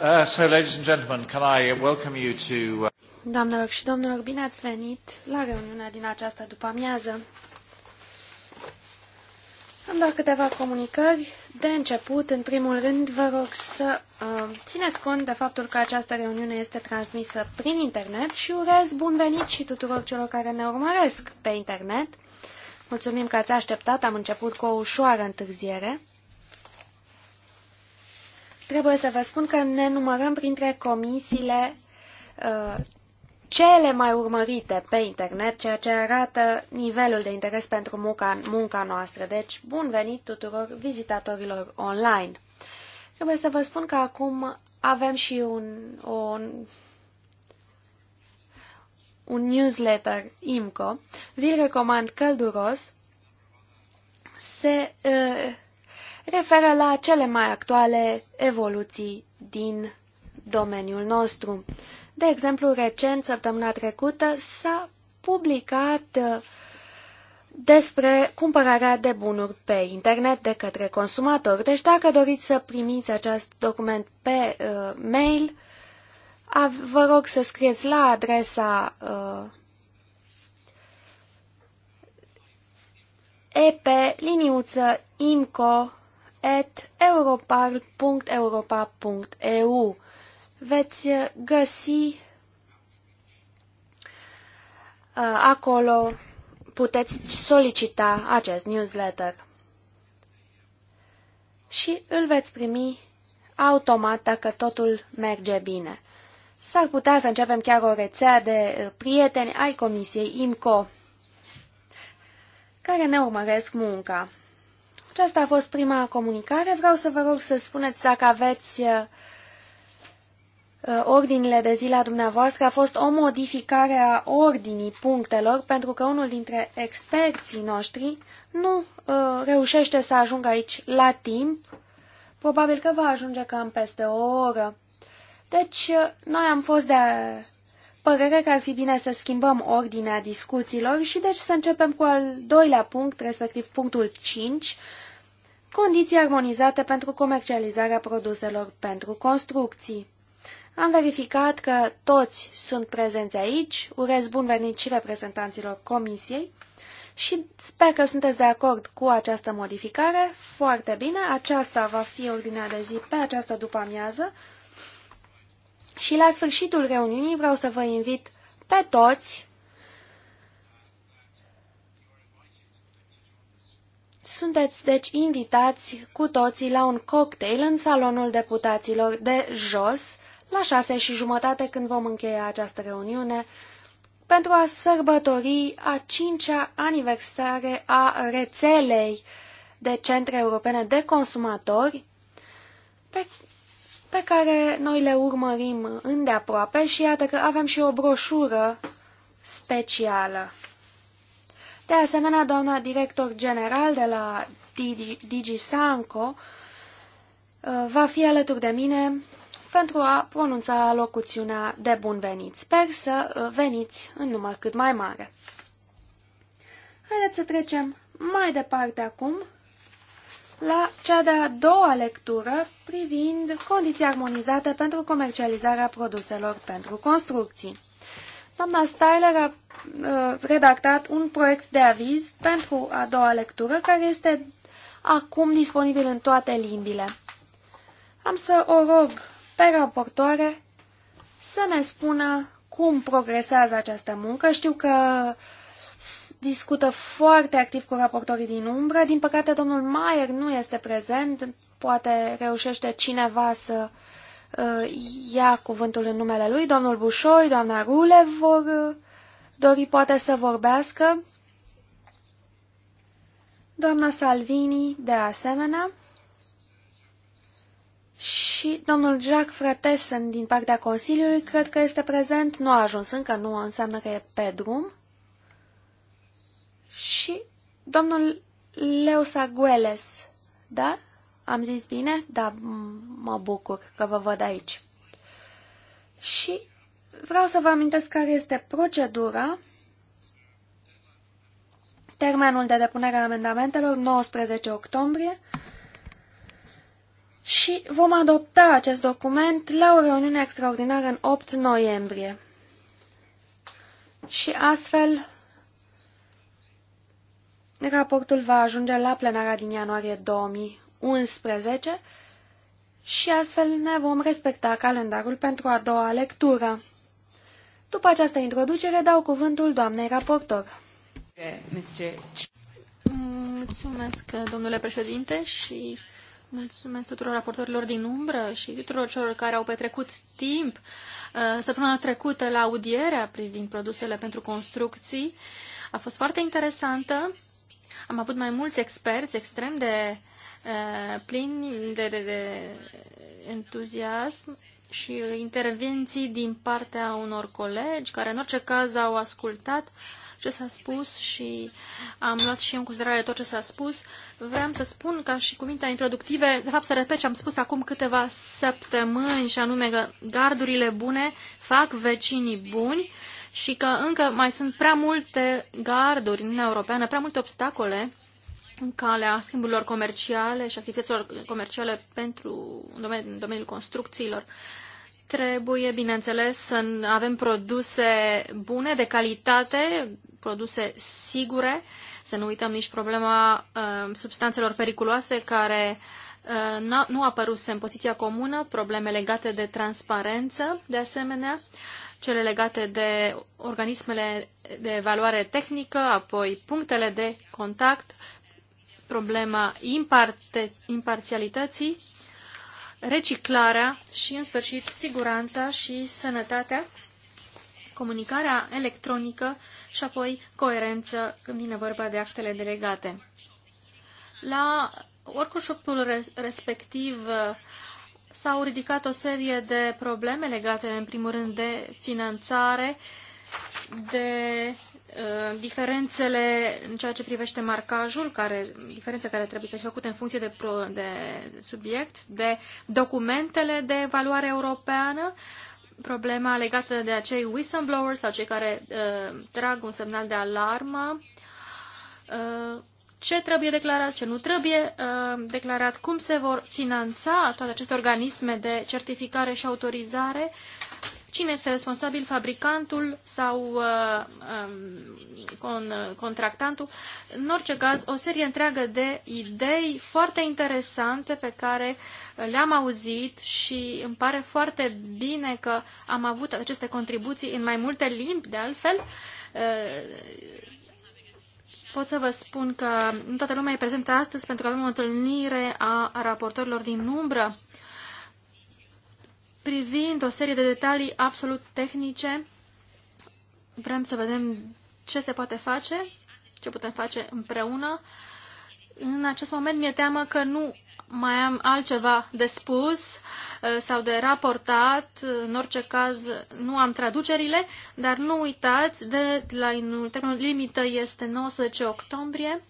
Uh, so, ladies and gentlemen, can I welcome you to... Uh, Doamnelor și domnilor, bine ați venit la reuniunea din această după-amiază. Am doar câteva comunicări. De început, în primul rând, vă rog să uh, țineți cont de faptul că această reuniune este transmisă prin internet și urez bun venit și tuturor celor care ne urmăresc pe internet. Mulțumim că ați așteptat, am început cu o ușoară întârziere. Trebuie să vă spun că ne numărăm printre comisiile uh, cele mai urmărite pe internet, ceea ce arată nivelul de interes pentru munca, munca noastră. Deci, bun venit tuturor vizitatorilor online. Trebuie să vă spun că acum avem și un, un, un newsletter IMCO. Vi-l recomand călduros. Se uh, referă la cele mai actuale evoluții din domeniul nostru. De exemplu, recent, săptămâna trecută, s-a publicat uh, despre cumpărarea de bunuri pe internet de către consumatori. Deci dacă doriți să primiți acest document pe uh, mail, a, vă rog să scrieți la adresa uh, ep-imco europarl.europa.eu. Veți găsi uh, acolo, puteți solicita acest newsletter și îl veți primi automat dacă totul merge bine. S-ar putea să începem chiar o rețea de uh, prieteni ai Comisiei IMCO care ne urmăresc munca. Aceasta a fost prima comunicare. Vreau să vă rog să spuneți dacă aveți uh, uh, ordinile de zi la dumneavoastră. A fost o modificare a ordinii punctelor pentru că unul dintre experții noștri nu uh, reușește să ajungă aici la timp. Probabil că va ajunge cam peste o oră. Deci, uh, noi am fost de părere că ar fi bine să schimbăm ordinea discuțiilor și deci să începem cu al doilea punct, respectiv punctul 5, condiții armonizate pentru comercializarea produselor pentru construcții. Am verificat că toți sunt prezenți aici, urez bun venit și reprezentanților comisiei și sper că sunteți de acord cu această modificare. Foarte bine, aceasta va fi ordinea de zi pe această după-amiază și la sfârșitul reuniunii vreau să vă invit pe toți Sunteți deci invitați cu toții la un cocktail în salonul deputaților de jos, la șase și jumătate când vom încheia această reuniune, pentru a sărbători a cincea aniversare a rețelei de centre europene de consumatori, pe, pe care noi le urmărim îndeaproape și iată că avem și o broșură specială. De asemenea, doamna director general de la DigiSanco uh, va fi alături de mine pentru a pronunța locuțiunea de bun venit. Sper să uh, veniți în număr cât mai mare. Haideți să trecem mai departe acum la cea de-a doua lectură privind condiții armonizate pentru comercializarea produselor pentru construcții. Doamna Styler a Uh, redactat un proiect de aviz pentru a doua lectură, care este acum disponibil în toate limbile. Am să o rog pe raportoare să ne spună cum progresează această muncă. Știu că discută foarte activ cu raportorii din umbră. Din păcate, domnul Maier nu este prezent. Poate reușește cineva să uh, ia cuvântul în numele lui. Domnul Bușoi, doamna Rule vor uh, dori poate să vorbească. Doamna Salvini, de asemenea. Și domnul Jacques Fratesen din partea Consiliului cred că este prezent, nu a ajuns încă, nu înseamnă că e pe drum. Și domnul Leo Sagueles, da? Am zis bine? Da, mă bucur că vă văd aici. Și Vreau să vă amintesc care este procedura. Termenul de depunere a amendamentelor 19 octombrie și vom adopta acest document la o reuniune extraordinară în 8 noiembrie. Și astfel, raportul va ajunge la plenara din ianuarie 2011 și astfel ne vom respecta calendarul pentru a doua lectură. După această introducere, dau cuvântul doamnei raportor. Mulțumesc, domnule președinte, și mulțumesc tuturor raportorilor din umbră și tuturor celor care au petrecut timp uh, săptămâna trecută la audierea privind produsele pentru construcții. A fost foarte interesantă. Am avut mai mulți experți extrem de uh, plini de, de, de entuziasm și intervenții din partea unor colegi care în orice caz au ascultat ce s-a spus și am luat și eu în considerare tot ce s-a spus. Vreau să spun ca și cuvintea introductive, de fapt să repet ce am spus acum câteva săptămâni și anume că gardurile bune fac vecinii buni și că încă mai sunt prea multe garduri în Uniunea Europeană, prea multe obstacole în calea schimburilor comerciale și activităților comerciale pentru în domeniul, în domeniul construcțiilor. Trebuie, bineînțeles, să avem produse bune, de calitate, produse sigure, să nu uităm nici problema uh, substanțelor periculoase care uh, nu apăruse în poziția comună, probleme legate de transparență, de asemenea, cele legate de organismele de evaluare tehnică, apoi punctele de contact, problema imparte, imparțialității, reciclarea și, în sfârșit, siguranța și sănătatea, comunicarea electronică și apoi coerență când vine vorba de actele delegate. La workshopul respectiv uh, s-au ridicat o serie de probleme legate, în primul rând, de finanțare, de Uh, diferențele în ceea ce privește marcajul, care, diferențe care trebuie să fie făcute în funcție de, pro, de subiect, de documentele de evaluare europeană, problema legată de acei whistleblowers sau cei care uh, trag un semnal de alarmă, uh, ce trebuie declarat, ce nu trebuie uh, declarat, cum se vor finanța toate aceste organisme de certificare și autorizare, uh, cine este responsabil, fabricantul sau uh, um, con, contractantul. În orice caz, o serie întreagă de idei foarte interesante pe care le-am auzit și îmi pare foarte bine că am avut aceste contribuții în mai multe limbi, de altfel. Uh, pot să vă spun că toată lumea e prezentă astăzi pentru că avem o întâlnire a raportorilor din umbră privind o serie de detalii absolut tehnice. Vrem să vedem ce se poate face, ce putem face împreună. În acest moment mi-e teamă că nu mai am altceva de spus uh, sau de raportat. În orice caz, nu am traducerile, dar nu uitați, de la termenul limită este 19 octombrie.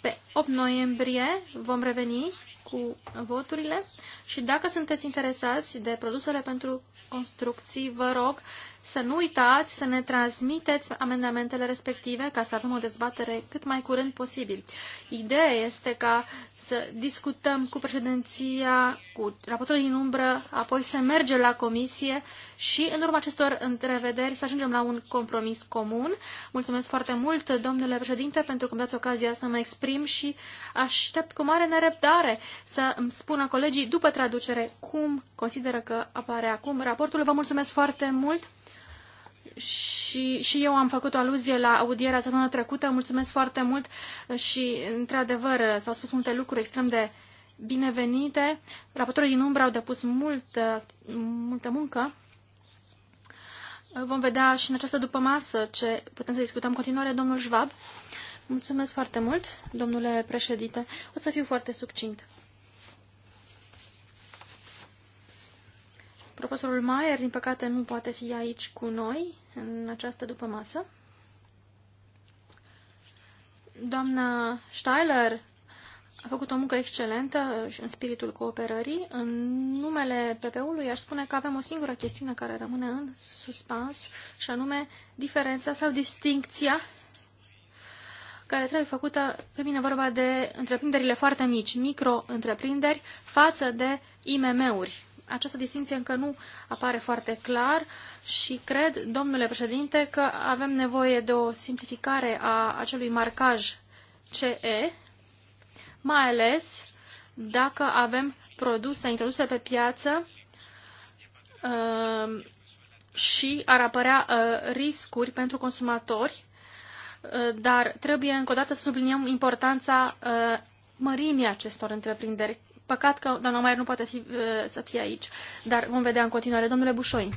Pe 8 noiembrie vom reveni cu voturile și dacă sunteți interesați de produsele pentru construcții, vă rog să nu uitați să ne transmiteți amendamentele respective ca să avem o dezbatere cât mai curând posibil. Ideea este ca să discutăm cu președinția, cu raportul din umbră, apoi să mergem la comisie și în urma acestor întrevederi să ajungem la un compromis comun. Mulțumesc foarte mult, domnule președinte, pentru că îmi dați ocazia să mă exprim și aștept cu mare nerăbdare să îmi spună colegii după traducere cum consideră că apare acum raportul. Vă mulțumesc foarte mult! și, și eu am făcut o aluzie la audierea săptămâna trecută. Mulțumesc foarte mult și, într-adevăr, s-au spus multe lucruri extrem de binevenite. Raportorii din umbră au depus multă, multă muncă. Vom vedea și în această după masă ce putem să discutăm în continuare, domnul Schwab. Mulțumesc foarte mult, domnule președinte. O să fiu foarte succint. Profesorul Maier, din păcate, nu poate fi aici cu noi în această dupămasă. Doamna Steiler a făcut o muncă excelentă și în spiritul cooperării. În numele PP-ului aș spune că avem o singură chestiune care rămâne în suspans și anume diferența sau distincția care trebuie făcută, pe mine vorba de întreprinderile foarte mici, micro-întreprinderi, față de IMM-uri această distinție încă nu apare foarte clar și cred, domnule președinte, că avem nevoie de o simplificare a acelui marcaj CE, mai ales dacă avem produse introduse pe piață uh, și ar apărea uh, riscuri pentru consumatori, uh, dar trebuie încă o dată să subliniem importanța uh, mărimii acestor întreprinderi. Păcat că doamna Maier nu poate fi, uh, să fie aici, dar vom vedea în continuare. Domnule Bușoi.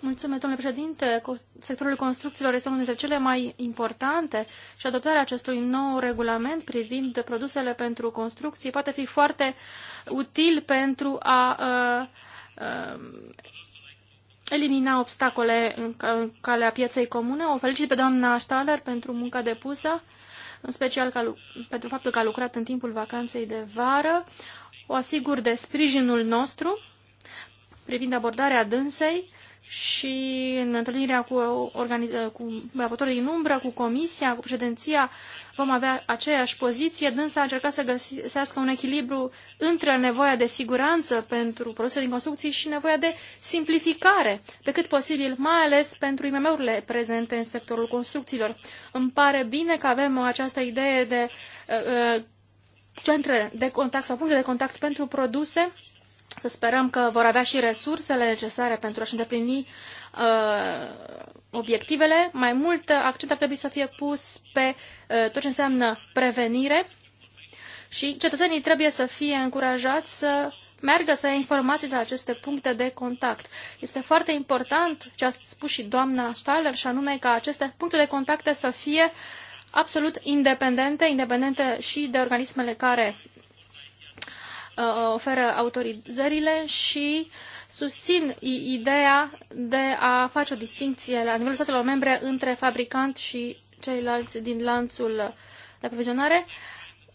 Mulțumesc, domnule președinte. Sectorul construcțiilor este unul dintre cele mai importante și adoptarea acestui nou regulament privind produsele pentru construcții poate fi foarte util pentru a uh, uh, elimina obstacole în, calea pieței comune. O felicit pe doamna Staller pentru munca depusă în special ca, pentru faptul că a lucrat în timpul vacanței de vară. O asigur de sprijinul nostru privind abordarea dânsei și în întâlnirea cu, organiz- cu raportorii din umbră, cu comisia, cu președinția, vom avea aceeași poziție. Dânsa a încercat să găsească un echilibru între nevoia de siguranță pentru produsele din construcții și nevoia de simplificare, pe cât posibil, mai ales pentru IMM-urile prezente în sectorul construcțiilor. Îmi pare bine că avem această idee de uh, uh centre de contact sau puncte de contact pentru produse să sperăm că vor avea și resursele necesare pentru a-și îndeplini uh, obiectivele. Mai mult uh, accent ar trebui să fie pus pe uh, tot ce înseamnă prevenire și cetățenii trebuie să fie încurajați să meargă să ia informații de la aceste puncte de contact. Este foarte important ce a spus și doamna Staller și anume ca aceste puncte de contact să fie absolut independente, independente și de organismele care Uh, oferă autorizările și susțin ideea de a face o distinție la nivelul statelor membre între fabricant și ceilalți din lanțul de aprovizionare.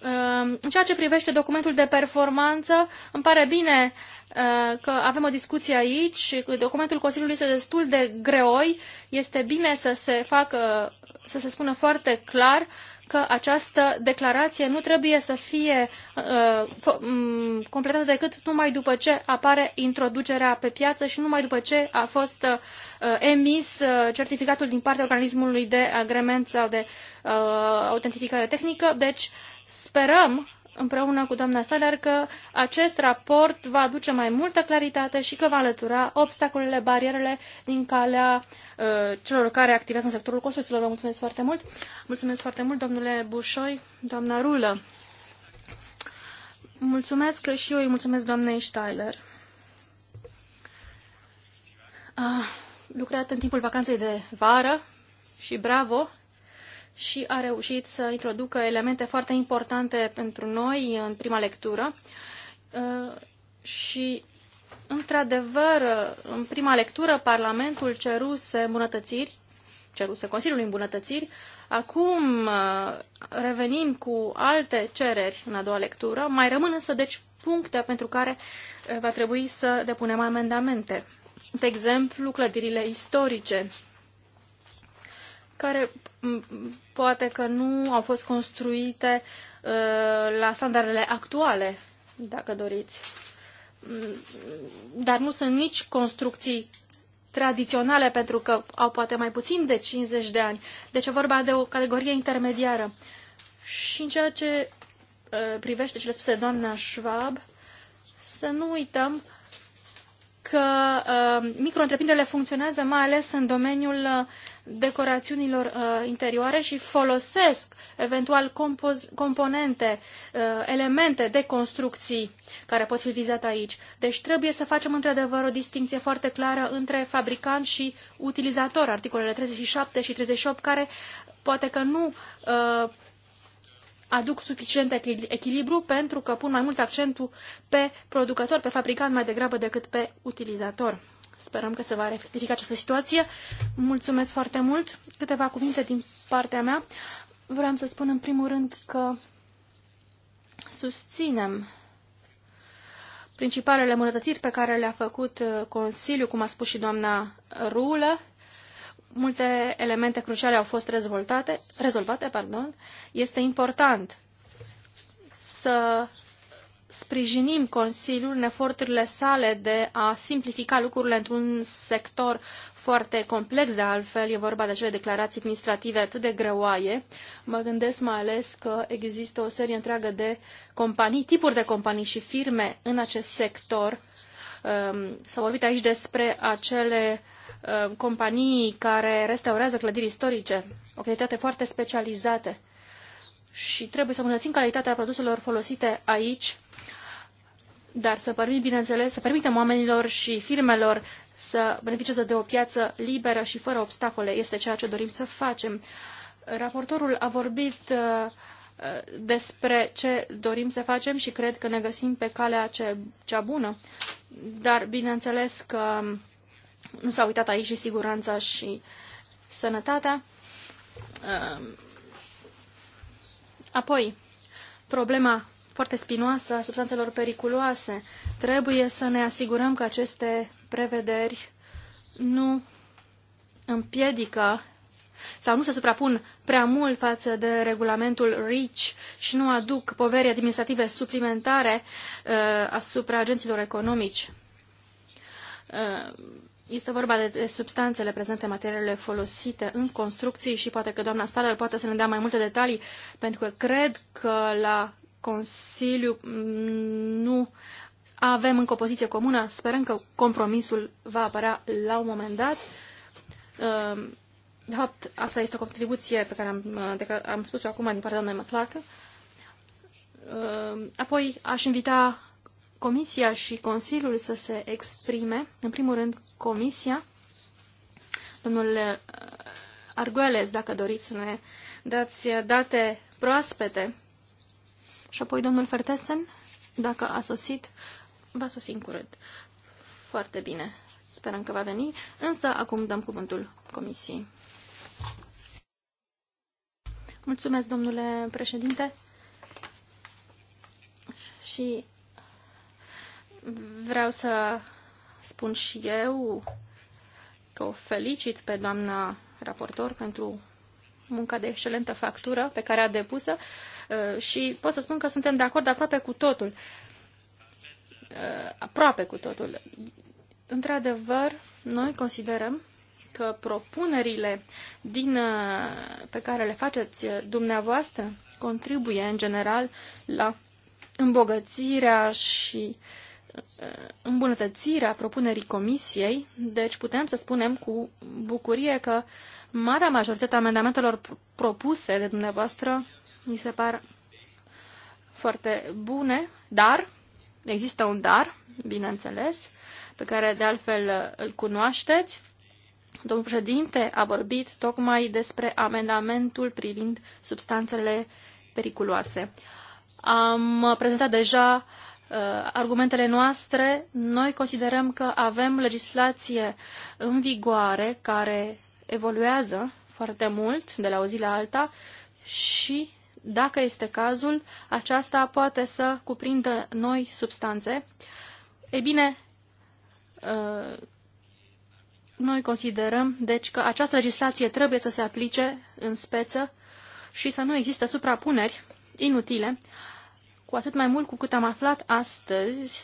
Um, în ceea ce privește documentul de performanță, îmi pare bine uh, că avem o discuție aici. Documentul Consiliului este destul de greoi. Este bine să se facă, să se spună foarte clar că această declarație nu trebuie să fie uh, completată decât numai după ce apare introducerea pe piață și numai după ce a fost uh, emis uh, certificatul din partea organismului de agrement sau de uh, autentificare tehnică. Deci sperăm împreună cu doamna Staler că acest raport va aduce mai multă claritate și că va alătura obstacolele, barierele din calea uh, celor care activează în sectorul construcțiilor. Vă mulțumesc foarte mult. Mulțumesc foarte mult, domnule Bușoi, doamna Rulă. Mulțumesc și eu îi mulțumesc doamnei Steiler. A lucrat în timpul vacanței de vară și bravo, și a reușit să introducă elemente foarte importante pentru noi în prima lectură uh, și, într-adevăr, în prima lectură Parlamentul ceruse îmbunătățiri, ceruse Consiliului îmbunătățiri, acum uh, revenim cu alte cereri în a doua lectură, mai rămân însă, deci, puncte pentru care uh, va trebui să depunem amendamente. De exemplu, clădirile istorice care poate că nu au fost construite uh, la standardele actuale, dacă doriți. Mm, dar nu sunt nici construcții tradiționale, pentru că au poate mai puțin de 50 de ani. Deci e vorba de o categorie intermediară. Și în ceea ce uh, privește cele spuse doamna Schwab, să nu uităm că uh, micro funcționează mai ales în domeniul uh, decorațiunilor uh, interioare și folosesc eventual componente, uh, elemente de construcții care pot fi vizate aici. Deci trebuie să facem într-adevăr o distinție foarte clară între fabricant și utilizator, articolele 37 și 38, care poate că nu uh, aduc suficient echilibru pentru că pun mai mult accentul pe producător, pe fabricant mai degrabă decât pe utilizator. Sperăm că se va rectifica această situație. Mulțumesc foarte mult. Câteva cuvinte din partea mea. Vreau să spun în primul rând că susținem principalele îmbunătățiri pe care le-a făcut uh, Consiliul, cum a spus și doamna Rulă. Multe elemente cruciale au fost rezolvate, rezolvate pardon. este important să sprijinim Consiliul în eforturile sale de a simplifica lucrurile într-un sector foarte complex, de altfel e vorba de acele declarații administrative atât de greoaie. Mă gândesc mai ales că există o serie întreagă de companii, tipuri de companii și firme în acest sector. Um, s-a vorbit aici despre acele um, companii care restaurează clădiri istorice, o activitate foarte specializate și trebuie să îmbunătățim calitatea produselor folosite aici, dar să permit, bineînțeles, să permitem oamenilor și firmelor să beneficieze de o piață liberă și fără obstacole. Este ceea ce dorim să facem. Raportorul a vorbit uh, uh, despre ce dorim să facem și cred că ne găsim pe calea ce, cea bună. Dar bineînțeles că um, nu s-a uitat aici și siguranța și sănătatea. Uh, Apoi, problema foarte spinoasă a substanțelor periculoase. Trebuie să ne asigurăm că aceste prevederi nu împiedică sau nu se suprapun prea mult față de regulamentul REACH și nu aduc poveri administrative suplimentare uh, asupra agenților economici. Uh, este vorba de substanțele prezente, materialele folosite în construcții și poate că doamna Staler poate să ne dea mai multe detalii, pentru că cred că la Consiliu mm, nu avem încă o poziție comună. Sperăm că compromisul va apărea la un moment dat. Ehm, de fapt, asta este o contribuție pe care am, am spus-o acum din partea doamnei McClark. Ehm, apoi aș invita Comisia și Consiliul să se exprime. În primul rând, Comisia. Domnul uh, Arguelles, dacă doriți să ne dați uh, date proaspete. Și apoi domnul Fertesen, dacă a sosit, va sosi în curând. Foarte bine. Sperăm că va veni. Însă, acum dăm cuvântul Comisiei. Mulțumesc, domnule președinte. Și Vreau să spun și eu că o felicit pe doamna raportor pentru munca de excelentă factură pe care a depusă uh, și pot să spun că suntem de acord aproape cu totul. Uh, aproape cu totul. Într-adevăr, noi considerăm că propunerile din, uh, pe care le faceți dumneavoastră contribuie în general la îmbogățirea și îmbunătățire a propunerii comisiei, deci putem să spunem cu bucurie că marea majoritate a amendamentelor propuse de dumneavoastră mi se par foarte bune, dar există un dar, bineînțeles, pe care de altfel îl cunoașteți. Domnul președinte a vorbit tocmai despre amendamentul privind substanțele periculoase. Am prezentat deja uh, Uh, argumentele noastre, noi considerăm că avem legislație în vigoare care evoluează foarte mult de la o zi la alta și, dacă este cazul, aceasta poate să cuprindă noi substanțe. Ei bine, uh, noi considerăm, deci, că această legislație trebuie să se aplice în speță și să nu există suprapuneri inutile cu atât mai mult cu cât am aflat astăzi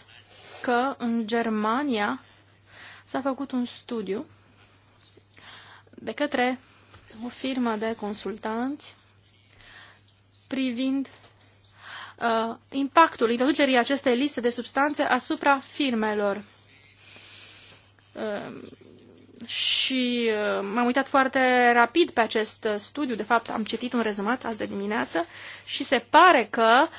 că în Germania s-a făcut un studiu de către o firmă de consultanți privind uh, impactul introducerii acestei liste de substanțe asupra firmelor. Uh, și uh, m-am uitat foarte rapid pe acest studiu, de fapt am citit un rezumat azi de dimineață și se pare că uh,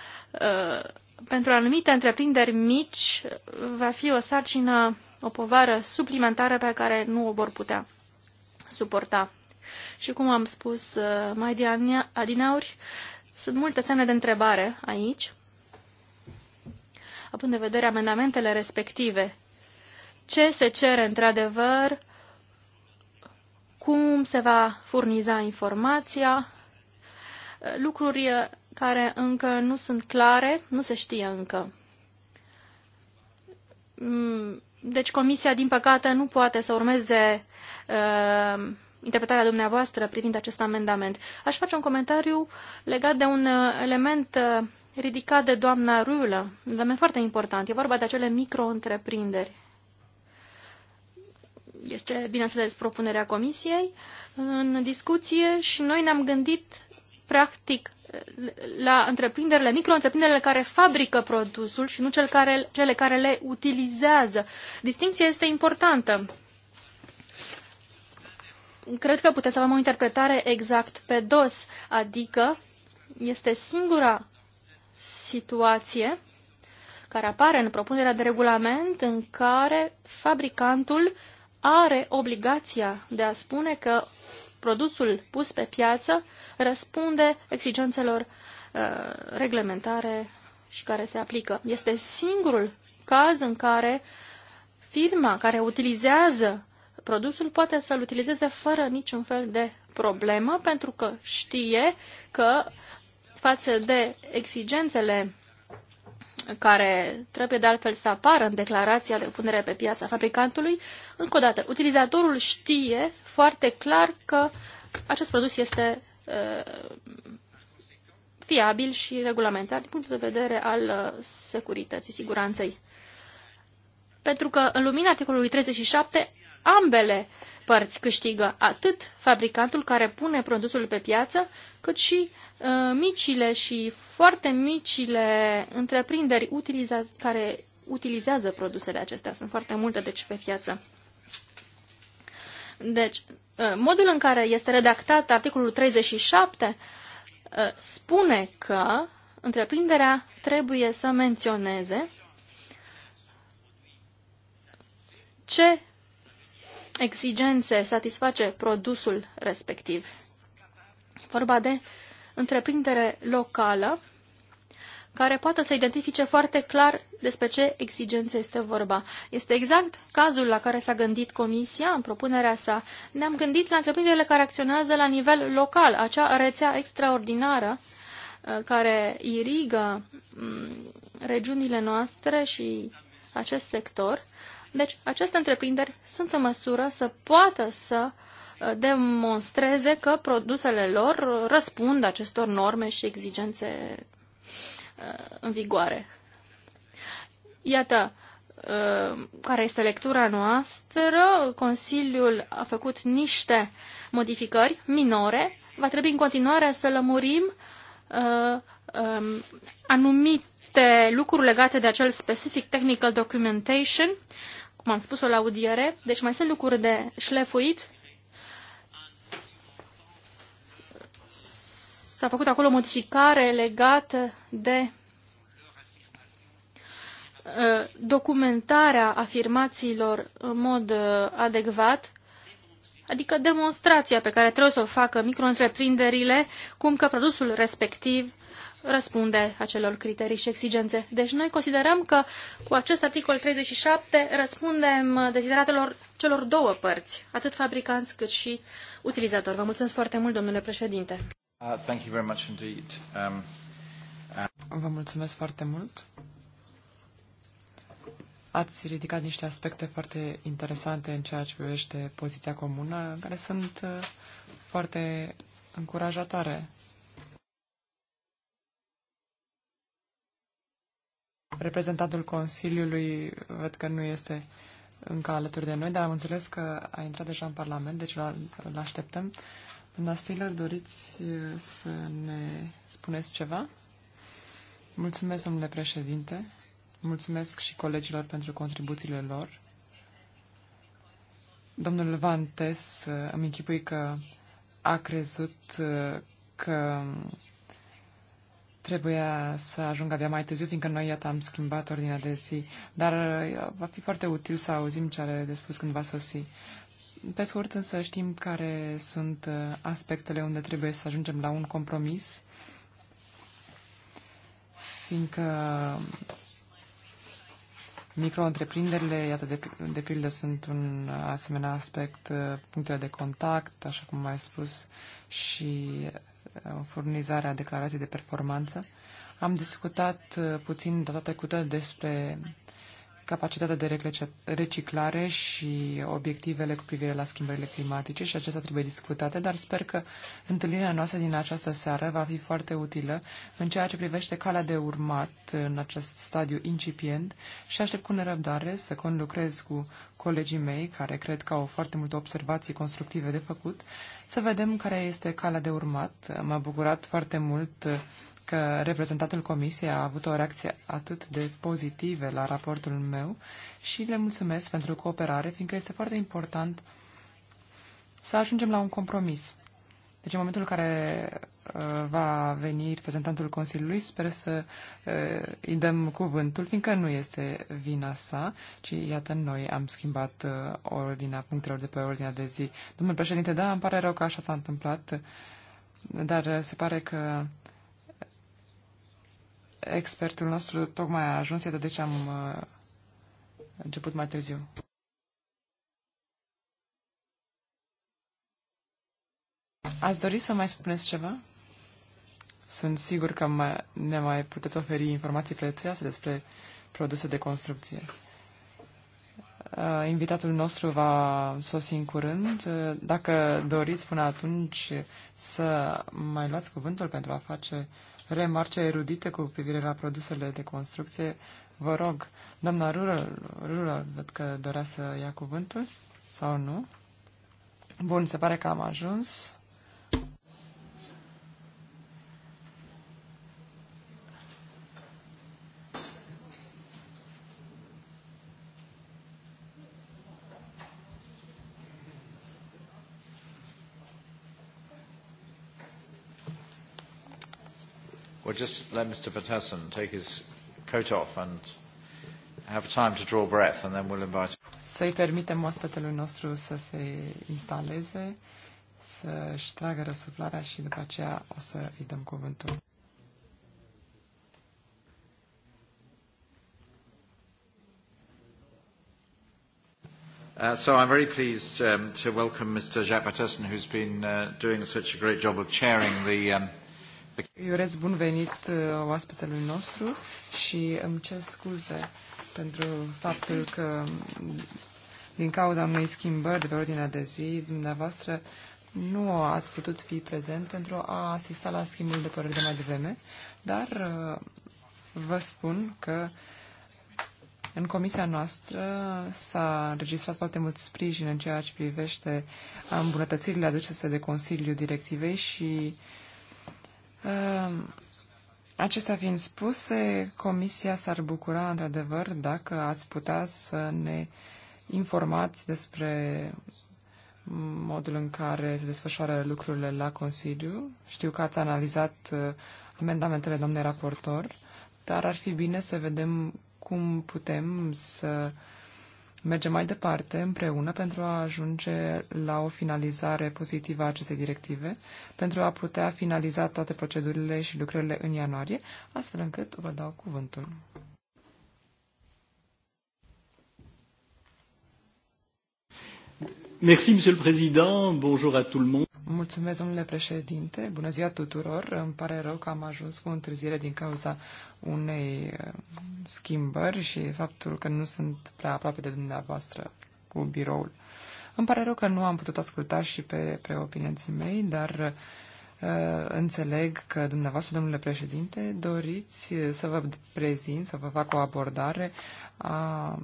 Uh, pentru anumite întreprinderi mici uh, va fi o sarcină, o povară suplimentară pe care nu o vor putea suporta. Și cum am spus uh, mai de adinauri, sunt multe semne de întrebare aici, având în vedere amendamentele respective. Ce se cere într-adevăr? Cum se va furniza informația? lucruri uh, care încă nu sunt clare, nu se știe încă. Mm, deci comisia, din păcate, nu poate să urmeze uh, interpretarea dumneavoastră privind acest amendament. Aș face un comentariu legat de un uh, element uh, ridicat de doamna Rulă, un element foarte important. E vorba de acele micro-întreprinderi. Este, bineînțeles, propunerea comisiei în discuție și noi ne-am gândit practic, la întreprinderile, micro-întreprinderile care fabrică produsul și nu cel care, cele care le utilizează. Distinția este importantă. Cred că puteți avem o interpretare exact pe dos, adică este singura situație care apare în propunerea de regulament în care fabricantul are obligația de a spune că produsul pus pe piață răspunde exigențelor uh, reglementare și care se aplică. Este singurul caz în care firma care utilizează produsul poate să-l utilizeze fără niciun fel de problemă, pentru că știe că față de exigențele care trebuie de altfel să apară în declarația de punere pe piața fabricantului, încă o dată, utilizatorul știe foarte clar că acest produs este uh, fiabil și regulamentar din punct de vedere al uh, securității, siguranței. Pentru că în lumina articolului 37 ambele părți câștigă, atât fabricantul care pune produsul pe piață, cât și uh, micile și foarte micile întreprinderi utiliza care utilizează produsele acestea. Sunt foarte multe, deci, pe piață. Deci, uh, modul în care este redactat articolul 37 uh, spune că întreprinderea trebuie să menționeze ce exigențe satisface produsul respectiv. Vorba de întreprindere locală care poate să identifice foarte clar despre ce exigențe este vorba. Este exact cazul la care s-a gândit Comisia în propunerea sa. Ne-am gândit la întreprinderile care acționează la nivel local, acea rețea extraordinară uh, care irigă mm, regiunile noastre și acest sector, deci, aceste întreprinderi sunt în măsură să poată să uh, demonstreze că produsele lor răspund acestor norme și exigențe uh, în vigoare. Iată, uh, care este lectura noastră, Consiliul a făcut niște modificări minore. Va trebui în continuare să lămurim um, anumite lucruri legate de acel specific technical documentation cum am spus-o la audiere, deci mai sunt lucruri de șlefuit. S-a făcut acolo modificare legată de uh, documentarea afirmațiilor în mod uh, adecvat, adică demonstrația pe care trebuie să o facă micro cum că produsul respectiv răspunde acelor criterii și exigențe. Deci noi considerăm că cu acest articol 37 răspundem dezideratelor celor două părți, atât fabricanți cât și utilizatori. Vă mulțumesc foarte mult, domnule președinte. Uh, thank you very much indeed. Um, uh... Vă mulțumesc foarte mult. Ați ridicat niște aspecte foarte interesante în ceea ce privește poziția comună, care sunt uh, foarte încurajatoare Reprezentantul Consiliului văd că nu este încă alături de noi, dar am înțeles că a intrat deja în Parlament, deci îl așteptăm. Doamna Stiller, doriți uh, să ne spuneți ceva? Mulțumesc, domnule președinte. Mulțumesc și colegilor pentru contribuțiile lor. Domnul Vantes, uh, îmi închipui că a crezut uh, că Trebuia să ajung abia mai târziu, fiindcă noi, iată, am schimbat ordinea de zi, dar uh, va fi foarte util să auzim ce are de spus când va sosi. Pe scurt, însă, știm care sunt uh, aspectele unde trebuie să ajungem la un compromis, fiindcă Micro-întreprinderile, iată, de, de pildă, sunt un asemenea aspect, uh, punctele de contact, așa cum ai spus, și uh, furnizarea declarației de performanță. Am discutat uh, puțin data trecută despre capacitatea de reciclare și obiectivele cu privire la schimbările climatice și acestea trebuie discutate, dar sper că întâlnirea noastră din această seară va fi foarte utilă în ceea ce privește calea de urmat în acest stadiu incipient și aștept cu nerăbdare să conlucrez cu colegii mei, care cred că au foarte multe observații constructive de făcut, să vedem care este calea de urmat. M-a bucurat foarte mult că reprezentantul comisiei a avut o reacție atât de pozitivă la raportul meu și le mulțumesc pentru cooperare, fiindcă este foarte important să ajungem la un compromis. Deci în momentul în care uh, va veni reprezentantul Consiliului, sper să uh, îi dăm cuvântul, fiindcă nu este vina sa, ci iată noi am schimbat uh, ordinea punctelor de pe ordinea de zi. Domnul președinte, da, îmi pare rău că așa s-a întâmplat, dar se pare că Expertul nostru tocmai a ajuns, iată de deci am uh, început mai târziu. Ați dori să mai spuneți ceva? Sunt sigur că ne mai puteți oferi informații prețioase despre produse de construcție. Uh, invitatul nostru va sosi în curând. Uh, dacă doriți până atunci să mai luați cuvântul pentru a face remarce erudite cu privire la produsele de construcție, vă rog, doamna Rural, Rural văd că dorea să ia cuvântul sau nu. Bun, se pare că am ajuns We'll just let Mr. Patterson take his coat off and have time to draw breath and then we'll invite... Să-i permitem oaspetelui nostru să se instaleze, să-și tragă răsuflarea și după aceea o să îi dăm cuvântul. Uh, so I'm very pleased um, to welcome Mr. Jacques Patterson, who's been uh, doing such a great job of chairing the um, îi urez bun venit uh, oaspetelui nostru și îmi cer scuze pentru faptul că din cauza unei schimbări de pe ordinea de zi, dumneavoastră nu ați putut fi prezent pentru a asista la schimbul de părere de mai devreme, dar uh, vă spun că în comisia noastră s-a înregistrat foarte mult sprijin în ceea ce privește îmbunătățirile aduse de Consiliul Directivei și uh, Ehm, acestea fiind spuse, Comisia s-ar bucura într-adevăr dacă ați putea să ne informați despre modul în care se desfășoară lucrurile la Consiliu. Știu că ați analizat eh, amendamentele domnului raportor, dar ar fi bine să vedem cum putem să merge mai departe împreună pentru a ajunge la o finalizare pozitivă a acestei directive, pentru a putea finaliza toate procedurile și lucrările în ianuarie, astfel încât vă dau cuvântul. Merci, Monsieur le Président. Bonjour à tout le monde. Mulțumesc, domnule președinte. Bună ziua tuturor. Îmi pare rău că am ajuns cu întârziere din cauza unei uh, schimbări și faptul că nu sunt prea aproape de dumneavoastră cu biroul. Îmi pare rău că nu am putut asculta și pe preopinenții mei, dar uh, înțeleg că dumneavoastră, domnule președinte, doriți uh, să vă prezint, să vă fac o abordare a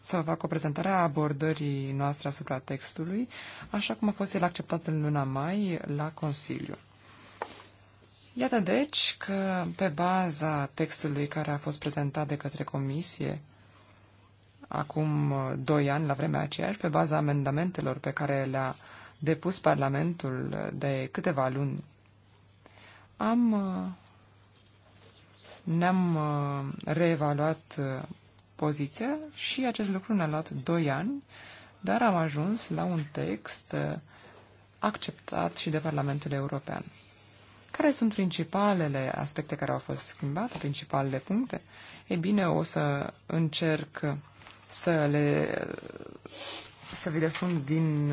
să vă fac o prezentare a abordării noastre asupra textului, așa cum a fost el acceptat în luna mai la Consiliu. Iată deci că pe baza textului care a fost prezentat de către comisie acum uh, doi ani, la vremea aceeași, pe baza amendamentelor pe care le-a depus Parlamentul uh, de câteva luni, am, uh, ne-am reevaluat poziția și acest lucru ne-a luat doi ani, dar am ajuns la un text acceptat și de Parlamentul European. Care sunt principalele aspecte care au fost schimbate, principalele puncte? Ei bine, o să încerc să le să vi răspund din,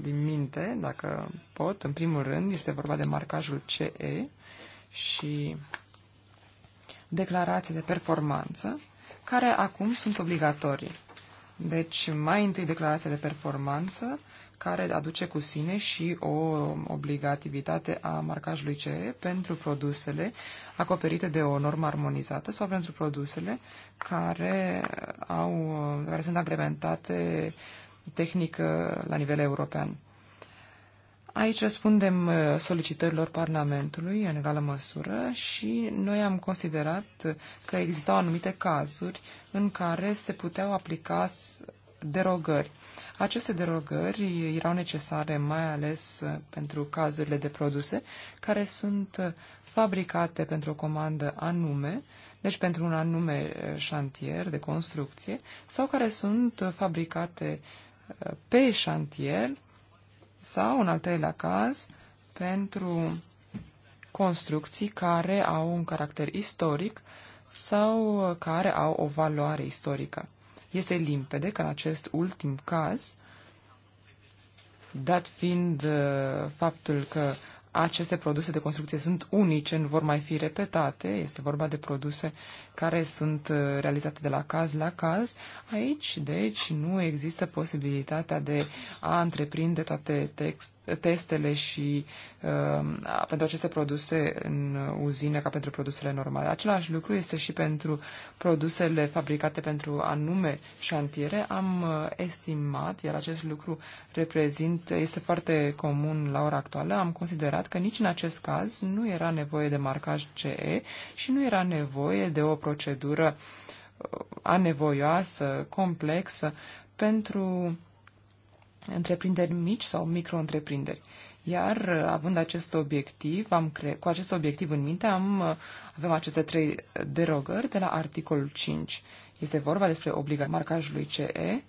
din minte, dacă pot. În primul rând, este vorba de marcajul CE și declarații de performanță, care acum sunt obligatorii. Deci, mai întâi declarația de performanță, care aduce cu sine și o obligativitate a marcajului CE pentru produsele acoperite de o normă armonizată sau pentru produsele care, au, care sunt agrementate tehnic uh, la nivel european. Aici răspundem uh, solicitărilor Parlamentului în egală măsură și noi am considerat că existau anumite cazuri în care se puteau aplica derogări. Aceste derogări erau necesare mai ales uh, pentru cazurile de produse care sunt uh, fabricate pentru o comandă anume, deci pentru un anume uh, șantier de construcție, sau care sunt fabricate pe șantier sau, în al treilea caz, pentru construcții care au un caracter istoric sau care au o valoare istorică. Este limpede că în acest ultim caz, dat fiind uh, faptul că aceste produse de construcție sunt unice, nu vor mai fi repetate, este vorba de produse care sunt uh, realizate de la caz la caz. Aici, deci, nu există posibilitatea de a întreprinde toate text, testele și uh, pentru aceste produse în uzine ca pentru produsele normale. Același lucru este și pentru produsele fabricate pentru anume șantiere. Am uh, estimat, iar acest lucru reprezintă, este foarte comun la ora actuală, am considerat că nici în acest caz nu era nevoie de marcaj CE și nu era nevoie de o procedură uh, anevoioasă, complexă, pentru întreprinderi mici sau micro-întreprinderi. Iar uh, având acest obiectiv, am cre- cu acest obiectiv în minte, am, uh, avem aceste trei derogări de la articolul 5. Este vorba despre obligația marcajului CE,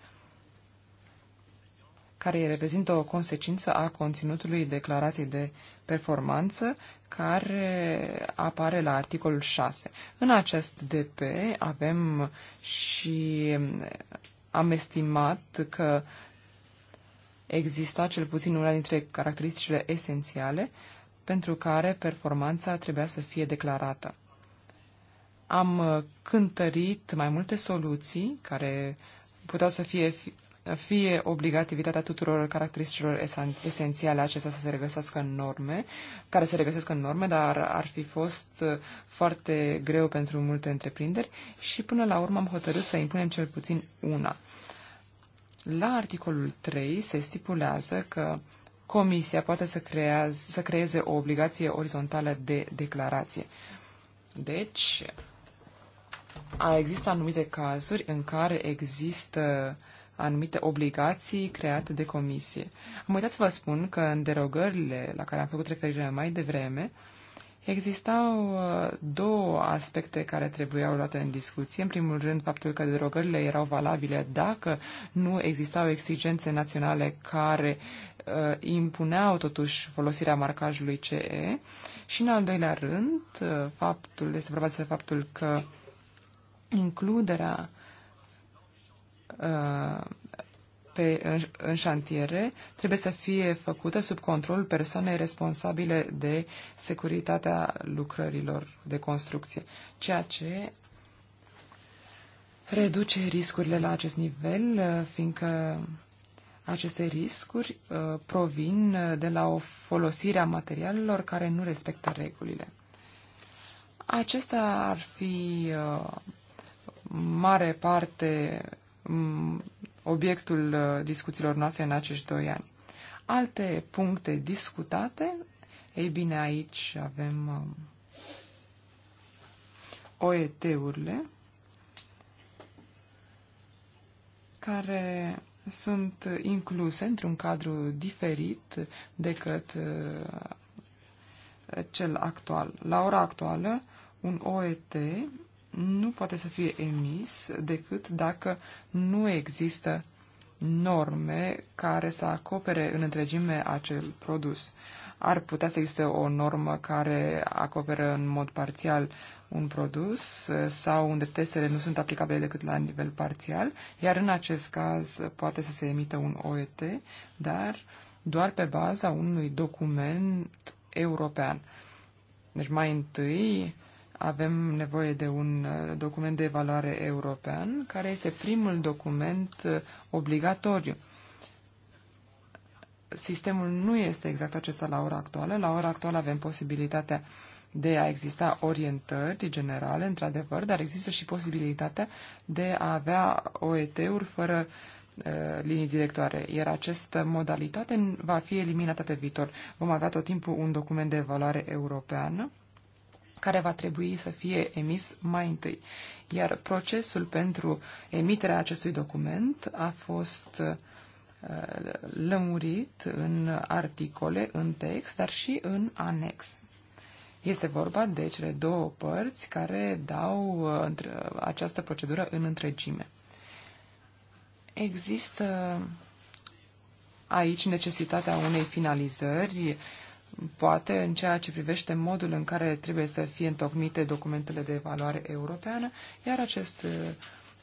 care reprezintă o consecință a conținutului declarației de performanță care apare la articolul 6. În acest DP avem și um, am estimat că exista cel puțin una dintre caracteristicile esențiale pentru care performanța trebuia să fie declarată. Am uh, cântărit mai multe soluții care puteau să fie fie obligativitatea tuturor caracteristicilor esențiale acestea să se regăsească în norme, care se regăsesc în norme, dar ar fi fost uh, foarte greu pentru multe întreprinderi și până la urmă am hotărât să impunem cel puțin una. La articolul 3 se stipulează că Comisia poate să, creaz, să creeze o obligație orizontală de declarație. Deci, a există anumite cazuri în care există anumite obligații create de comisie. Am uitat să vă spun că în derogările la care am făcut referire mai devreme, uh, Existau uh, două aspecte care trebuiau luate în discuție. În primul rând, faptul că derogările erau valabile dacă nu existau exigențe naționale care uh, impuneau totuși folosirea marcajului CE și, în al doilea rând, uh, faptul, este vorba despre faptul că includerea uh, pe, în, în șantiere trebuie să fie făcută sub controlul persoanei responsabile de securitatea lucrărilor de construcție, ceea ce reduce riscurile la acest nivel, fiindcă aceste riscuri uh, provin de la o folosire a materialelor care nu respectă regulile. Acesta ar fi uh, mare parte um, obiectul uh, discuțiilor noastre în acești doi ani. Alte puncte discutate, ei bine, aici avem um, OET-urile, care sunt incluse într-un cadru diferit decât uh, cel actual. La ora actuală, un OET nu poate să fie emis decât dacă nu există norme care să acopere în întregime acel produs. Ar putea să existe o normă care acoperă în mod parțial un produs eh, sau unde testele nu sunt aplicabile decât la nivel parțial, iar în acest caz poate să se emită un OET, dar doar pe baza unui document european. Deci mai întâi avem nevoie de un eh, document de evaluare european, care este primul document eh, obligatoriu. Sistemul nu este exact acesta la ora actuală. La ora actuală avem posibilitatea de a exista orientări generale, într-adevăr, dar există și posibilitatea de a avea OET-uri fără uh, linii directoare, iar această modalitate va fi eliminată pe viitor. Vom avea tot timpul un document de evaluare europeană care va trebui să fie emis mai întâi. Iar procesul pentru emiterea acestui document a fost uh, lămurit în articole, în text, dar și în anex. Este vorba deci, de cele două părți care dau uh, această procedură în întregime. Există aici necesitatea unei finalizări poate în ceea ce privește modul în care trebuie să fie întocmite documentele de evaluare europeană, iar acest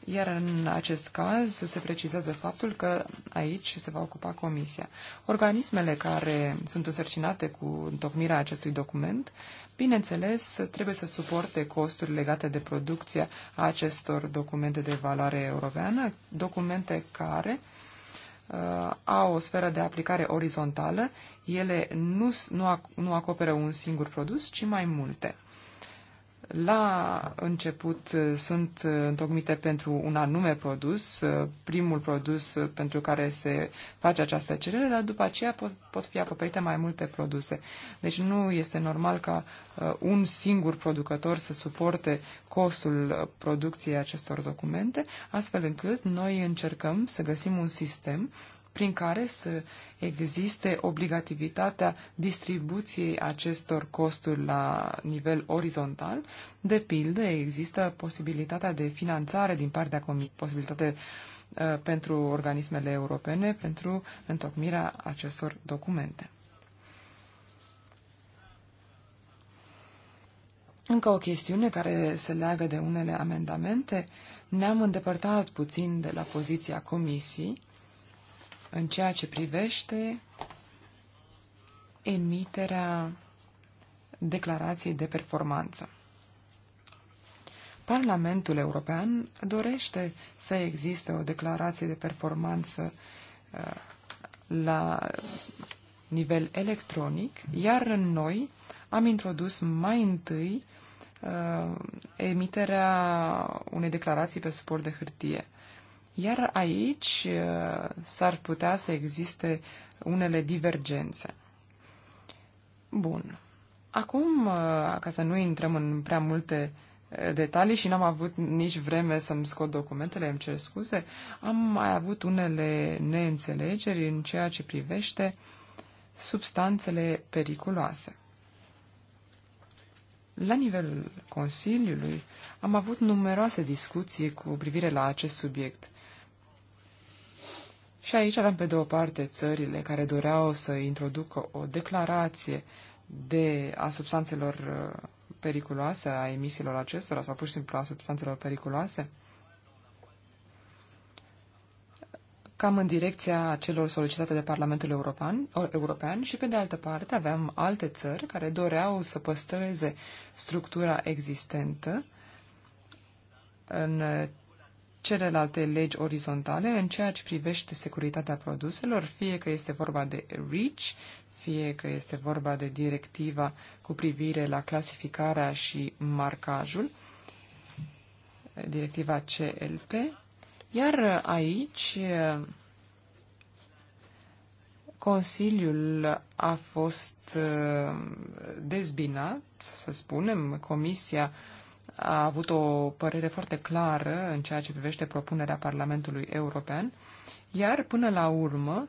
iar în acest caz se precizează faptul că aici se va ocupa Comisia. Organismele care sunt însărcinate cu întocmirea acestui document, bineînțeles, trebuie să suporte costuri legate de producția acestor documente de evaluare europeană, documente care uh, uh, au o sferă de aplicare orizontală, ele nu, nu, ac- nu acoperă un singur produs, ci mai multe. La început uh, sunt uh, întocmite pentru un anume produs, uh, primul produs pentru care se face această cerere, dar după aceea pot, pot fi acoperite mai multe produse. Deci nu este normal ca un singur producător să suporte costul producției acestor documente, astfel încât noi încercăm să găsim un sistem prin care să existe obligativitatea distribuției acestor costuri la nivel orizontal. De pildă, există posibilitatea de finanțare din partea Comisiei, posibilitate uh, pentru organismele europene pentru întocmirea acestor documente. Încă o chestiune care se leagă de unele amendamente. Ne-am îndepărtat puțin de la poziția comisiei în ceea ce privește emiterea declarației de performanță. Parlamentul European dorește să existe o declarație de performanță uh, la nivel electronic, iar în noi am introdus mai întâi uh, emiterea unei declarații pe suport de hârtie. Iar aici uh, s-ar putea să existe unele divergențe. Bun. Acum, uh, ca să nu intrăm în prea multe uh, detalii și n-am avut nici vreme să-mi scot documentele, îmi cer scuze, am mai avut unele neînțelegeri în ceea ce privește substanțele periculoase. La nivelul Consiliului am avut numeroase discuții cu privire la acest subiect și aici avem pe de o parte țările care doreau să introducă o declarație de a substanțelor uh, periculoase, a emisiilor acestora sau pur și simplu a substanțelor periculoase, cam în direcția celor solicitate de Parlamentul European, European și, pe de altă parte, aveam alte țări care doreau să păstreze structura existentă în celelalte legi orizontale în ceea ce privește securitatea produselor, fie că este vorba de REACH, fie că este vorba de directiva cu privire la clasificarea și marcajul, directiva CLP, iar aici Consiliul a fost eh, dezbinat, să spunem, Comisia a avut o părere foarte clară în ceea ce privește propunerea Parlamentului European, iar până la urmă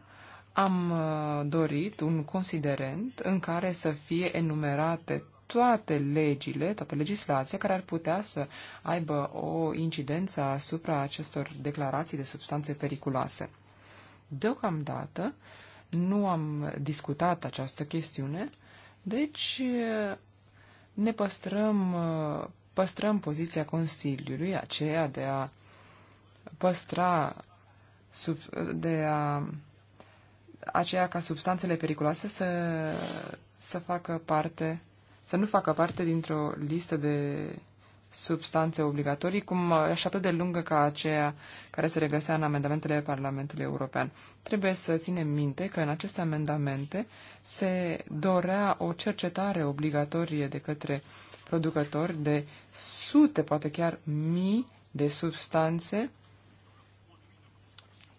am uh, dorit un considerent în care să fie enumerate toate legile, toată legislația care ar putea să aibă o incidență asupra acestor declarații de substanțe periculoase. Deocamdată nu am discutat această chestiune, deci uh, ne păstrăm uh, păstrăm poziția Consiliului, aceea de a păstra, sub, de a, aceea ca substanțele periculoase să, să facă parte, să nu facă parte dintr-o listă de substanțe obligatorii, cum așa atât de lungă ca aceea care se regăsea în amendamentele Parlamentului European. Trebuie să ținem minte că în aceste amendamente se dorea o cercetare obligatorie de către uh, producători de sute, poate chiar mii de substanțe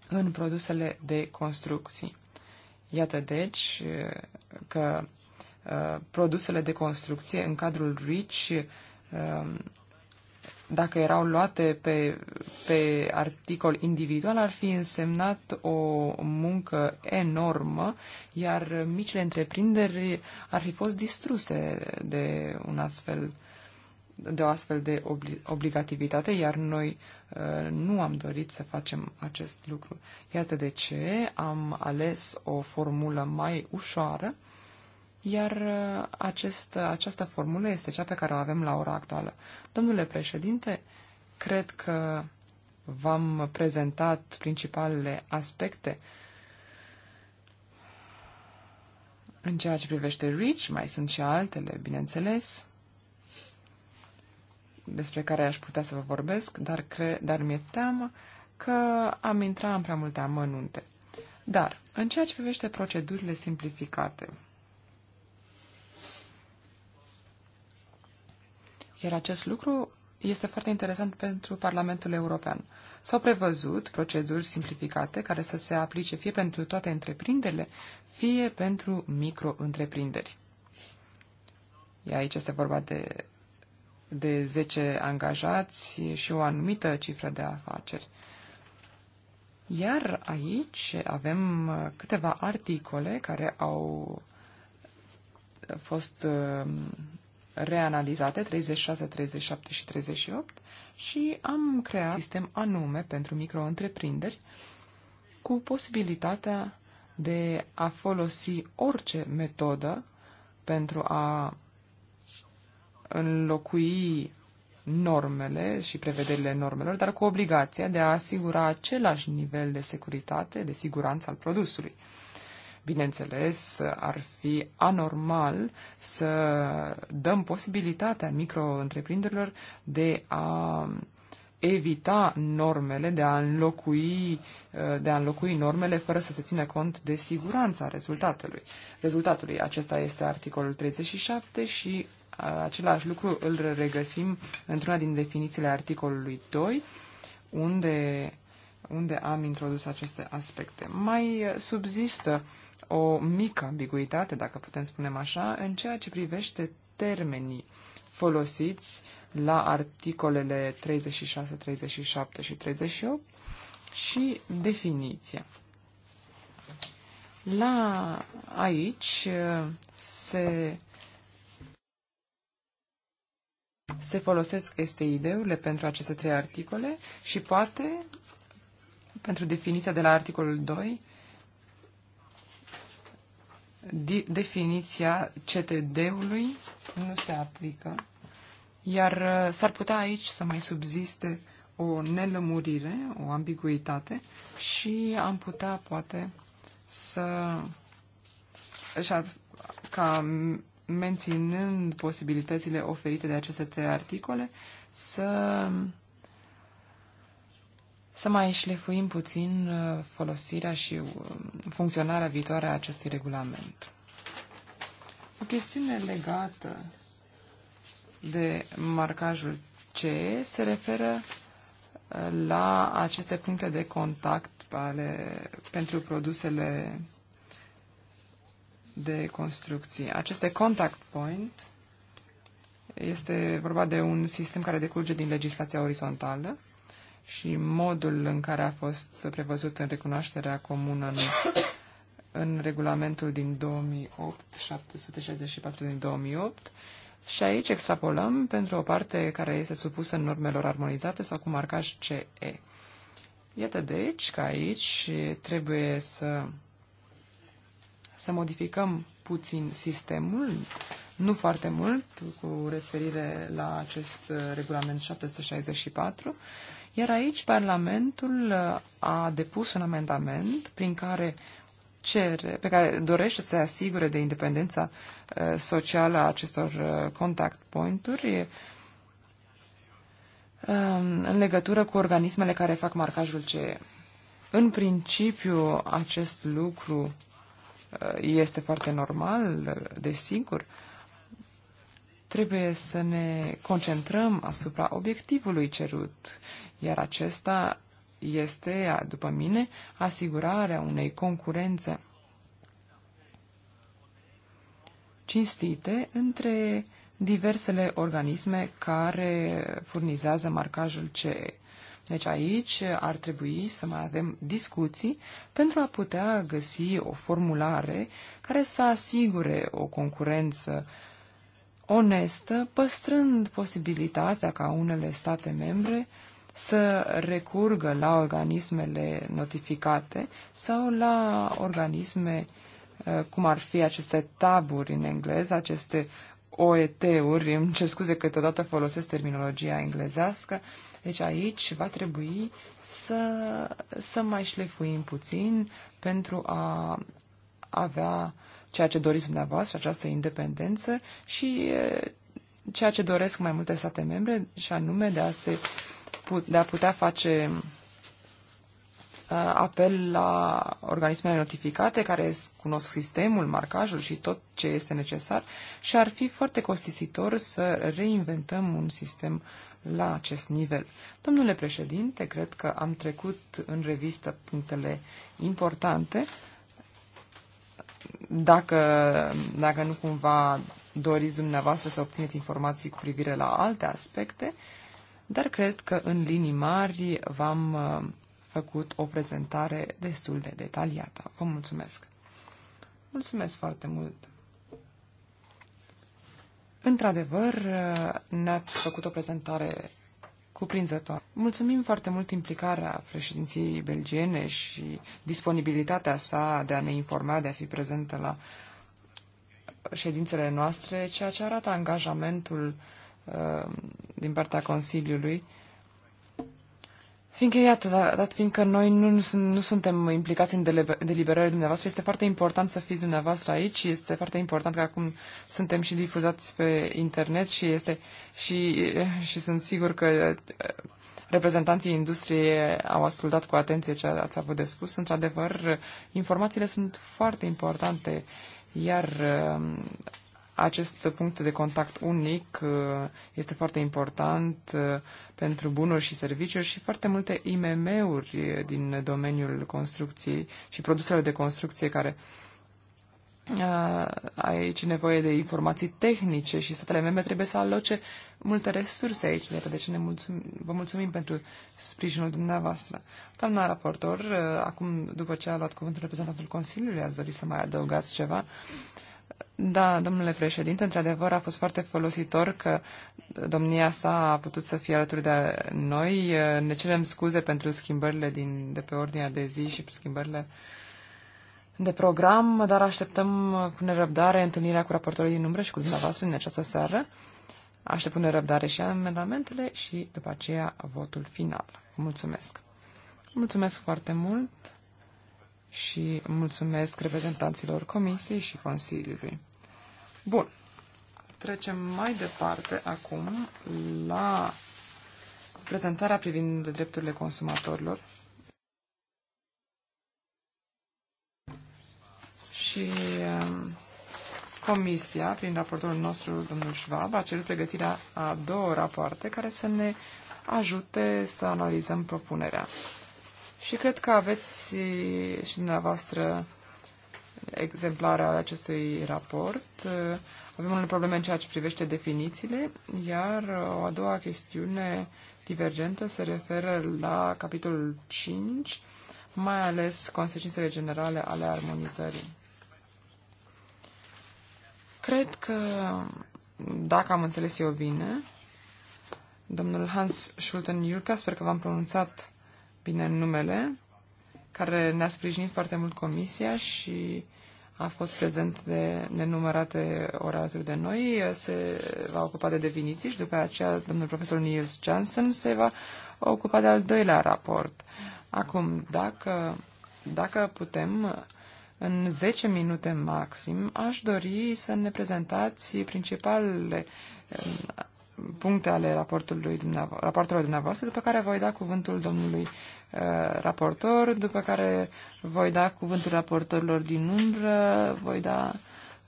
în produsele de construcții. Iată deci că uh, produsele de construcție în cadrul RICH uh, um, dacă erau luate pe, pe articol individual, ar fi însemnat o muncă enormă, iar micile întreprinderi ar fi fost distruse de un astfel de o astfel de obligativitate, iar noi uh, nu am dorit să facem acest lucru. Iată de ce am ales o formulă mai ușoară iar uh, acest, uh, această formulă este cea pe care o avem la ora actuală. Domnule președinte, cred că v-am prezentat principalele aspecte în ceea ce privește REACH, mai sunt și altele, bineînțeles, despre care aș putea să vă vorbesc, dar, cre- dar mi-e teamă că am intrat în prea multe amănunte. Dar, în ceea ce privește procedurile simplificate, Iar acest lucru este foarte interesant pentru Parlamentul European. S-au prevăzut proceduri simplificate care să se aplice fie pentru toate întreprinderile, fie pentru micro-întreprinderi. Aici este vorba de, de 10 angajați și o anumită cifră de afaceri. Iar aici avem câteva articole care au fost reanalizate, 36, 37 și 38, și am creat sistem anume pentru micro-întreprinderi cu posibilitatea de a folosi orice metodă pentru a înlocui normele și prevederile normelor, dar cu obligația de a asigura același nivel de securitate, de siguranță al produsului. Bineînțeles, ar fi anormal să dăm posibilitatea micro-întreprinderilor de a evita normele, de a, înlocui, de a înlocui normele fără să se țină cont de siguranța rezultatului. Rezultatului acesta este articolul 37 și uh, același lucru îl regăsim într-una din definițiile articolului 2, unde, unde am introdus aceste aspecte. Mai subzistă uh, o mică ambiguitate, dacă putem spune așa, în ceea ce privește termenii folosiți la articolele 36, 37 și 38 și definiția. La aici uh, se, se folosesc ideurile pentru aceste trei articole și poate pentru definiția de la articolul 2 definiția CTD-ului nu se aplică, iar uh, s-ar putea aici să mai subziste o nelămurire, o ambiguitate și am putea poate să ca menținând posibilitățile oferite de aceste trei articole, să să mai șlefuim puțin uh, folosirea și uh, funcționarea viitoare a acestui regulament. O chestiune legată de marcajul CE se referă uh, la aceste puncte de contact ale, pentru produsele de construcții. Aceste contact point este vorba de un sistem care decurge din legislația orizontală și modul în care a fost prevăzută recunoașterea comună în, în regulamentul din 2008, 764 din 2008, și aici extrapolăm pentru o parte care este supusă normelor armonizate sau cu marcaj CE. Iată deci că aici trebuie să, să modificăm puțin sistemul, nu foarte mult, cu referire la acest uh, regulament 764, iar aici Parlamentul uh, a depus un amendament prin care cere, pe care dorește să se asigure de independența uh, socială a acestor uh, contact point-uri um, în legătură cu organismele care fac marcajul CE. În principiu, acest lucru este foarte normal, desigur, Trebuie să ne concentrăm asupra obiectivului cerut, iar acesta este, după mine, asigurarea unei concurențe cinstite între diversele organisme care furnizează marcajul CE. Deci aici ar trebui să mai avem discuții pentru a putea găsi o formulare care să asigure o concurență onestă, păstrând posibilitatea ca unele state membre să recurgă la organismele notificate sau la organisme uh, cum ar fi aceste taburi în engleză, aceste OET-uri, îmi cer scuze că totodată folosesc terminologia englezească, deci aici va trebui să, să mai șlefuim puțin pentru a avea ceea ce doriți dumneavoastră, această independență și ceea ce doresc mai multe state membre, și anume de a, se, de a putea face apel la organismele notificate care cunosc sistemul, marcajul și tot ce este necesar și ar fi foarte costisitor să reinventăm un sistem la acest nivel. Domnule președinte, cred că am trecut în revistă punctele importante dacă, dacă nu cumva doriți dumneavoastră să obțineți informații cu privire la alte aspecte, dar cred că în linii mari v-am uh, făcut o prezentare destul de detaliată. Vă mulțumesc! Mulțumesc foarte mult! Într-adevăr, uh, ne-ați făcut o prezentare cuprinzător. Mulțumim foarte mult implicarea președinției belgiene și disponibilitatea sa de a ne informa, de a fi prezentă la ședințele noastre, ceea ce arată angajamentul uh, din partea Consiliului Fiindcă, iată, da, dat fiindcă noi nu, nu, nu suntem implicați în deliberările dumneavoastră, este foarte important să fiți dumneavoastră aici, este foarte important că acum suntem și difuzați pe internet și este și, și sunt sigur că uh, reprezentanții industriei au ascultat cu atenție ce ați avut de spus. Într-adevăr, informațiile sunt foarte importante, iar uh, acest punct de contact unic uh, este foarte important uh, pentru bunuri și serviciuri și foarte multe IMM-uri uh, din domeniul construcției și produselor de construcție care aici nevoie de informații tehnice și statele membre trebuie să aloce multe resurse aici. de, deci ne mulțumim, vă mulțumim pentru sprijinul dumneavoastră. Doamna raportor, acum, după ce a luat cuvântul reprezentantul Consiliului, ați dori să mai adăugați ceva? Uh, da, domnule președinte, într-adevăr a fost foarte folositor că domnia sa a putut să fie alături de noi. Ne cerem scuze pentru schimbările din, de pe ordinea de zi și schimbările de program, dar așteptăm cu nerăbdare întâlnirea cu raportorii din umbră și cu dumneavoastră în această seară. Aștept cu nerăbdare și amendamentele și după aceea votul final. Mulțumesc! Mulțumesc foarte mult! și mulțumesc reprezentanților Comisiei și Consiliului. Bun. Trecem mai departe acum la prezentarea privind drepturile consumatorilor. Și um, Comisia, prin raportorul nostru, domnul Schwab, a cerut pregătirea a două rapoarte care să ne ajute să analizăm propunerea. Și cred că aveți și dumneavoastră exemplare ale acestui raport. Avem unele probleme în ceea ce privește definițiile, iar o a doua chestiune divergentă se referă la capitolul 5, mai ales consecințele generale ale armonizării. Cred că, dacă am înțeles eu bine, domnul Hans Schulten jurka sper că v-am pronunțat bine numele, care ne-a sprijinit foarte mult comisia și a fost prezent de nenumărate ori alături de noi, se va ocupa de definiții și după aceea domnul profesor Niels Johnson se va ocupa de al doilea raport. Acum, dacă, dacă putem, în 10 minute maxim, aș dori să ne prezentați principalele puncte ale raportului dumneavo- raportelor dumneavoastră, după care voi da cuvântul domnului Uh, raportor, după care voi da cuvântul raportorilor din umbră, voi da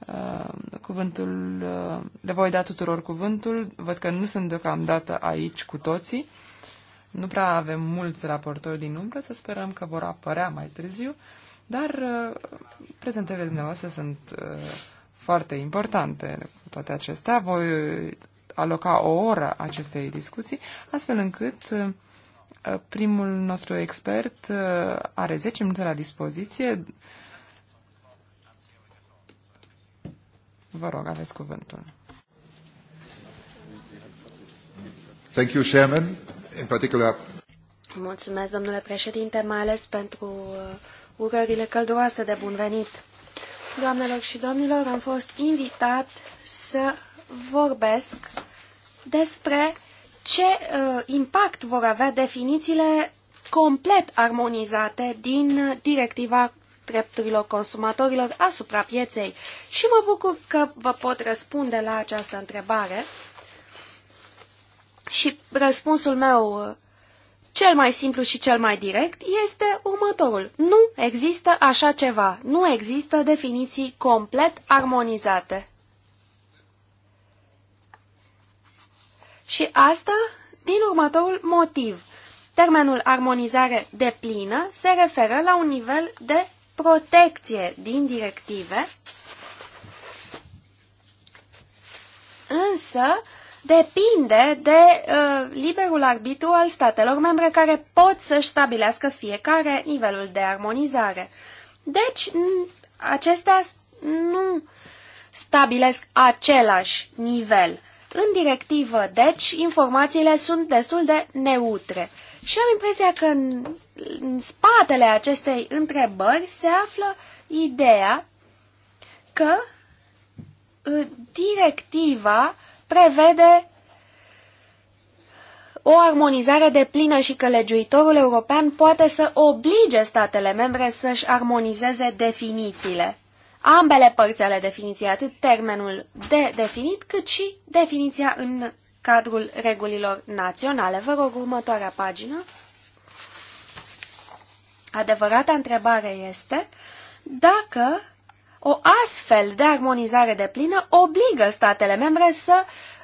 uh, cuvântul, uh, le voi da tuturor cuvântul. Văd că nu sunt deocamdată aici cu toții. Nu prea avem mulți raportori din umbră, să sperăm că vor apărea mai târziu, dar prezentările dumneavoastră sunt foarte importante. Cu toate acestea, voi aloca o oră acestei discuții, astfel încât Uh, primul nostru expert uh, are 10 minute la dispoziție. Vă rog, aveți cuvântul. Thank you, Chairman. In particular... Mulțumesc, domnule președinte, mai ales pentru uh, urările călduroase de bun venit. Doamnelor și domnilor, am fost invitat să vorbesc despre ce uh, impact vor avea definițiile complet armonizate din directiva drepturilor consumatorilor asupra pieței. Și mă bucur că vă pot răspunde la această întrebare. Și răspunsul meu uh, cel mai simplu și cel mai direct este următorul. Nu există așa ceva. Nu există definiții complet armonizate. Și asta din următorul motiv. Termenul armonizare de plină se referă la un nivel de protecție din directive, însă depinde de uh, liberul arbitru al statelor membre care pot să-și stabilească fiecare nivelul de armonizare. Deci, acestea nu stabilesc același nivel. În directivă, deci, informațiile sunt destul de neutre. Și am impresia că în, în spatele acestei întrebări se află ideea că uh, directiva prevede o armonizare de plină și că legiuitorul european poate să oblige statele membre să-și armonizeze definițiile ambele părți ale definiției, atât termenul de definit, cât și definiția în cadrul regulilor naționale. Vă rog următoarea pagină. Adevărata întrebare este dacă o astfel de armonizare de plină obligă statele membre să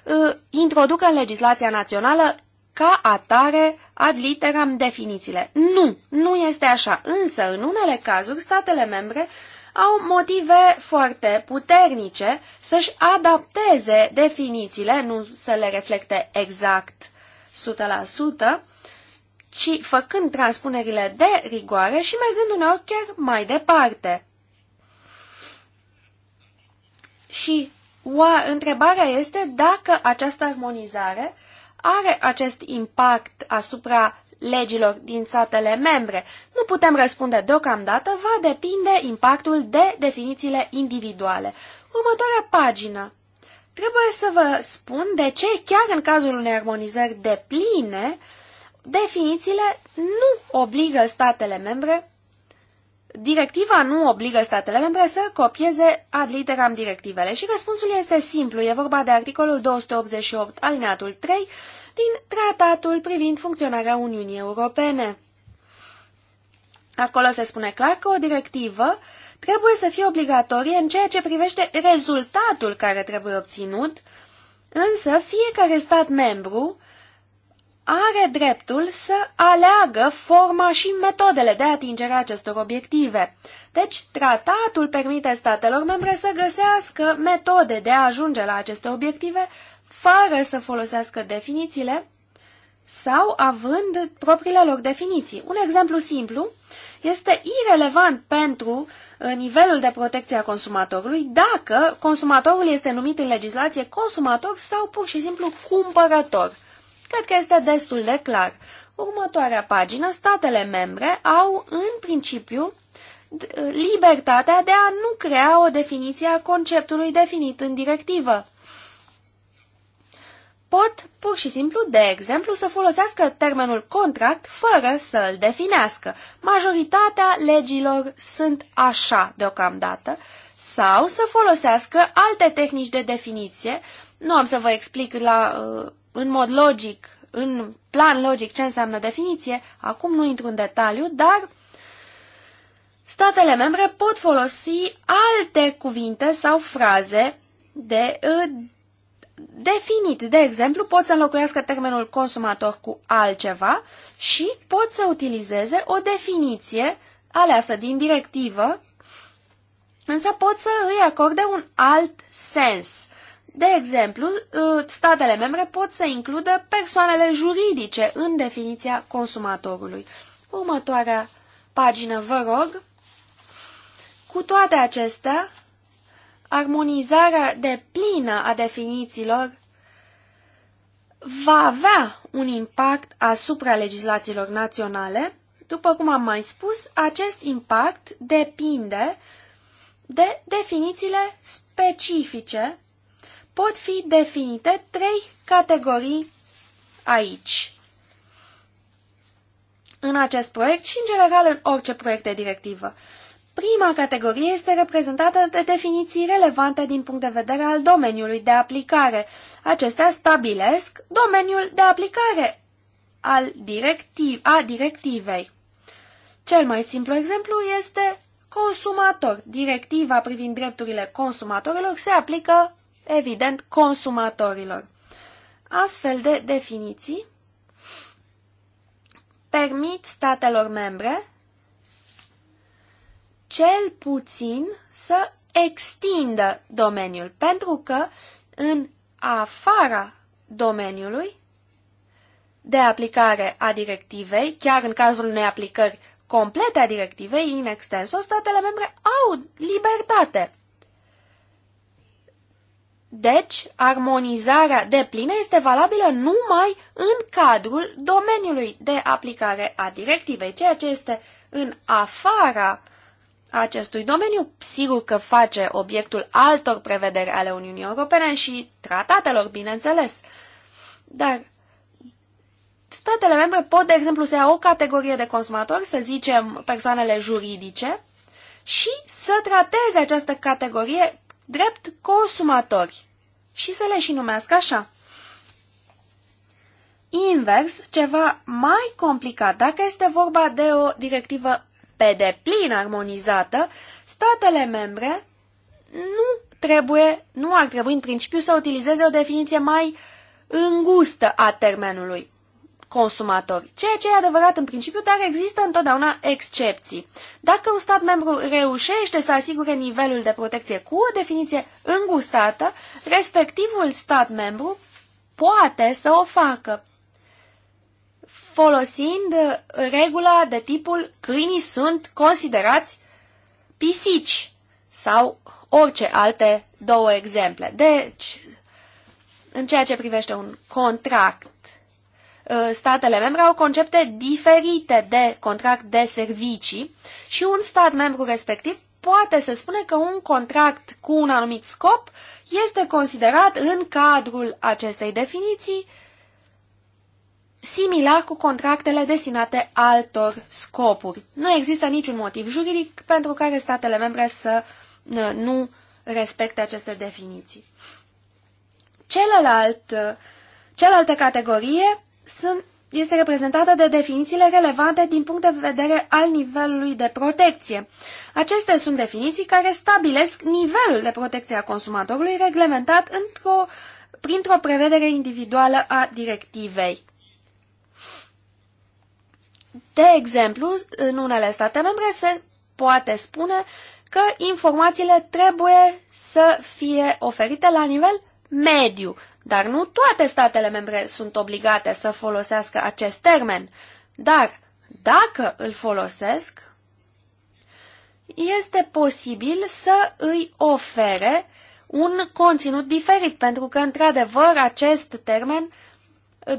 uh, introducă în legislația națională ca atare ad literam definițiile. Nu, nu este așa. Însă, în unele cazuri, statele membre uh, au motive foarte puternice să-și adapteze definițiile, nu să le reflecte exact 100%, ci făcând transpunerile de rigoare și mergând uneori chiar mai departe. Și întrebarea este dacă această armonizare are acest impact asupra legilor din statele membre. Nu putem răspunde deocamdată, va depinde impactul de definițiile individuale. Următoarea pagină. Trebuie să vă spun de ce, chiar în cazul unei armonizări de pline, definițiile nu obligă statele membre directiva nu obligă statele membre să copieze ad literam directivele și răspunsul este simplu. E vorba de articolul 288 alineatul 3 din tratatul privind funcționarea Uniunii Europene. Acolo se spune clar că o directivă trebuie să fie obligatorie în ceea ce privește rezultatul care trebuie obținut, însă fiecare stat membru are dreptul să aleagă forma și metodele de atingere a acestor obiective. Deci, tratatul permite statelor membre să găsească metode de a ajunge la aceste obiective fără să folosească definițiile sau având propriile lor definiții. Un exemplu simplu este irelevant pentru uh, nivelul de protecție a consumatorului dacă consumatorul este numit în legislație consumator sau pur și simplu cumpărător – Cred că este destul de clar. Următoarea pagină, statele membre au, în principiu, libertatea de a nu crea o definiție a conceptului definit în directivă. Pot, pur și simplu, de exemplu, să folosească termenul contract fără să îl definească. Majoritatea legilor sunt așa deocamdată. Sau să folosească alte tehnici de definiție. Nu am să vă explic la uh, în mod logic, în plan logic ce înseamnă definiție, acum nu intru în detaliu, dar statele membre pot folosi alte cuvinte sau fraze de uh, definit. De exemplu, pot să înlocuiască termenul consumator cu altceva și pot să utilizeze o definiție aleasă din directivă, însă pot să îi acorde un alt sens de exemplu, ă, statele membre pot să includă persoanele juridice în definiția consumatorului. Următoarea pagină, vă rog. Cu toate acestea, armonizarea de plină a definițiilor va avea un impact asupra legislațiilor naționale. După cum am mai spus, acest impact depinde de definițiile specifice pot fi definite trei categorii aici. În acest proiect și, în general, în orice proiect de directivă. Prima categorie este reprezentată de definiții relevante din punct de vedere al domeniului de aplicare. Acestea stabilesc domeniul de aplicare al directiv, a directivei. Cel mai simplu exemplu este consumator. Directiva privind drepturile consumatorilor se aplică evident, consumatorilor. Astfel de definiții permit statelor membre cel puțin să extindă domeniul, pentru că în afara domeniului de aplicare a directivei, chiar în cazul unei aplicări complete a directivei, in extenso, statele membre au libertate deci, armonizarea de plină este valabilă numai în cadrul domeniului de aplicare a directivei, ceea ce este în afara acestui domeniu, sigur că face obiectul altor prevederi ale Uniunii Europene și tratatelor, bineînțeles. Dar statele membre pot, de exemplu, să ia o categorie de consumatori, să zicem persoanele juridice, și să trateze această categorie drept consumatori și să le și numească așa. Invers, ceva mai complicat, dacă este vorba de o directivă pe deplin armonizată, statele membre nu trebuie, nu ar trebui în principiu să utilizeze o definiție mai îngustă a termenului consumatori, ceea ce e adevărat în principiu, dar există întotdeauna excepții. Dacă un stat membru reușește să asigure nivelul de protecție cu o definiție îngustată, respectivul stat membru poate să o facă folosind regula de tipul câinii sunt considerați pisici sau orice alte două exemple. Deci, în ceea ce privește un contract, Uh, statele membre au concepte diferite de contract de servicii și un stat membru respectiv poate să spune că un contract cu un anumit scop este considerat în cadrul acestei definiții similar cu contractele destinate altor scopuri. Nu există niciun motiv juridic pentru care statele membre să uh, nu respecte aceste definiții. Celălalt, uh, celălaltă categorie sunt, este reprezentată de definițiile relevante din punct de vedere al nivelului de protecție. Acestea sunt definiții care stabilesc nivelul de protecție a consumatorului reglementat într-o, printr-o prevedere individuală a directivei. De exemplu, în unele state membre se poate spune că informațiile trebuie să fie oferite la nivel mediu, dar nu toate statele membre sunt obligate să folosească acest termen, dar dacă îl folosesc, este posibil să îi ofere un conținut diferit, pentru că, într-adevăr, acest termen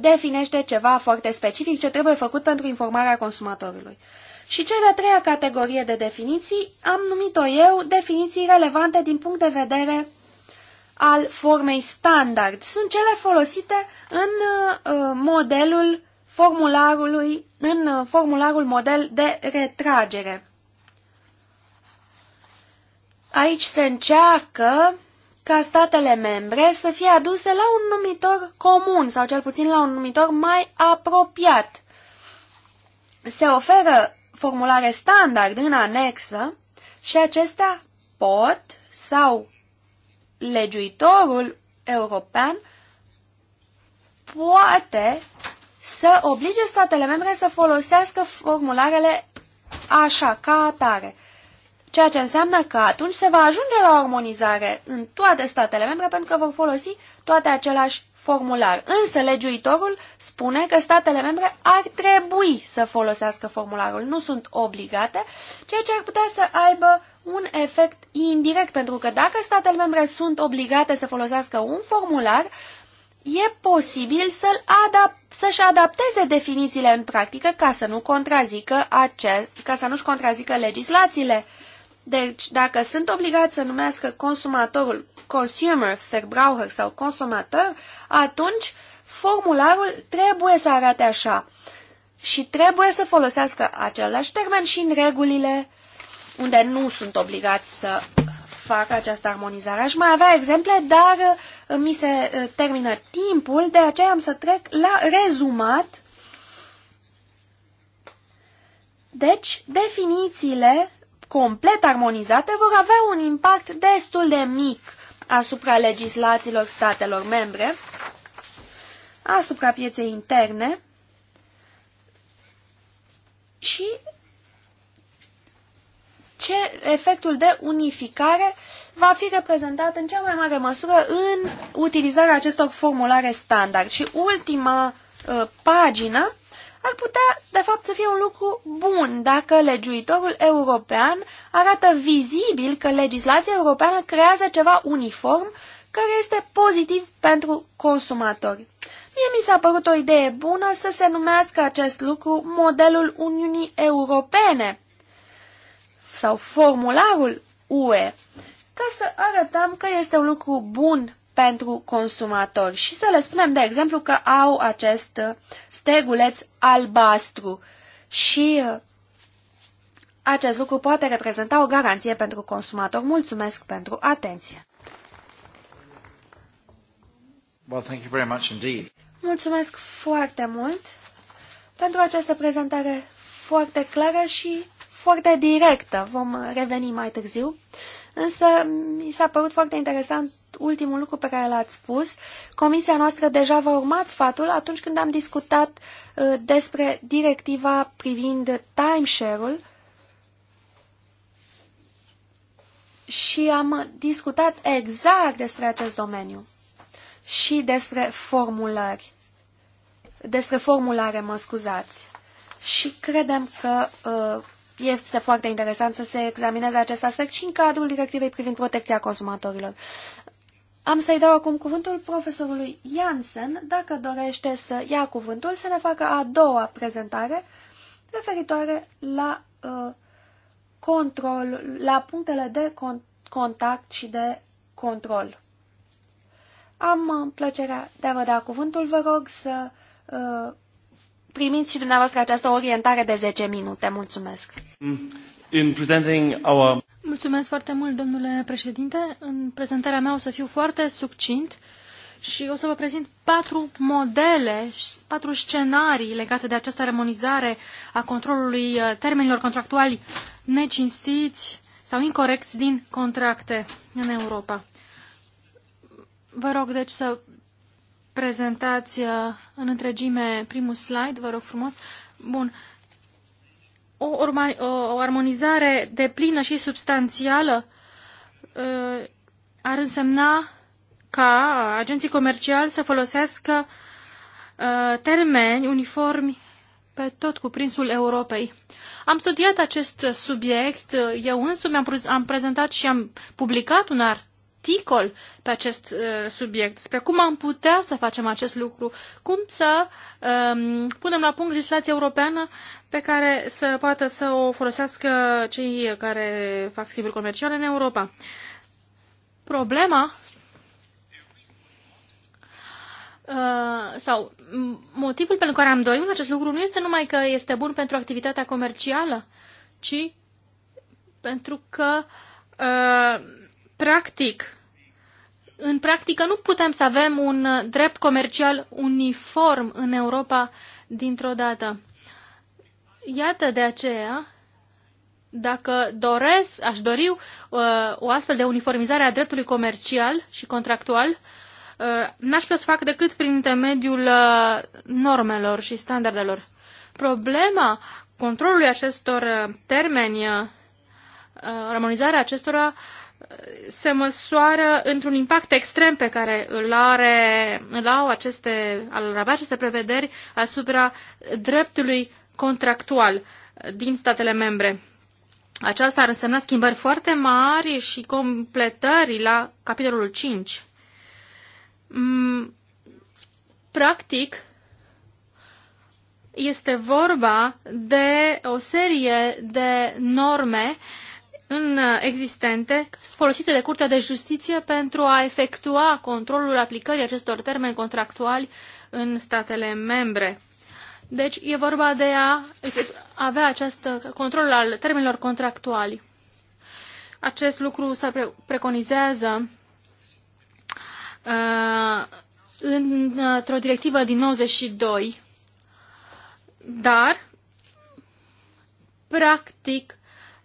definește ceva foarte specific ce trebuie făcut pentru informarea consumatorului. Și cea de-a treia categorie de definiții am numit-o eu definiții relevante din punct de vedere al formei standard. Sunt cele folosite în uh, modelul formularului, în uh, formularul model de retragere. Aici se încearcă ca statele membre să fie aduse la un numitor comun sau cel puțin la un numitor mai apropiat. Se oferă formulare standard în anexă și acestea pot sau legiuitorul european poate să oblige statele membre să folosească formularele așa, ca atare. Ceea ce înseamnă că atunci se va ajunge la o armonizare în toate statele membre pentru că vor folosi toate același formular. Însă legiuitorul spune că statele membre ar trebui să folosească formularul, nu sunt obligate, ceea ce ar putea să aibă un efect indirect, pentru că dacă statele membre sunt obligate să folosească un formular, e posibil să și adap- să adapteze definițiile în practică ca să nu contrazică ca să nu-și contrazică legislațiile deci, dacă sunt obligați să numească consumatorul consumer, verbraucher sau consumator, atunci formularul trebuie să arate așa și trebuie să folosească același termen și în regulile unde nu sunt obligați să facă această armonizare. Aș mai avea exemple, dar uh, mi se uh, termină timpul, de aceea am să trec la rezumat. Deci, definițiile complet armonizate vor avea un impact destul de mic asupra legislațiilor statelor membre, asupra pieței interne și ce efectul de unificare va fi reprezentat în cea mai mare măsură în utilizarea acestor formulare standard. Și ultima uh, pagină ar putea, de fapt, să fie un lucru bun dacă legiuitorul european arată vizibil că legislația europeană creează ceva uniform care este pozitiv pentru consumatori. Mie mi s-a părut o idee bună să se numească acest lucru modelul Uniunii Europene sau formularul UE, ca să arătăm că este un lucru bun pentru consumatori și să le spunem, de exemplu, că au acest uh, steguleț albastru și uh, acest lucru poate reprezenta o garanție pentru consumator. Mulțumesc pentru atenție! Well, thank you very much indeed. Mulțumesc foarte mult pentru această prezentare foarte clară și foarte directă. Vom reveni mai târziu. Însă mi s-a părut foarte interesant ultimul lucru pe care l-ați spus. Comisia noastră deja vă urma sfatul atunci când am discutat uh, despre directiva privind timeshare-ul și am discutat exact despre acest domeniu și despre formulări. Despre formulare, mă scuzați. Și credem că uh, este foarte interesant să se examineze acest aspect și în cadrul directivei privind protecția consumatorilor. Am să-i dau acum cuvântul profesorului Jansen, dacă dorește să ia cuvântul, să ne facă a doua prezentare referitoare la uh, control, la punctele de con contact și de control. Am uh, plăcerea de a vă da cuvântul, vă rog să uh, primiți și dumneavoastră această orientare de 10 minute. Mulțumesc! In presenting our... Mulțumesc foarte mult, domnule președinte. În prezentarea mea o să fiu foarte succint și o să vă prezint patru modele, patru scenarii legate de această armonizare a controlului uh, termenilor contractuali necinstiți sau incorecți din contracte în Europa. Vă rog, deci, să prezentați uh, în întregime primul slide, vă rog frumos. Bun. O, urma, o armonizare de plină și substanțială uh, ar însemna ca agenții comerciali să folosească uh, termeni uniformi pe tot cuprinsul Europei. Am studiat acest subiect, eu însumi am, am prezentat și am publicat un articol articol pe acest uh, subiect, despre cum am putea să facem acest lucru, cum să um, punem la punct legislația europeană pe care să poată să o folosească cei care fac schimburi comerciale în Europa. Problema Uh, sau motivul pentru care am dorit acest lucru nu este numai că este bun pentru activitatea comercială, ci pentru că, uh, practic, în practică nu putem să avem un uh, drept comercial uniform în Europa dintr-o dată. Iată de aceea, dacă doresc, aș dori uh, o astfel de uniformizare a dreptului comercial și contractual, uh, n-aș putea să fac decât prin intermediul uh, normelor și standardelor. Problema controlului acestor uh, termeni, uh, uh, armonizarea acestora, uh, se măsoară într-un impact extrem pe care îl, are, îl au aceste, îl avea aceste prevederi asupra dreptului contractual din statele membre. Aceasta ar însemna schimbări foarte mari și completări la capitolul 5. Mm, practic, este vorba de o serie de norme uh, în uh, existente folosite de Curtea de Justiție pentru a efectua controlul aplicării acestor termeni contractuali în statele membre. Deci e vorba de a avea acest control al termenilor contractuali. Acest lucru se pre preconizează uh, într-o directivă din 92, dar practic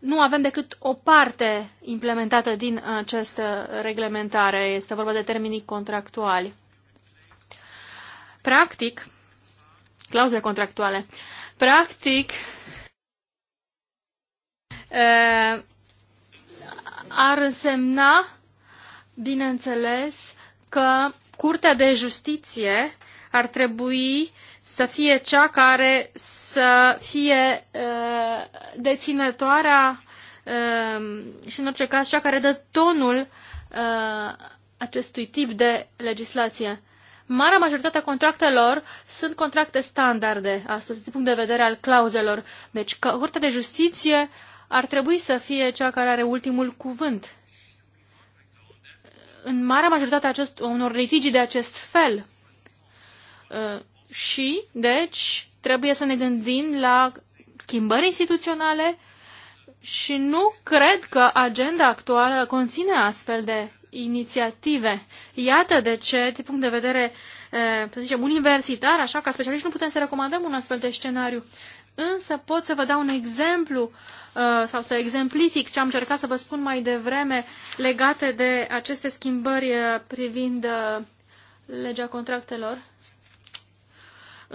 nu avem decât o parte implementată din această reglementare. Este vorba de termenii contractuali. Practic, clauze contractuale. Practic, ar însemna, bineînțeles, că Curtea de Justiție ar trebui să fie cea care să fie uh, deținătoarea uh, și în orice caz cea care dă tonul uh, acestui tip de legislație. Marea majoritatea contractelor sunt contracte standarde, astăzi, din punct de vedere al clauzelor. Deci, Curtea de Justiție ar trebui să fie cea care are ultimul cuvânt. În marea majoritatea acest, unor litigi de acest fel, Uh, și, deci, trebuie să ne gândim la schimbări instituționale și nu cred că agenda actuală conține astfel de inițiative. Iată de ce, din punct de vedere, uh, să zicem, universitar, așa, ca specialiști, nu putem să recomandăm un astfel de scenariu. Însă pot să vă dau un exemplu uh, sau să exemplific ce am încercat să vă spun mai devreme legate de aceste schimbări privind legea contractelor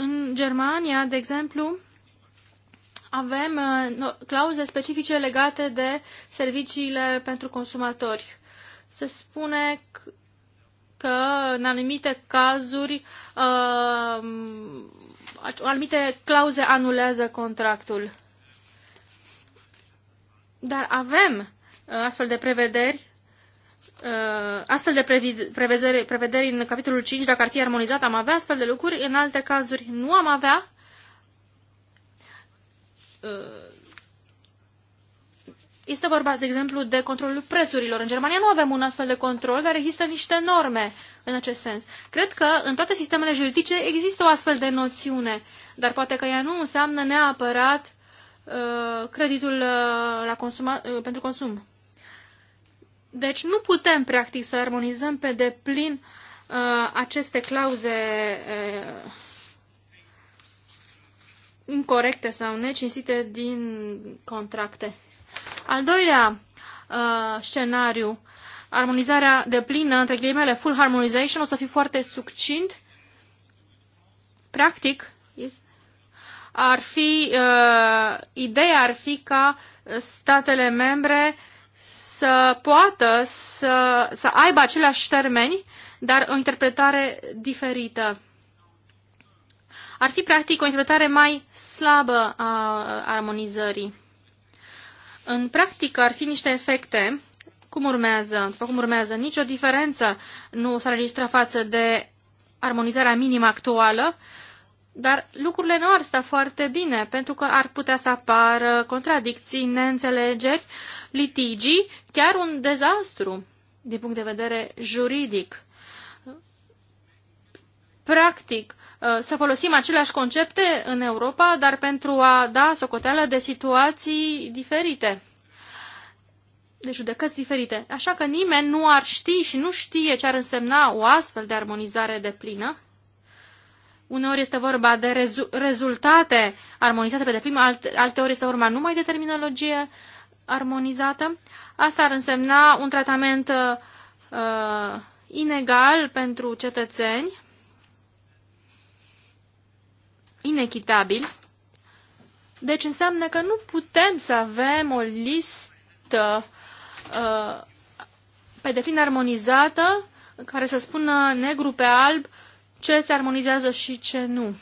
în Germania, de exemplu, avem uh, clauze specifice legate de serviciile pentru consumatori. Se spune că în anumite cazuri uh, anumite clauze anulează contractul. Dar avem uh, astfel de prevederi Uh, astfel de prevederi, prevederi în capitolul 5, dacă ar fi armonizat, am avea astfel de lucruri, în alte cazuri nu am avea. Uh, este vorba, de exemplu, de controlul prețurilor. În Germania nu avem un astfel de control, dar există niște norme în acest sens. Cred că în toate sistemele juridice există o astfel de noțiune, dar poate că ea nu înseamnă neapărat uh, creditul uh, la consuma, uh, pentru consum. Deci nu putem, practic, să armonizăm pe deplin uh, aceste clauze uh, incorrecte sau necinsite din contracte. Al doilea uh, scenariu, armonizarea de plină, între ghilimele full harmonization, o să fie foarte succint. Practic, ar fi, uh, ideea ar fi ca statele membre uh, să poată să, să aibă aceleași termeni, dar o interpretare diferită. Ar fi, practic, o interpretare mai slabă a armonizării. În practică ar fi niște efecte cum urmează, după cum urmează, nicio diferență nu s a registrat față de armonizarea minimă actuală, dar lucrurile nu ar sta foarte bine, pentru că ar putea să apară contradicții, neînțelegeri litigii, chiar un dezastru din punct de vedere juridic. Practic, uh, să folosim aceleași concepte în Europa, dar pentru a da socoteală de situații diferite, de judecăți diferite. Așa că nimeni nu ar ști și nu știe ce ar însemna o astfel de armonizare de plină. Uneori este vorba de rezu- rezultate armonizate pe deplin, alt- alteori este vorba numai de terminologie armonizată. Asta ar însemna un tratament uh, uh, inegal pentru cetățeni, inechitabil. Deci înseamnă că nu putem să avem o listă uh, pe deplin armonizată care să spună negru pe alb ce se armonizează și ce nu.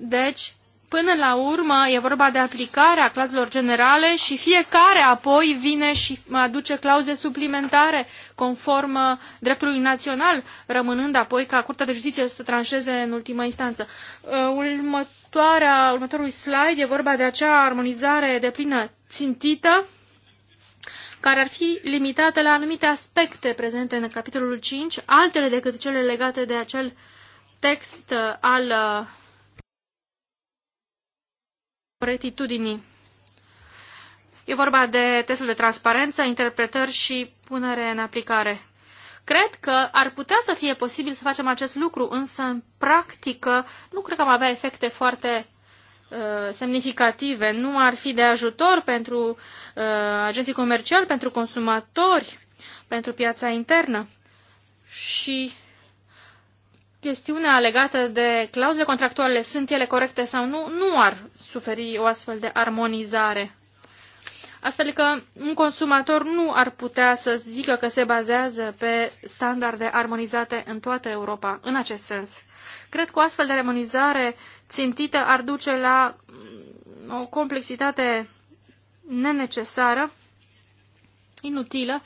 Deci, Până la urmă e vorba de aplicarea clauzelor generale și fiecare apoi vine și aduce clauze suplimentare conform uh, dreptului național, rămânând apoi ca Curtea de Justiție să tranșeze în ultima instanță. Următoarea, uh, următorul slide e vorba de acea armonizare de plină țintită care ar fi limitate la anumite aspecte prezente în capitolul 5, altele decât cele legate de acel text uh, al pretitudinii. E vorba de testul de transparență, interpretări și punere în aplicare. Cred că ar putea să fie posibil să facem acest lucru, însă în practică nu cred că am avea efecte foarte uh, semnificative. Nu ar fi de ajutor pentru uh, agenții comerciali, pentru consumatori, pentru piața internă. Și chestiunea legată de clauze contractuale, sunt ele corecte sau nu, nu ar suferi o astfel de armonizare. Astfel că un consumator nu ar putea să zică că se bazează pe standarde armonizate în toată Europa, în acest sens. Cred că o astfel de armonizare țintită ar duce la mm, o complexitate nenecesară, inutilă,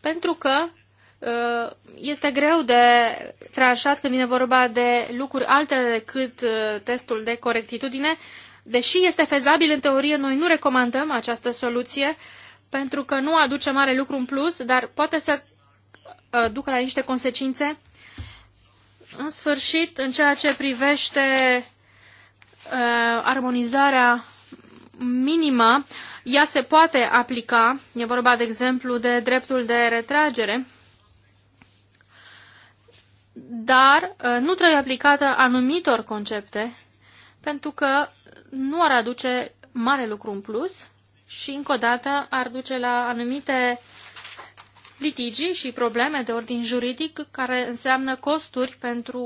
pentru că Uh, este greu de tranșat când vine vorba de lucruri altele decât uh, testul de corectitudine. Deși este fezabil în teorie, noi nu recomandăm această soluție pentru că nu aduce mare lucru în plus, dar poate să uh, ducă la niște consecințe. În sfârșit, în ceea ce privește uh, armonizarea minimă, ea se poate aplica, e vorba de exemplu de dreptul de retragere, dar uh, nu trebuie aplicată anumitor concepte, pentru că nu ar aduce mare lucru în plus și, încă o dată, ar duce la anumite litigii și probleme de ordin juridic care înseamnă costuri pentru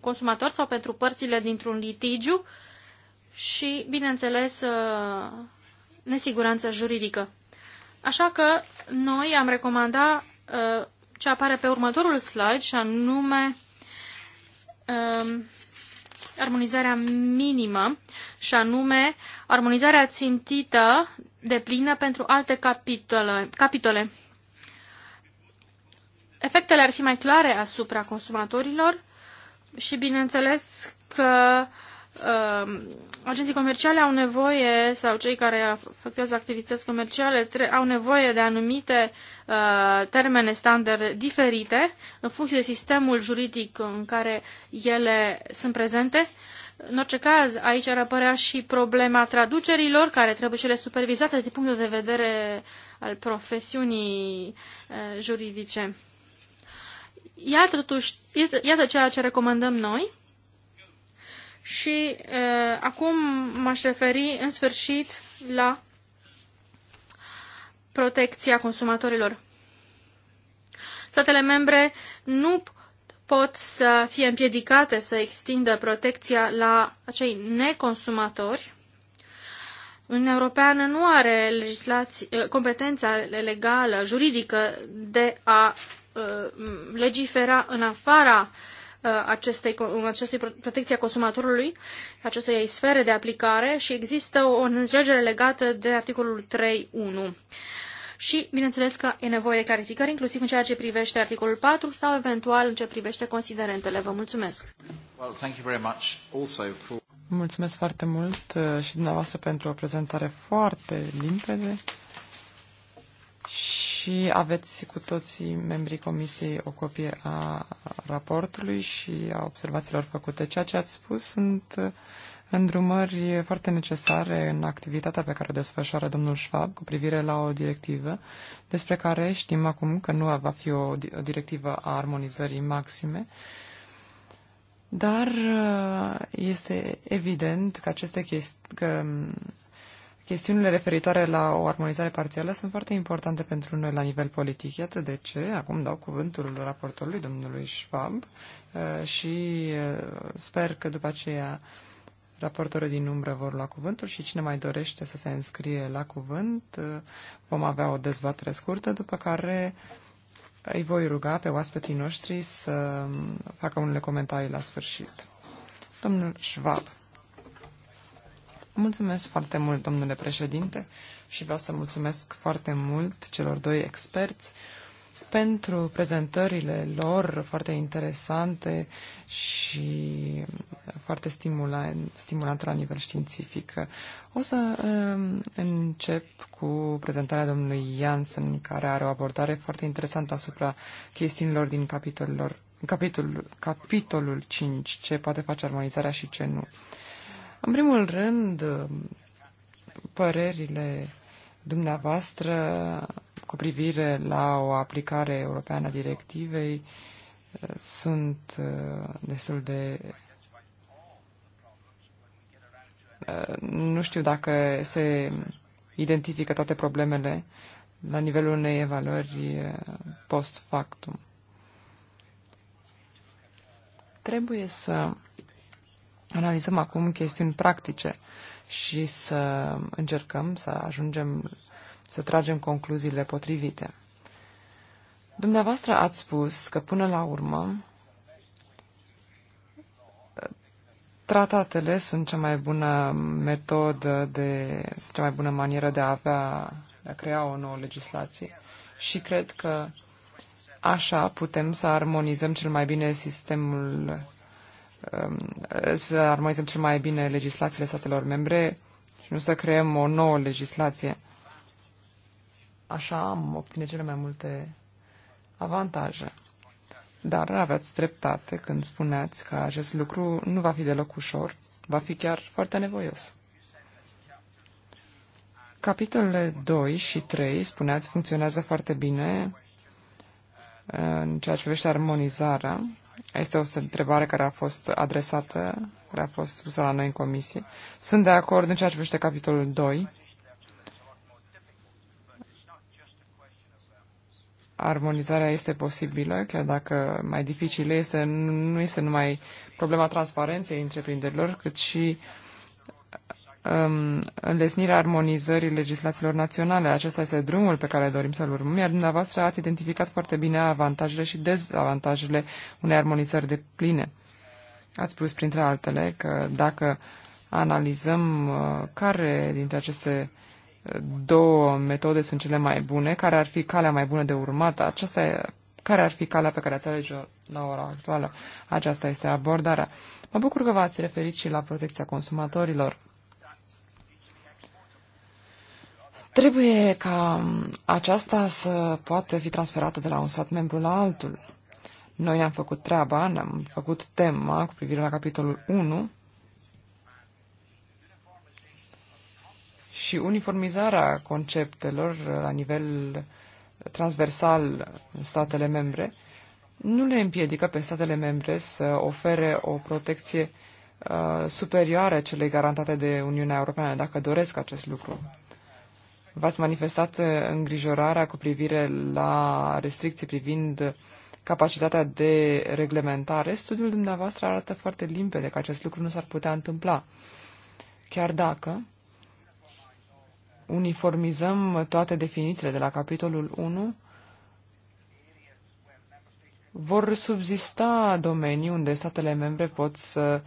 consumator sau pentru părțile dintr-un litigiu și, bineînțeles, uh, nesiguranță juridică. Așa că noi am recomandat uh, ce apare pe următorul slide și anume um, armonizarea minimă și anume armonizarea țintită de plină pentru alte capitole. capitole. Efectele ar fi mai clare asupra consumatorilor și bineînțeles că um, agenții comerciale au nevoie, sau cei care efectuează activități comerciale, au nevoie de anumite uh, termene standard diferite în funcție de sistemul juridic în care ele sunt prezente. În orice caz, aici ar apărea și problema traducerilor, care trebuie și ele supervizate din punctul de vedere al profesiunii uh, juridice. Iată, totuși, iată, iată ceea ce recomandăm noi și uh, acum m-aș referi în sfârșit la protecția consumatorilor. Statele membre nu pot să fie împiedicate să extindă protecția la acei neconsumatori. Uniunea Europeană nu are uh, competența legală, juridică de a uh, legifera în afara uh, Uh, acestei, acestei protecție a consumatorului, acestei sfere de aplicare și există o înțelegere legată de articolul 3.1. Și, bineînțeles că e nevoie de clarificări, inclusiv în ceea ce privește articolul 4 sau eventual în ce privește considerentele. Vă mulțumesc! Well, thank you very much also for... Mulțumesc foarte mult uh, și dumneavoastră pentru o prezentare foarte limpede și și aveți cu toții membrii comisiei o copie a raportului și a observațiilor făcute. Ceea ce ați spus sunt îndrumări foarte necesare în activitatea pe care o desfășoară domnul Schwab cu privire la o directivă despre care știm acum că nu va fi o directivă a armonizării maxime, dar uh, este evident că aceste chestii, că Chestiunile referitoare la o armonizare parțială sunt foarte importante pentru noi la nivel politic. Iată de ce acum dau cuvântul raportorului domnului Schwab uh, și uh, sper că după aceea raportorii din umbră vor lua cuvântul și cine mai dorește să se înscrie la cuvânt uh, vom avea o dezbatere scurtă, după care îi voi ruga pe oaspeții noștri să um, facă unele comentarii la sfârșit. Domnul Schwab. Mulțumesc foarte mult, domnule președinte, și vreau să mulțumesc foarte mult celor doi experți pentru prezentările lor foarte interesante și foarte stimulante la nivel științific. O să um, încep cu prezentarea domnului Janssen, care are o abordare foarte interesantă asupra chestiunilor din capitolul, capitolul, capitolul 5, ce poate face armonizarea și ce nu. În primul rând, părerile dumneavoastră cu privire la o aplicare europeană a directivei eh, sunt eh, destul de eh, nu știu dacă se identifică toate problemele la nivelul unei evaluări post factum. Trebuie să analizăm acum chestiuni practice și să încercăm să ajungem să tragem concluziile potrivite. Dumneavoastră ați spus că până la urmă tratatele sunt cea mai bună metodă de, cea mai bună manieră de a avea, de a crea o nouă legislație și cred că așa putem să armonizăm cel mai bine sistemul Um, să armonizăm cel mai bine legislațiile statelor membre și nu să creăm o nouă legislație. Așa am obține cele mai multe avantaje. Dar aveați dreptate când spuneați că acest lucru nu va fi deloc ușor, va fi chiar foarte nevoios. Capitolele 2 și 3, spuneați, funcționează foarte bine uh, în ceea ce privește armonizarea este o întrebare care a fost adresată, care a fost pusă la noi în comisie. Sunt de acord în ceea ce privește capitolul 2. Armonizarea este posibilă, chiar dacă mai dificil este, nu este numai problema transparenței întreprinderilor, cât și uh, um, înlesnirea armonizării legislațiilor naționale. Acesta este drumul pe care dorim să-l urmăm, iar dumneavoastră ați identificat foarte bine avantajele și dezavantajele unei armonizări de pline. Ați spus, printre altele, că dacă analizăm uh, care dintre aceste uh, două metode sunt cele mai bune, care ar fi calea mai bună de urmat, aceasta e, care ar fi calea pe care ați alege-o la ora actuală. Aceasta este abordarea. Mă bucur că v-ați referit și la protecția consumatorilor. Trebuie ca aceasta să poată fi transferată de la un stat membru la altul. Noi ne-am făcut treaba, ne-am făcut tema cu privire la capitolul 1 și uniformizarea conceptelor la nivel transversal în statele membre nu le împiedică pe statele membre să ofere o protecție uh, superioară celei garantate de Uniunea Europeană, dacă doresc acest lucru v-ați manifestat uh, îngrijorarea cu privire la restricții privind capacitatea de reglementare, studiul dumneavoastră arată foarte limpede că acest lucru nu s-ar putea întâmpla. Chiar dacă uniformizăm toate definițiile de la capitolul 1, vor subzista domenii unde statele membre pot să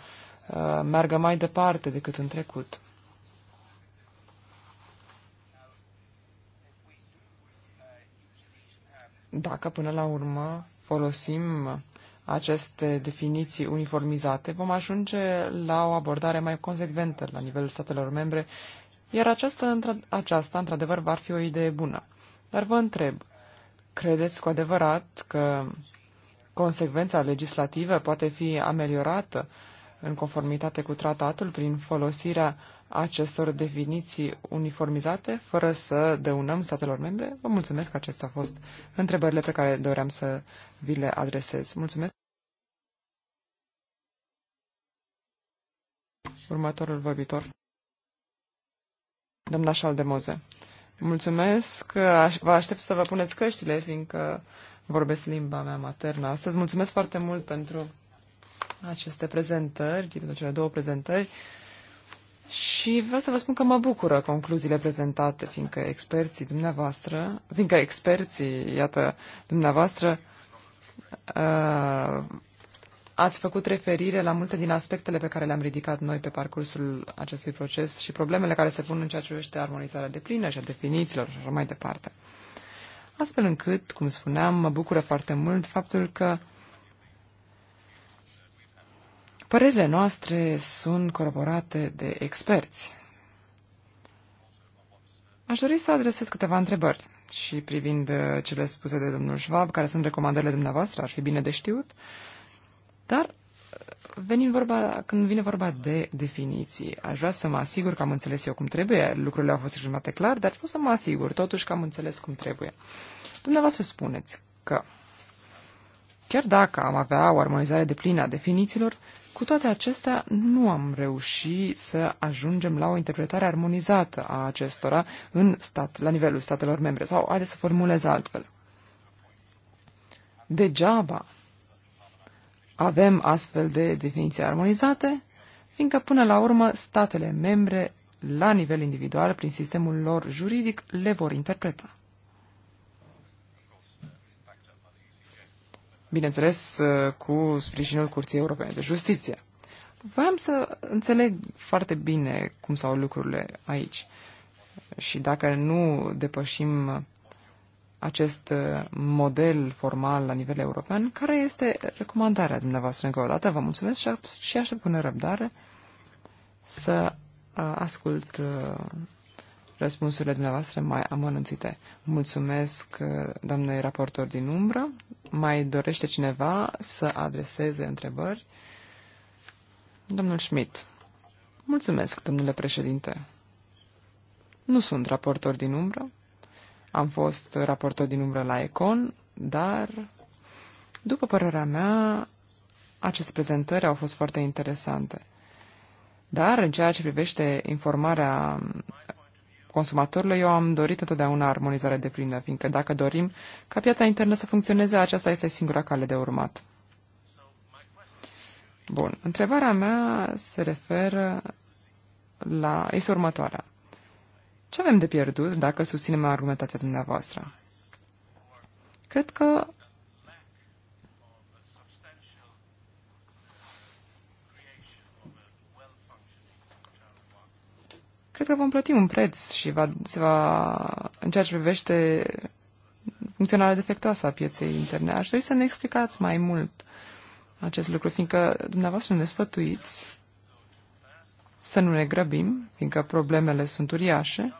uh, meargă mai departe decât în trecut. Dacă până la urmă folosim aceste definiții uniformizate, vom ajunge la o abordare mai consecventă la nivelul statelor membre, iar aceasta, într- aceasta într-adevăr, va fi o idee bună. Dar vă întreb, credeți cu adevărat că consecvența legislativă poate fi ameliorată în conformitate cu tratatul prin folosirea uh, acestor definiții uniformizate, fără să dăunăm statelor membre? Vă mulțumesc că acestea au fost întrebările pe care doream să vi le adresez. Mulțumesc! Următorul vorbitor, doamna Șaldemoze. Mulțumesc, vă aștept să vă puneți căștile, fiindcă vorbesc limba mea maternă astăzi. Mulțumesc foarte mult pentru aceste prezentări, pentru cele două prezentări. Și vreau să vă spun că mă bucură concluziile prezentate, fiindcă experții dumneavoastră, fiindcă experții, iată, dumneavoastră, uh, ați făcut referire la multe din aspectele pe care le-am ridicat noi pe parcursul acestui proces și problemele care se pun în ceea ce privește armonizarea de plină și a definițiilor și așa mai departe. Astfel încât, cum spuneam, mă bucură foarte mult faptul că Părerile noastre sunt coroborate de experți. Aș dori să adresez câteva întrebări și privind uh, cele spuse de domnul Schwab, care sunt recomandările dumneavoastră, ar fi bine de știut, dar uh, venim vorba, când vine vorba de definiții, aș vrea să mă asigur că am înțeles eu cum trebuie, lucrurile au fost exprimate clar, dar vreau să mă asigur totuși că am înțeles cum trebuie. Dumneavoastră spuneți că chiar dacă am avea o armonizare de plină a definițiilor, cu toate acestea, nu am reușit să ajungem la o interpretare armonizată a acestora în stat, la nivelul statelor membre. Sau, haideți să formulez altfel. Degeaba avem astfel de definiții armonizate, fiindcă până la urmă statele membre, la nivel individual, prin sistemul lor juridic, le vor interpreta. bineînțeles, uh, cu sprijinul Curții Europene de Justiție. Vreau să înțeleg foarte bine cum au lucrurile aici și dacă nu depășim acest uh, model formal la nivel european, care este recomandarea dumneavoastră încă o dată. Vă mulțumesc și aștept cu nerăbdare să uh, ascult răspunsurile dumneavoastră mai amănunțite. Mulțumesc, doamne raportor din umbră, mai dorește cineva să adreseze întrebări? Domnul Schmidt. Mulțumesc, domnule președinte. Nu sunt raportor din umbră. Am fost raportor din umbră la Econ, dar, după părerea mea, aceste prezentări au fost foarte interesante. Dar, în ceea ce privește informarea consumatorilor, eu am dorit întotdeauna armonizare de plină, fiindcă dacă dorim ca piața internă să funcționeze, aceasta este singura cale de urmat. Bun, întrebarea mea se referă la... este următoarea. Ce avem de pierdut dacă susținem argumentația dumneavoastră? Cred că Cred că vom plăti un preț și va, se va, în ceea ce privește funcționarea defectoasă a pieței interne. Aș dori să ne explicați mai mult acest lucru, fiindcă dumneavoastră ne sfătuiți să nu ne grăbim, fiindcă problemele sunt uriașe,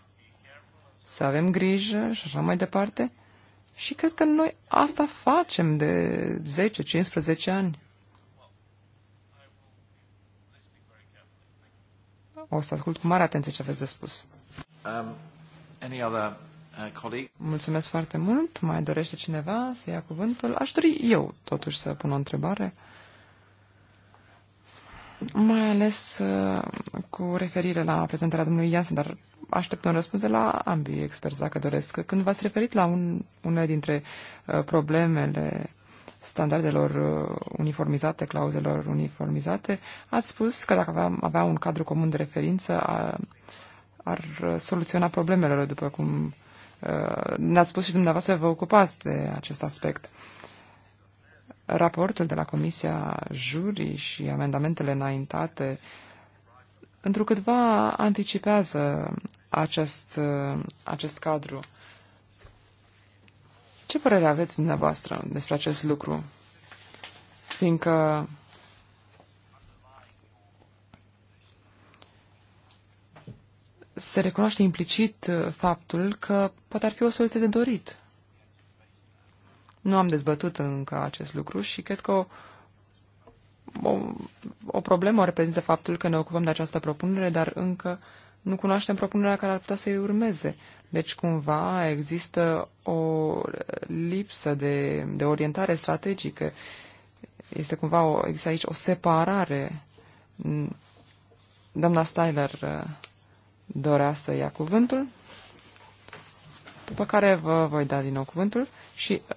să avem grijă și așa mai departe. Și cred că noi asta facem de 10-15 ani. O să ascult cu mare atenție ce aveți de spus. Um, any other, uh, Mulțumesc foarte mult. Mai dorește cineva să ia cuvântul? Aș dori eu, totuși, să pun o întrebare. Mai ales uh, cu referire la prezentarea domnului Iansen, dar aștept un răspuns de la ambii experți, dacă doresc. Când v-ați referit la un, unele dintre uh, problemele standardelor uh, uniformizate, clauzelor uniformizate, ați spus că dacă aveam, avea un cadru comun de referință, a, ar uh, soluționa problemele, după cum uh, ne-ați spus și dumneavoastră, vă ocupați de acest aspect. Raportul de la Comisia Jurii și amendamentele înaintate întrucâtva anticipează acest, acest cadru. Ce părere aveți dumneavoastră despre acest lucru? Fiindcă se recunoaște implicit uh, faptul că poate ar fi o soluție de dorit. Nu am dezbătut încă acest lucru și cred că o, o, o problemă o reprezintă faptul că ne ocupăm de această propunere, dar încă nu cunoaștem propunerea care ar putea să-i urmeze. Deci, cumva, există o lipsă de, de orientare strategică. Este cumva, o, există aici o separare. Doamna Styler uh, dorea să ia cuvântul, după care vă voi da din nou cuvântul și uh,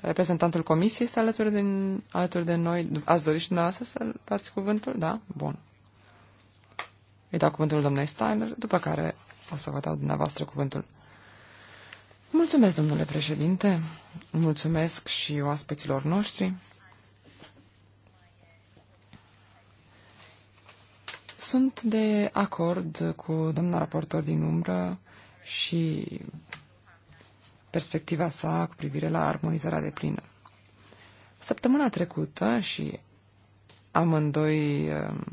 reprezentantul comisiei este alături de, alături de noi. Ați dorit și dumneavoastră să luați cuvântul? Da? Bun. Îi dau cuvântul domnului Steiner, după care o să vă dau dumneavoastră cuvântul. Mulțumesc, domnule președinte, mulțumesc și oaspeților noștri. Sunt de acord cu doamna raportor din umbră și perspectiva sa cu privire la armonizarea de plină. Săptămâna trecută și amândoi um,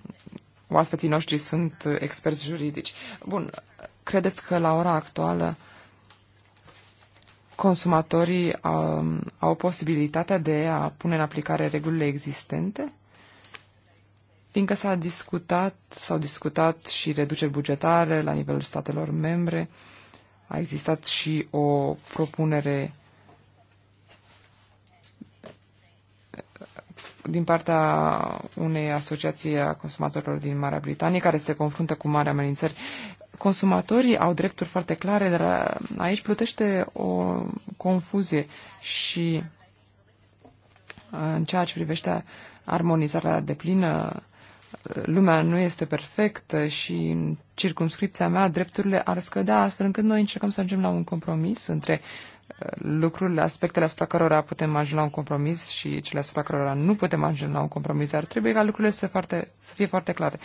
oaspeții noștri sunt experți juridici. Bun, credeți că la ora actuală consumatorii au, um, au posibilitatea de a pune în aplicare regulile existente? Fiindcă s-a discutat, s-au discutat și reduceri bugetare la nivelul statelor membre, a existat și o propunere din partea unei asociații a consumatorilor din Marea Britanie care se confruntă cu mari amenințări consumatorii au drepturi foarte clare, dar uh, aici plutește o confuzie și uh, în ceea ce privește armonizarea deplină, uh, lumea nu este perfectă și în circumscripția mea drepturile ar scădea, astfel încât noi încercăm să ajungem la un compromis între lucrurile, aspectele asupra cărora putem ajunge la un compromis și cele asupra cărora nu putem ajunge la un compromis, dar trebuie ca lucrurile să, foarte, să fie foarte clare. Uh,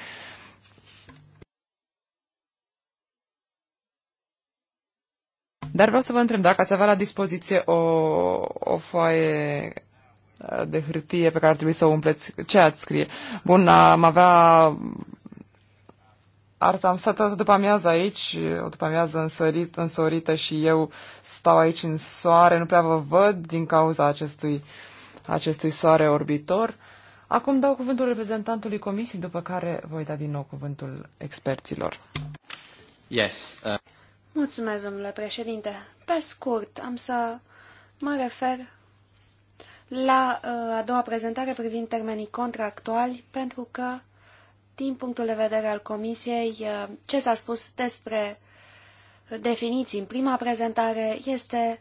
Dar vreau să vă întreb dacă ați avea la dispoziție o, o foaie uh, de hârtie pe care ar trebui să o umpleți, ce ați scrie? Bun, am avea... Ar, am stat toată după amiază aici, o după amiază însărit, însorită și eu stau aici în soare, nu prea vă văd din cauza acestui, acestui soare orbitor. Acum dau cuvântul reprezentantului comisiei, după care voi da din nou cuvântul experților. Yes. Uh... Mulțumesc, domnule președinte. Pe scurt, am să mă refer la uh, a doua prezentare privind termenii contractuali, pentru că, din punctul de vedere al Comisiei, uh, ce s-a spus despre definiții în prima prezentare este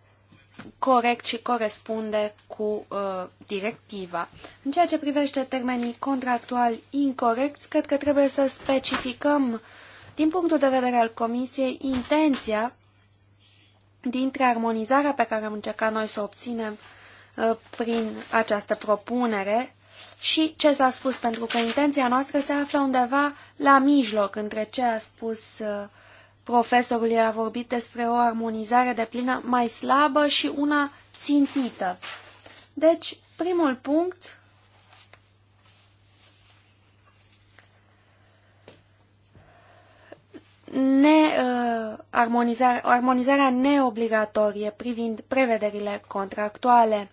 corect și corespunde cu uh, directiva. În ceea ce privește termenii contractuali incorrecți, cred că trebuie să specificăm din punctul de vedere al Comisiei, intenția dintre armonizarea pe care am încercat noi să o obținem uh, prin această propunere și ce s-a spus, pentru că intenția noastră se află undeva la mijloc între ce a spus uh, profesorul, el a vorbit despre o armonizare de plină mai slabă și una țintită. Deci, primul punct ne, uh, armonizare, armonizarea neobligatorie privind prevederile contractuale.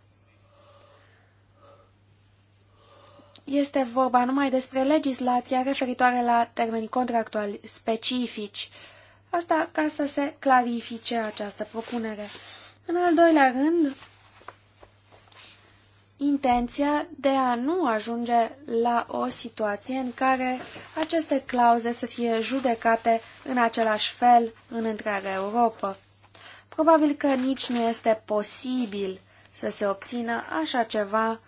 Este vorba numai despre legislația referitoare la termenii contractuali specifici. Asta ca să se clarifice această propunere. În al doilea rând, intenția de a nu ajunge la o situație în care aceste clauze să fie judecate în același fel în întreaga Europa. Probabil că nici nu este posibil să se obțină așa ceva,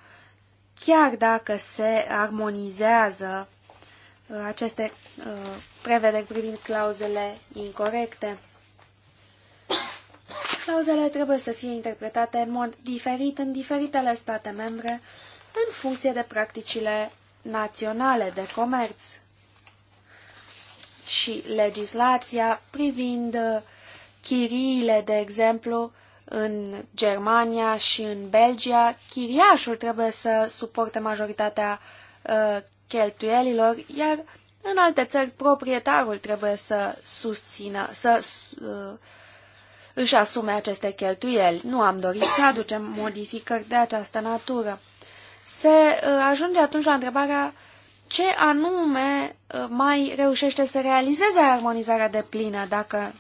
chiar dacă se armonizează uh, aceste uh, prevederi privind clauzele incorrecte. Clauzele trebuie să fie interpretate în mod diferit în diferitele state membre, în funcție de practicile naționale de comerț și legislația privind uh, chiriile, de exemplu, în Germania și în Belgia, chiriașul trebuie să suporte majoritatea uh, cheltuielilor, iar în alte țări proprietarul trebuie să susțină, să uh, își asume aceste cheltuieli. Nu am dorit să aducem modificări de această natură. Se uh, ajunge atunci la întrebarea ce anume uh, mai reușește să realizeze armonizarea de plină, dacă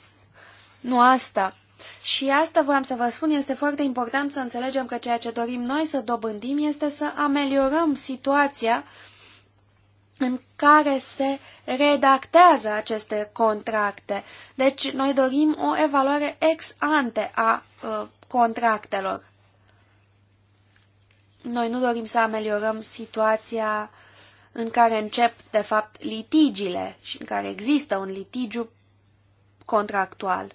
nu asta. Și asta voiam să vă spun, este foarte important să înțelegem că ceea ce dorim noi să dobândim este să ameliorăm situația în care se redactează aceste contracte. Deci noi dorim o evaluare ex ante a uh, contractelor. Noi nu dorim să ameliorăm situația în care încep, de fapt, litigiile și în care există un litigiu contractual.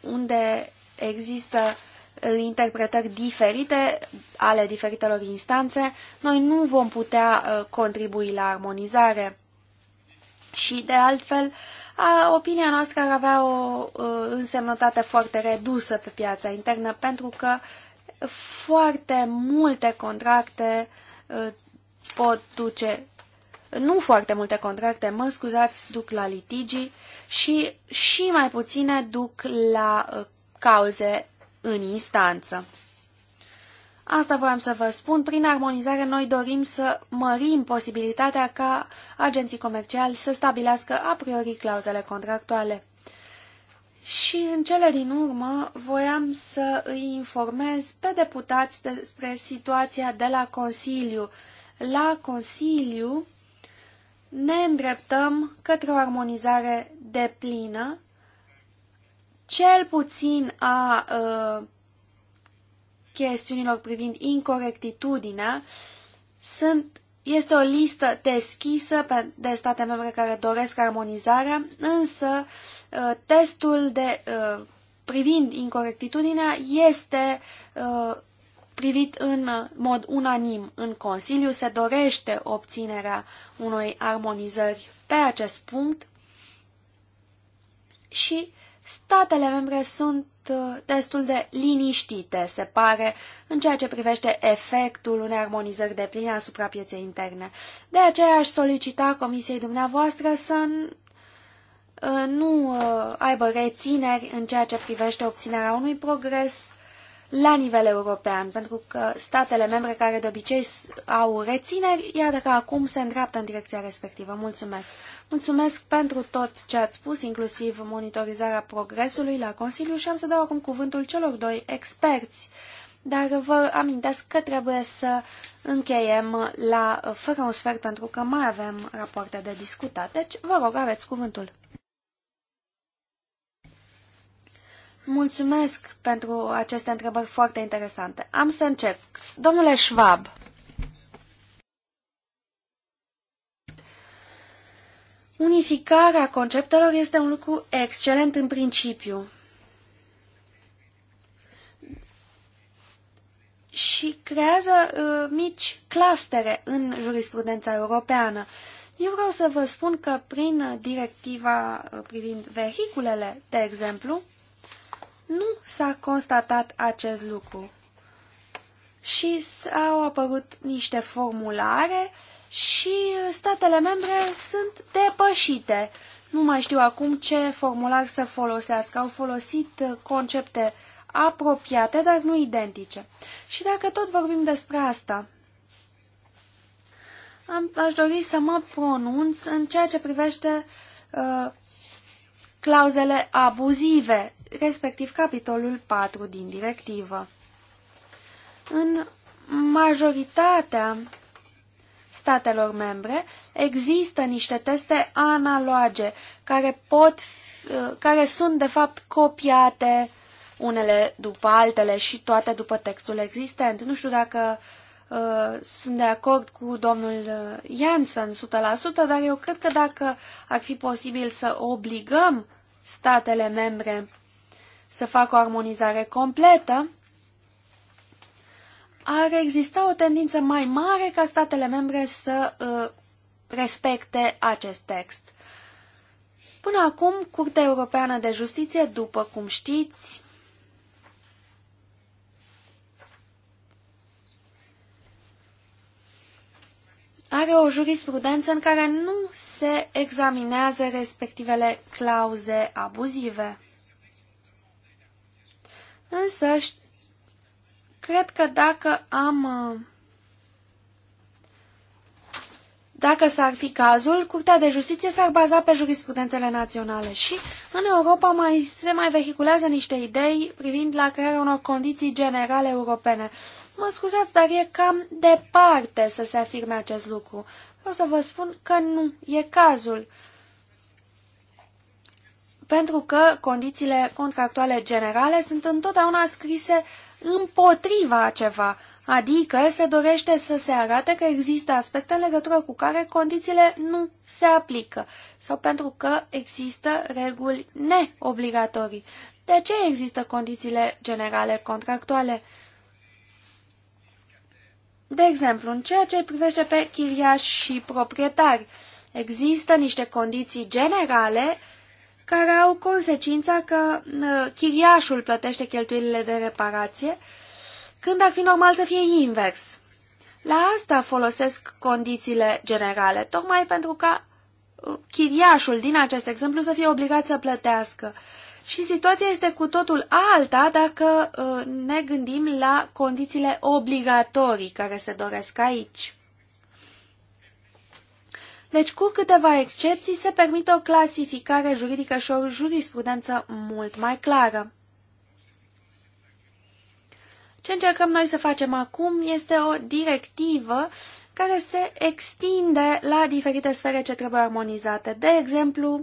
Unde există interpretări diferite ale diferitelor instanțe, noi nu vom putea uh, contribui la armonizare. Și, de altfel, a, opinia noastră ar avea o a, uh, însemnătate foarte redusă pe piața internă, pentru că foarte multe contracte a, uh, pot duce, nu foarte multe contracte, mă scuzați, duc la litigii și și mai puține duc la cauze în instanță. Asta voiam să vă spun, prin armonizare noi dorim să mărim posibilitatea ca agenții comerciali să stabilească a priori clauzele contractuale. Și în cele din urmă voiam să îi informez pe deputați despre situația de la Consiliu. La Consiliu ne îndreptăm către o armonizare deplină cel puțin a uh, chestiunilor privind incorectitudinea, sunt, este o listă deschisă de state membre care doresc armonizarea, însă uh, testul de uh, privind incorectitudinea este uh, privit în mod unanim în Consiliu. Se dorește obținerea unei armonizări pe acest punct și statele membre sunt uh, destul de liniștite, se pare, în ceea ce privește efectul unei armonizări de pline asupra pieței interne. De aceea aș solicita Comisiei dumneavoastră să uh, nu uh, aibă rețineri în ceea ce privește obținerea unui progres la nivel european, pentru că statele membre care de obicei au rețineri, iată că acum se îndreaptă în direcția respectivă. Mulțumesc! Mulțumesc pentru tot ce ați spus, inclusiv monitorizarea progresului la Consiliu și am să dau acum cuvântul celor doi experți. Dar vă amintesc că trebuie să încheiem la fără un sfert pentru că mai avem rapoarte de discutat. Deci, vă rog, aveți cuvântul. Mulțumesc pentru aceste întrebări foarte interesante. Am să încep. Domnule Schwab, unificarea conceptelor este un lucru excelent în principiu. și creează uh, mici clastere în jurisprudența europeană. Eu vreau să vă spun că prin directiva uh, privind vehiculele, de exemplu, nu s-a constatat acest lucru. Și au apărut niște formulare și statele membre sunt depășite. Nu mai știu acum ce formular să folosească. Au folosit concepte apropiate, dar nu identice. Și dacă tot vorbim despre asta, am, aș dori să mă pronunț în ceea ce privește uh, clauzele abuzive respectiv capitolul 4 din directivă. În majoritatea statelor membre există niște teste analoge care, pot, care sunt de fapt copiate unele după altele și toate după textul existent. Nu știu dacă uh, sunt de acord cu domnul uh, Janssen 100%, dar eu cred că dacă ar fi posibil să obligăm statele membre să facă o armonizare completă, ar exista o tendință mai mare ca statele membre să uh, respecte acest text. Până acum, Curtea Europeană de Justiție, după cum știți, are o jurisprudență în care nu se examinează respectivele clauze abuzive. Însă, cred că dacă am... Uh, dacă s-ar fi cazul, Curtea de Justiție s-ar baza pe jurisprudențele naționale și în Europa mai, se mai vehiculează niște idei privind la crearea unor condiții generale europene. Mă scuzați, dar e cam departe să se afirme acest lucru. Vreau să vă spun că nu e cazul pentru că condițiile contractuale generale sunt întotdeauna scrise împotriva ceva, adică se dorește să se arate că există aspecte în legătură cu care condițiile nu se aplică sau pentru că există reguli neobligatorii. De ce există condițiile generale contractuale? De exemplu, în ceea ce privește pe chiriași și proprietari, există niște condiții generale care au consecința că uh, chiriașul plătește cheltuielile de reparație, când ar fi normal să fie invers. La asta folosesc condițiile generale, tocmai pentru ca uh, chiriașul din acest exemplu să fie obligat să plătească. Și situația este cu totul alta dacă uh, ne gândim la condițiile obligatorii care se doresc aici. Deci, cu câteva excepții, se permite o clasificare juridică și o jurisprudență mult mai clară. Ce încercăm noi să facem acum este o directivă care se extinde la diferite sfere ce trebuie armonizate. De exemplu,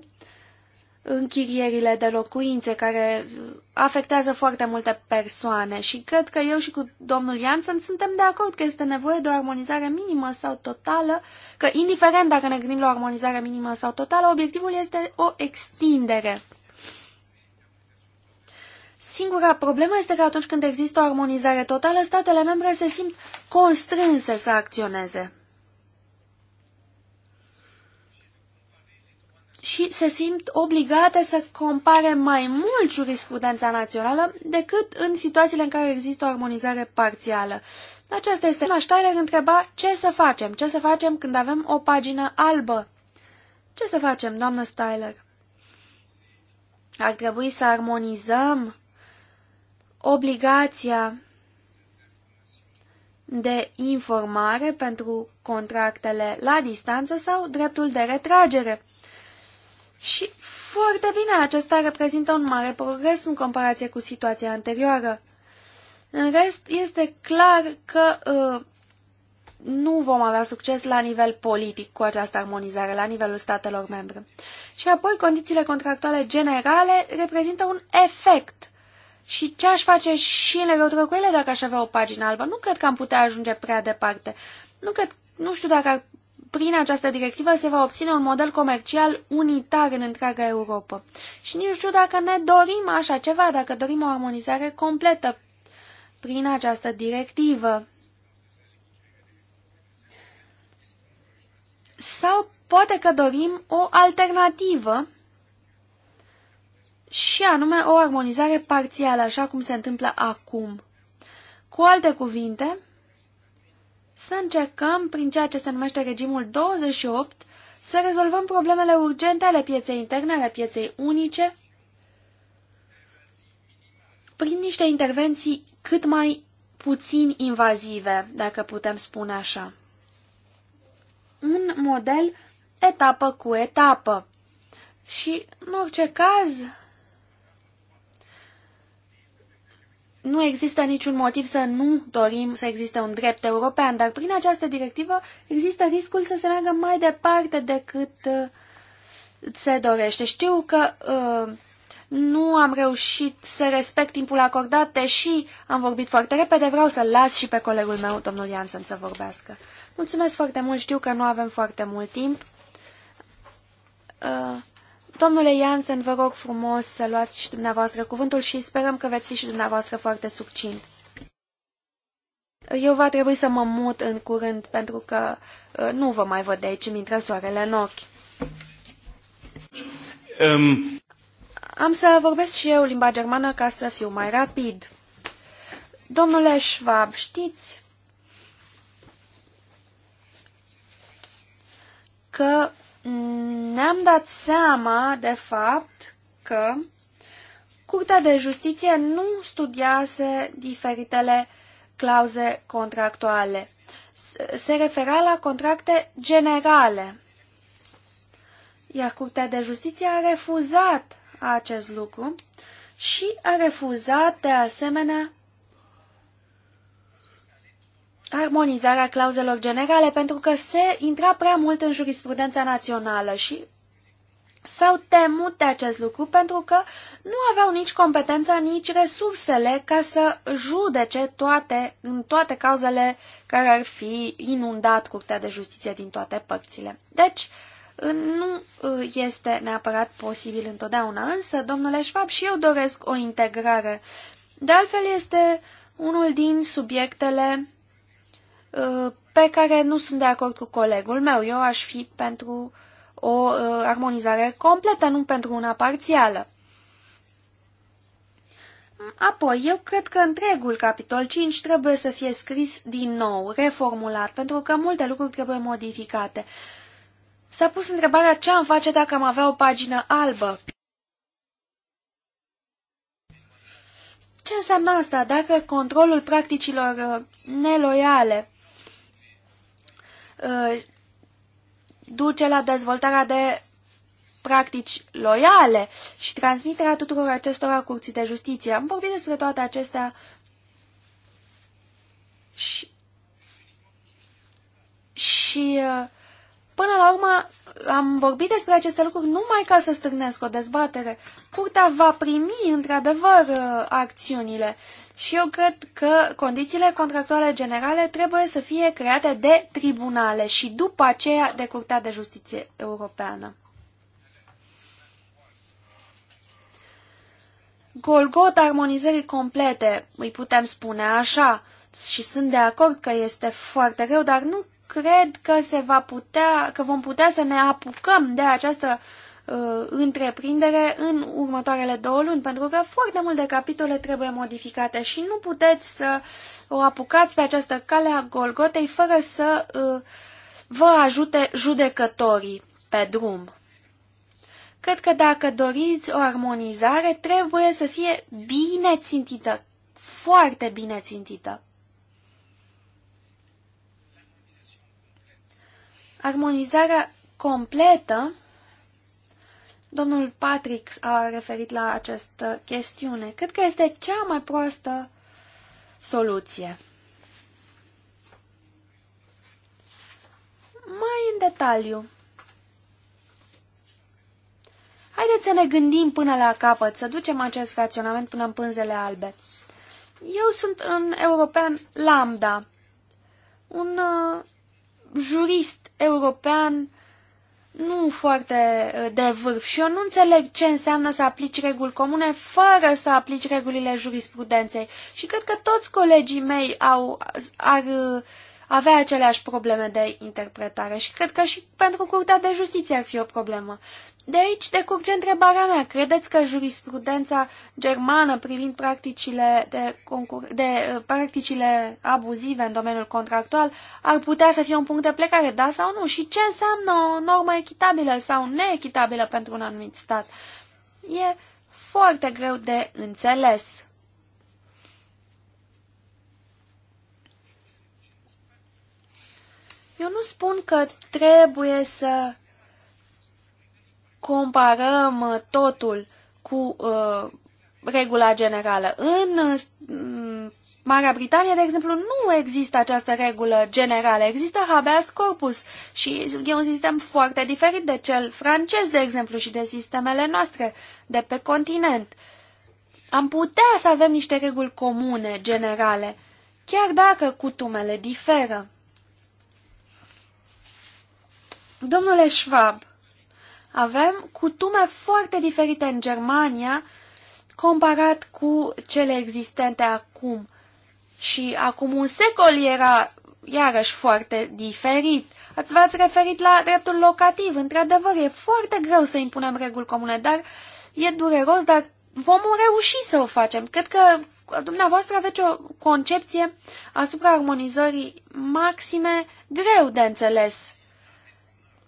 închirierile de locuințe care afectează foarte multe persoane și cred că eu și cu domnul Janssen suntem de acord că este nevoie de o armonizare minimă sau totală, că indiferent dacă ne gândim la o armonizare minimă sau totală, obiectivul este o extindere. Singura problemă este că atunci când există o armonizare totală, statele membre se simt constrânse să acționeze. și se simt obligate să compare mai mult jurisprudența națională decât în situațiile în care există o armonizare parțială. Aceasta este. La Steiner întreba ce să facem, ce să facem când avem o pagină albă. Ce să facem, doamnă Steiner? Ar trebui să armonizăm obligația de informare pentru contractele la distanță sau dreptul de retragere. Și foarte bine, acesta reprezintă un mare progres în comparație cu situația anterioară. În rest, este clar că uh, nu vom avea succes la nivel politic cu această armonizare, la nivelul statelor membre. Și apoi, condițiile contractuale generale reprezintă un efect. Și ce aș face și în legătură cu ele dacă aș avea o pagină albă? Nu cred că am putea ajunge prea departe. Nu, cred, nu știu dacă ar prin această directivă se va obține un model comercial unitar în întreaga Europa. Și nu știu dacă ne dorim așa ceva, dacă dorim o armonizare completă prin această directivă. Sau poate că dorim o alternativă și anume o armonizare parțială, așa cum se întâmplă acum. Cu alte cuvinte, să încercăm, prin ceea ce se numește regimul 28, să rezolvăm problemele urgente ale pieței interne, ale pieței unice, prin niște intervenții cât mai puțin invazive, dacă putem spune așa. Un model etapă cu etapă. Și, în orice caz, Nu există niciun motiv să nu dorim să existe un drept european, dar prin această directivă există riscul să se meargă mai departe decât uh, se dorește. Știu că uh, nu am reușit să respect timpul acordat, deși am vorbit foarte repede, vreau să las și pe colegul meu, domnul Jansen, să vorbească. Mulțumesc foarte mult, știu că nu avem foarte mult timp. Uh, Domnule Jansen, vă rog frumos să luați și dumneavoastră cuvântul și sperăm că veți fi și dumneavoastră foarte succint. Eu va trebui să mă mut în curând pentru că uh, nu vă mai văd de aici, îmi intră soarele în ochi. Um. Am să vorbesc și eu limba germană ca să fiu mai rapid. Domnule Schwab, știți că ne-am dat seama de fapt că Curtea de Justiție nu studiase diferitele clauze contractuale. Se refera la contracte generale. Iar Curtea de Justiție a refuzat acest lucru și a refuzat de asemenea armonizarea clauzelor generale, pentru că se intra prea mult în jurisprudența națională și s-au temut de acest lucru pentru că nu aveau nici competența, nici resursele ca să judece toate, în toate cauzele care ar fi inundat Curtea de Justiție din toate părțile. Deci, nu uh, este neapărat posibil întotdeauna, însă, domnule Schwab, și eu doresc o integrare. De altfel, este unul din subiectele Uh, pe care nu sunt de acord cu colegul meu. Eu aș fi pentru o uh, armonizare completă, nu pentru una parțială. Apoi, eu cred că întregul capitol 5 trebuie să fie scris din nou, reformulat, pentru că multe lucruri trebuie modificate. S-a pus întrebarea ce am face dacă am avea o pagină albă. Ce înseamnă asta dacă controlul practicilor uh, neloiale Uh, duce la dezvoltarea de practici loiale și transmiterea tuturor acestora curții de justiție. Am vorbit despre toate acestea și, și uh, până la urmă am vorbit despre aceste lucruri numai ca să stârnesc o dezbatere. Curtea va primi într-adevăr uh, acțiunile și eu cred că condițiile contractuale generale trebuie să fie create de tribunale și după aceea de Curtea de Justiție Europeană. Golgot armonizării complete, îi putem spune așa, și sunt de acord că este foarte greu, dar nu cred că se va putea, că vom putea să ne apucăm de această uh, uh, întreprindere în următoarele două luni, pentru că foarte multe capitole trebuie modificate și nu puteți să o apucați pe această cale a Golgotei fără să uh, vă ajute judecătorii pe drum. Cred că dacă doriți o armonizare, trebuie să fie bine țintită, foarte bine țintită. Armonizarea completă Domnul Patrick a referit la această chestiune. Cred că este cea mai proastă soluție. Mai în detaliu. Haideți să ne gândim până la capăt, să ducem acest raționament până în pânzele albe. Eu sunt în european Lambda, un uh, jurist european nu foarte uh, de vârf și eu nu înțeleg ce înseamnă să aplici reguli comune fără să aplici regulile jurisprudenței și cred că toți colegii mei au, ar uh, avea aceleași probleme de interpretare și cred că și pentru Curtea de Justiție ar fi o problemă. De aici decurge întrebarea mea. Credeți că jurisprudența germană privind practicile, de concur- de, uh, practicile abuzive în domeniul contractual ar putea să fie un punct de plecare, da sau nu? Și ce înseamnă o normă echitabilă sau neechitabilă pentru un anumit stat? E foarte greu de înțeles. Eu nu spun că trebuie să comparăm uh, totul cu uh, regula generală. În uh, Marea Britanie, de exemplu, nu există această regulă generală. Există habeas corpus și e un sistem foarte diferit de cel francez, de exemplu, și de sistemele noastre de pe continent. Am putea să avem niște reguli comune, generale, chiar dacă cutumele diferă. Domnule Schwab, avem cutume foarte diferite în Germania comparat cu cele existente acum. Și acum un secol era iarăși foarte diferit. Ați v-ați referit la dreptul locativ. Într-adevăr, e foarte greu să impunem reguli comune, dar e dureros, dar vom reuși să o facem. Cred că dumneavoastră aveți o concepție asupra armonizării maxime greu de înțeles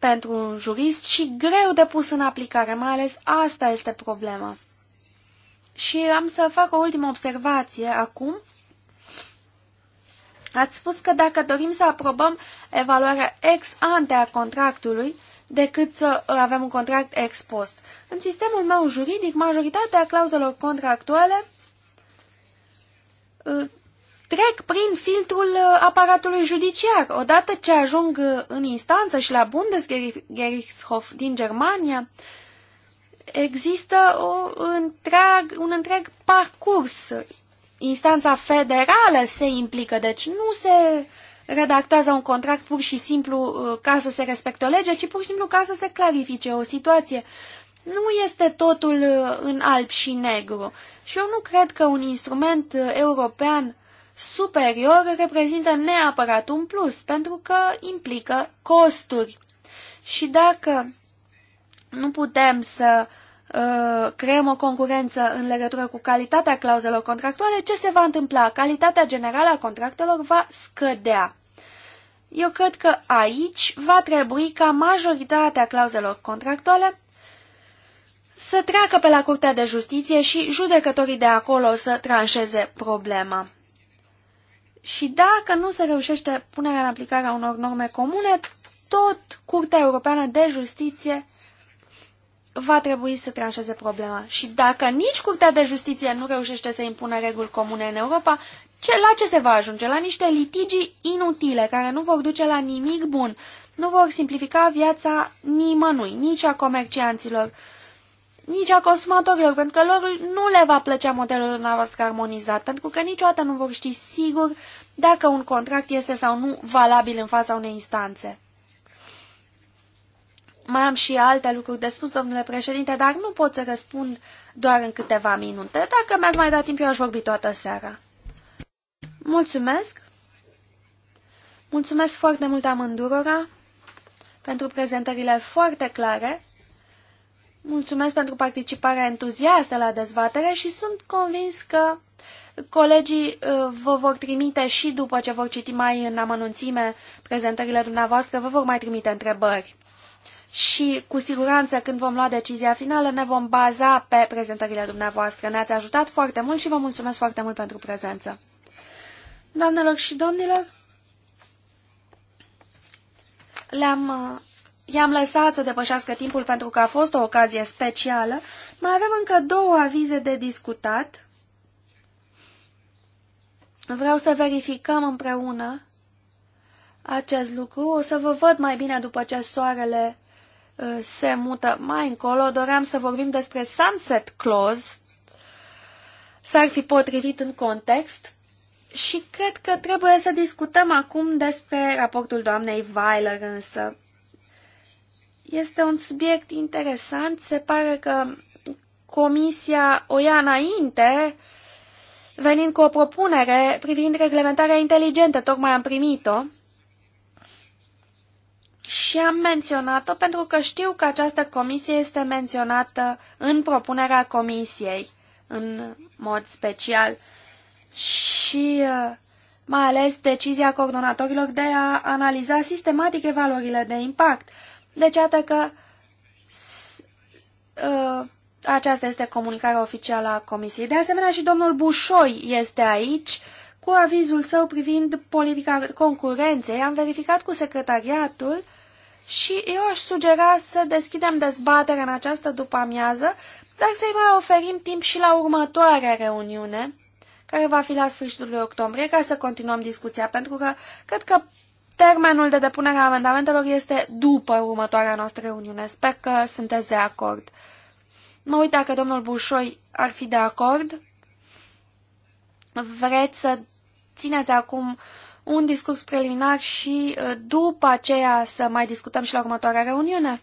pentru un jurist și greu de pus în aplicare, mai ales asta este problema. Și am să fac o ultimă observație acum. Ați spus că dacă dorim să aprobăm evaluarea ex ante a contractului, decât să avem un contract ex post. În sistemul meu juridic, majoritatea clauzelor contractuale trec prin filtrul uh, aparatului judiciar. Odată ce ajung uh, în instanță și la Bundesgerichtshof din Germania, există o întreag, un întreg parcurs. Instanța federală se implică, deci nu se redactează un contract pur și simplu uh, ca să se respecte o lege, ci pur și simplu ca să se clarifice o situație. Nu este totul în alb și negru și eu nu cred că un instrument european superior reprezintă neapărat un plus, pentru că implică costuri. Și dacă nu putem să uh, creăm o concurență în legătură cu calitatea clauzelor contractuale, ce se va întâmpla? Calitatea generală a contractelor va scădea. Eu cred că aici va trebui ca majoritatea clauzelor contractuale să treacă pe la Curtea de Justiție și judecătorii de acolo să tranșeze problema. Și dacă nu se reușește punerea în aplicare a unor norme comune, tot Curtea Europeană de Justiție va trebui să tranșeze problema. Și dacă nici Curtea de Justiție nu reușește să impună reguli comune în Europa, ce, la ce se va ajunge? La niște litigii inutile, care nu vor duce la nimic bun, nu vor simplifica viața nimănui, nici a comercianților, nici a consumatorilor, pentru că lor nu le va plăcea modelul dumneavoastră armonizat, pentru că niciodată nu vor ști sigur dacă un contract este sau nu valabil în fața unei instanțe. Mai am și alte lucruri de spus, domnule președinte, dar nu pot să răspund doar în câteva minute. Dacă mi-ați mai dat timp, eu aș vorbi toată seara. Mulțumesc! Mulțumesc foarte mult amândurora pentru prezentările foarte clare Mulțumesc pentru participarea entuziastă la dezbatere și sunt convins că colegii uh, vă vor trimite și după ce vor citi mai în amănunțime prezentările dumneavoastră, vă vor mai trimite întrebări. Și cu siguranță când vom lua decizia finală ne vom baza pe prezentările dumneavoastră. Ne-ați ajutat foarte mult și vă mulțumesc foarte mult pentru prezență. Doamnelor și domnilor, le-am uh, I-am lăsat să depășească timpul pentru că a fost o ocazie specială. Mai avem încă două avize de discutat. Vreau să verificăm împreună acest lucru. O să vă văd mai bine după ce soarele uh, se mută mai încolo. Doream să vorbim despre sunset clause. S-ar fi potrivit în context. Și cred că trebuie să discutăm acum despre raportul doamnei Weiler însă. Este un subiect interesant. Se pare că Comisia o ia înainte, venind cu o propunere privind reglementarea inteligentă. Tocmai am primit-o și am menționat-o pentru că știu că această comisie este menționată în propunerea comisiei, în mod special. Și uh, mai ales decizia coordonatorilor de a analiza sistematic evaluările de impact. Deci, iată că uh, aceasta este comunicarea oficială a Comisiei. De asemenea, și domnul Bușoi este aici cu avizul său privind politica concurenței. Am verificat cu secretariatul și eu aș sugera să deschidem dezbaterea în această după-amiază, dar să-i mai oferim timp și la următoarea reuniune, care va fi la sfârșitul lui octombrie, ca să continuăm discuția, pentru că cred că Termenul de depunere a amendamentelor este după următoarea noastră reuniune. Sper că sunteți de acord. Mă uit dacă domnul Bușoi ar fi de acord. Vreți să țineți acum un discurs preliminar și uh, după aceea să mai discutăm și la următoarea reuniune?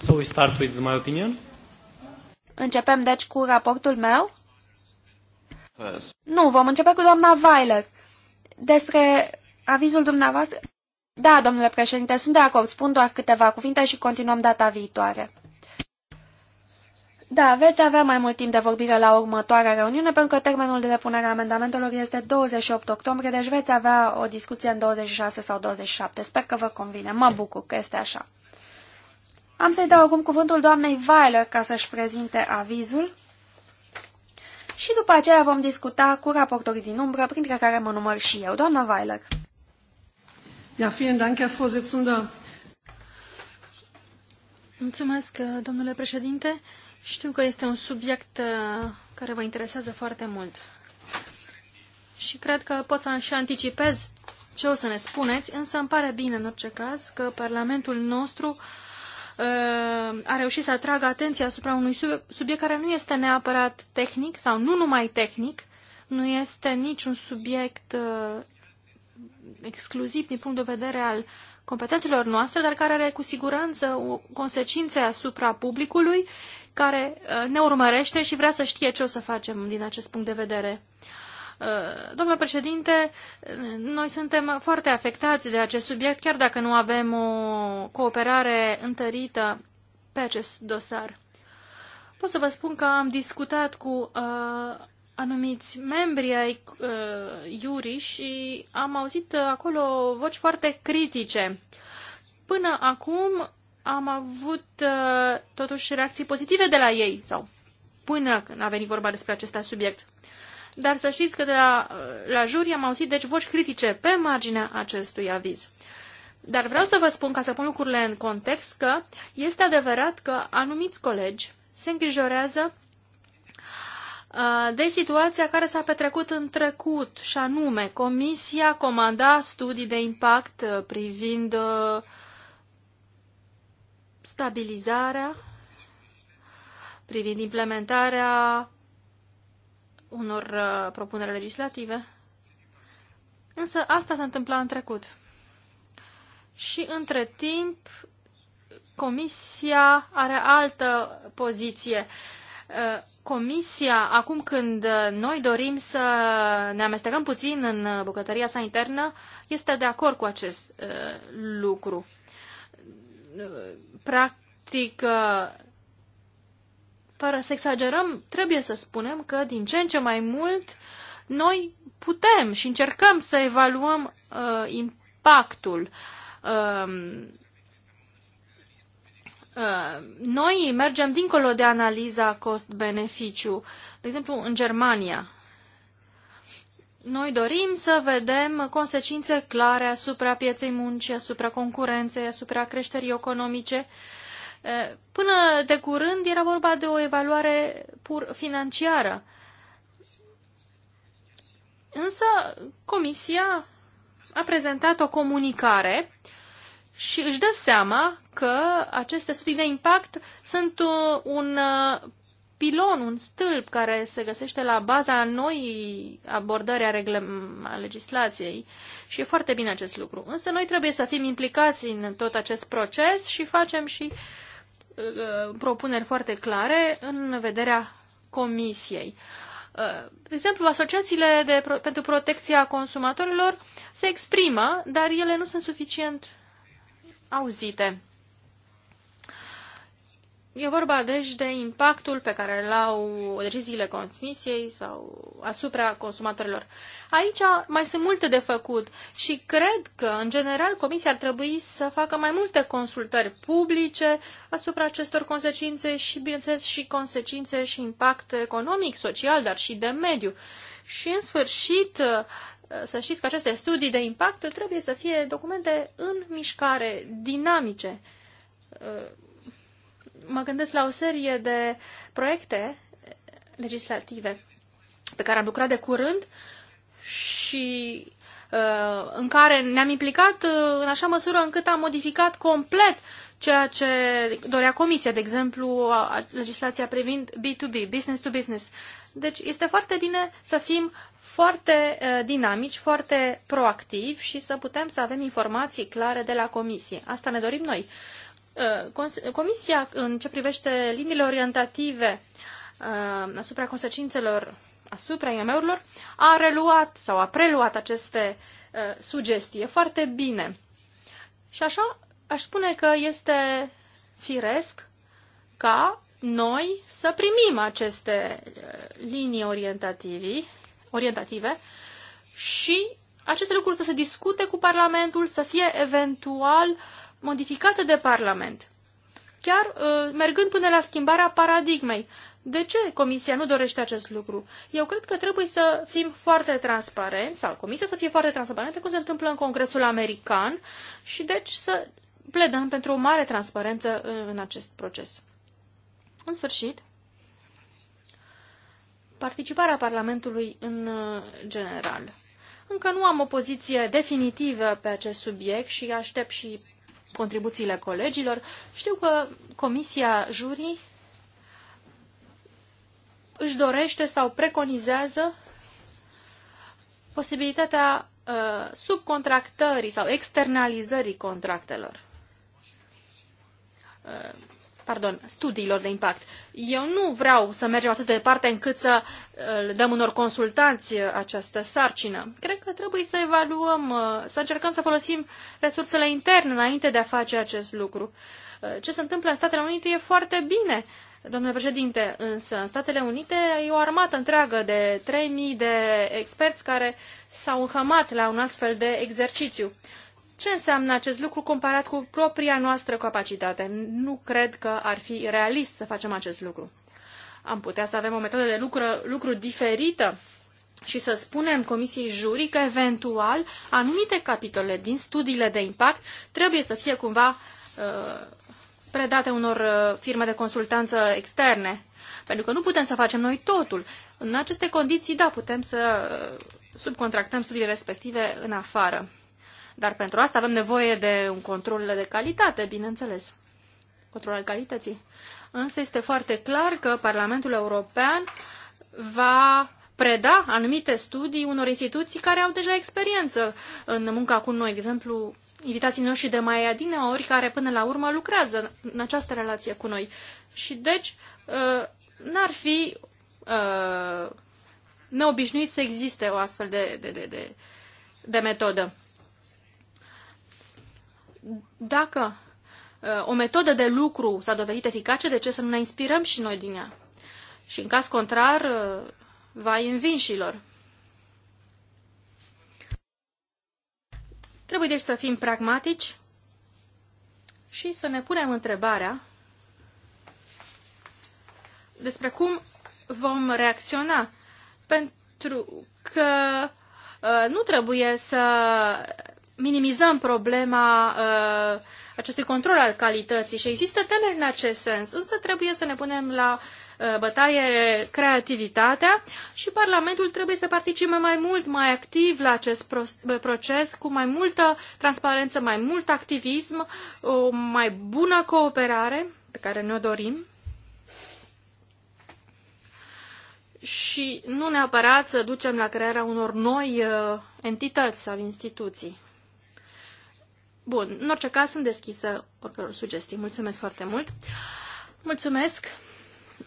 So we start with my opinion? Începem deci cu raportul meu? First. Nu, vom începe cu doamna Weiler. Despre Avizul dumneavoastră... Da, domnule președinte, sunt de acord. Spun doar câteva cuvinte și continuăm data viitoare. Da, veți avea mai mult timp de vorbire la următoarea reuniune, pentru că termenul de depunere a amendamentelor este 28 octombrie, deci veți avea o discuție în 26 sau 27. Sper că vă convine. Mă bucur că este așa. Am să-i dau acum cuvântul doamnei Weiler ca să-și prezinte avizul și după aceea vom discuta cu raportorii din umbră, printre care mă număr și eu. Doamna Weiler. Ja, vielen Dank, Herr Vorsitzender. Mulțumesc, domnule președinte. Știu că este un subiect uh, care vă interesează foarte mult. Și cred că pot să și anticipez ce o să ne spuneți, însă îmi pare bine în orice caz că Parlamentul nostru uh, a reușit să atragă atenția asupra unui subiect care nu este neapărat tehnic sau nu numai tehnic, nu este niciun subiect uh, exclusiv din punct de vedere al competențelor noastre, dar care are cu siguranță o consecințe asupra publicului care uh, ne urmărește și vrea să știe ce o să facem din acest punct de vedere. Uh, domnule președinte, uh, noi suntem foarte afectați de acest subiect, chiar dacă nu avem o cooperare întărită pe acest dosar. Pot să vă spun că am discutat cu anumiți membri ai uh, Iuri și am auzit uh, acolo voci foarte critice. Până acum am avut uh, totuși reacții pozitive de la ei, sau până când a venit vorba despre acest subiect. Dar să știți că de la, uh, la juri am auzit deci voci critice pe marginea acestui aviz. Dar vreau să vă spun, ca să pun lucrurile în context, că este adevărat că anumiți colegi se îngrijorează de situația care s-a petrecut în trecut, și anume, Comisia comanda studii de impact privind stabilizarea, privind implementarea unor propuneri legislative. Însă asta s-a întâmplat în trecut. Și între timp, Comisia are altă poziție Comisia, acum când uh, noi dorim să ne amestecăm puțin în uh, bucătăria sa internă, este de acord cu acest uh, lucru. Uh, practic, uh, fără să exagerăm, trebuie să spunem că din ce în ce mai mult noi putem și încercăm să evaluăm uh, impactul. Uh, Uh, noi mergem dincolo de analiza cost-beneficiu. De exemplu, în Germania, noi dorim să vedem consecințe clare asupra pieței muncii, asupra concurenței, asupra creșterii economice. Uh, până de curând era vorba de o evaluare pur financiară. Însă Comisia a prezentat o comunicare uh, și își dă seama că aceste studii de impact sunt un uh, pilon, un stâlp care se găsește la baza noii abordări a, regle... a legislației și e foarte bine acest lucru. Însă noi trebuie să fim implicați în tot acest proces și facem și uh, propuneri foarte clare în vederea comisiei. Uh, de exemplu, asociațiile de pentru protecția consumatorilor se exprimă, dar ele nu sunt suficient auzite. E vorba deci de impactul pe care îl au deciziile Comisiei sau asupra consumatorilor. Aici mai sunt multe de făcut și cred că, în general, Comisia ar trebui să facă mai multe consultări publice asupra acestor consecințe și, bineînțeles, și consecințe și impact economic, social, dar și de mediu. Și, în sfârșit, să știți că aceste studii de impact trebuie să fie documente în mișcare, dinamice. Mă gândesc la o serie de proiecte legislative pe care am lucrat de curând și uh, în care ne-am implicat uh, în așa măsură încât am modificat complet ceea ce dorea Comisia, de exemplu, legislația privind B2B, business to business. Deci este foarte bine să fim foarte eh, dinamici, foarte proactivi și să putem să avem informații clare de la comisie. Asta ne dorim noi. Eh, comisia, în ce privește liniile orientative eh, asupra consecințelor asupra IMM-urilor, a reluat sau a preluat aceste sugestii. E foarte bine. Și așa aș spune că este firesc ca noi să primim aceste linii orientative orientative și aceste lucruri să se discute cu Parlamentul, să fie eventual modificate de Parlament, chiar uh, mergând până la schimbarea paradigmei. De ce Comisia nu dorește acest lucru? Eu cred că trebuie să fim foarte transparenți, sau Comisia să fie foarte transparentă, cum se întâmplă în Congresul American, și deci să pledăm pentru o mare transparență uh, în acest proces. În sfârșit, participarea Parlamentului în uh, general. Încă nu am o poziție definitivă pe acest subiect și aștept și contribuțiile colegilor. Știu că Comisia Jurii își dorește sau preconizează posibilitatea uh, subcontractării sau externalizării contractelor. Uh, pardon, studiilor de impact. Eu nu vreau să mergem atât de departe încât să uh, le dăm unor consultanți uh, această sarcină. Cred că trebuie să evaluăm, uh, să încercăm să folosim resursele interne înainte de a face acest lucru. Ce se întâmplă în Statele Unite e foarte bine, domnule președinte, însă în Statele Unite e o armată întreagă de 3.000 de experți care s-au înhămat la un astfel de exercițiu. Ce înseamnă acest lucru comparat cu propria noastră capacitate? Nu cred că ar fi realist să facem acest lucru. Am putea să avem o metodă de lucru, lucru diferită și să spunem Comisiei Jurii că eventual anumite capitole din studiile de impact trebuie să fie cumva uh, predate unor uh, firme de consultanță externe. Pentru că nu putem să facem noi totul. În aceste condiții, da, putem să uh, subcontractăm studiile respective în afară. Dar pentru asta avem nevoie de un control de calitate, bineînțeles. Control al calității. Însă este foarte clar că Parlamentul European va preda anumite studii unor instituții care au deja experiență în munca cu noi, exemplu invitații noștri de mai adine ori care până la urmă lucrează în această relație cu noi. Și deci uh, n-ar fi uh, neobișnuit să existe o astfel de, de, de, de, de metodă dacă uh, o metodă de lucru s-a dovedit eficace, de ce să nu ne inspirăm și noi din ea? Și în caz contrar, uh, vai învinșilor. Trebuie deci să fim pragmatici și să ne punem întrebarea despre cum vom reacționa. Pentru că uh, nu trebuie să minimizăm problema uh, acestui control al calității și există temeri în acest sens, însă trebuie să ne punem la uh, bătaie creativitatea și Parlamentul trebuie să participe mai mult, mai activ la acest proces, cu mai multă transparență, mai mult activism, o mai bună cooperare pe care ne-o dorim și nu neapărat să ducem la crearea unor noi uh, entități sau instituții. Bun, în orice caz sunt deschisă oricăror sugestii. Mulțumesc foarte mult. Mulțumesc,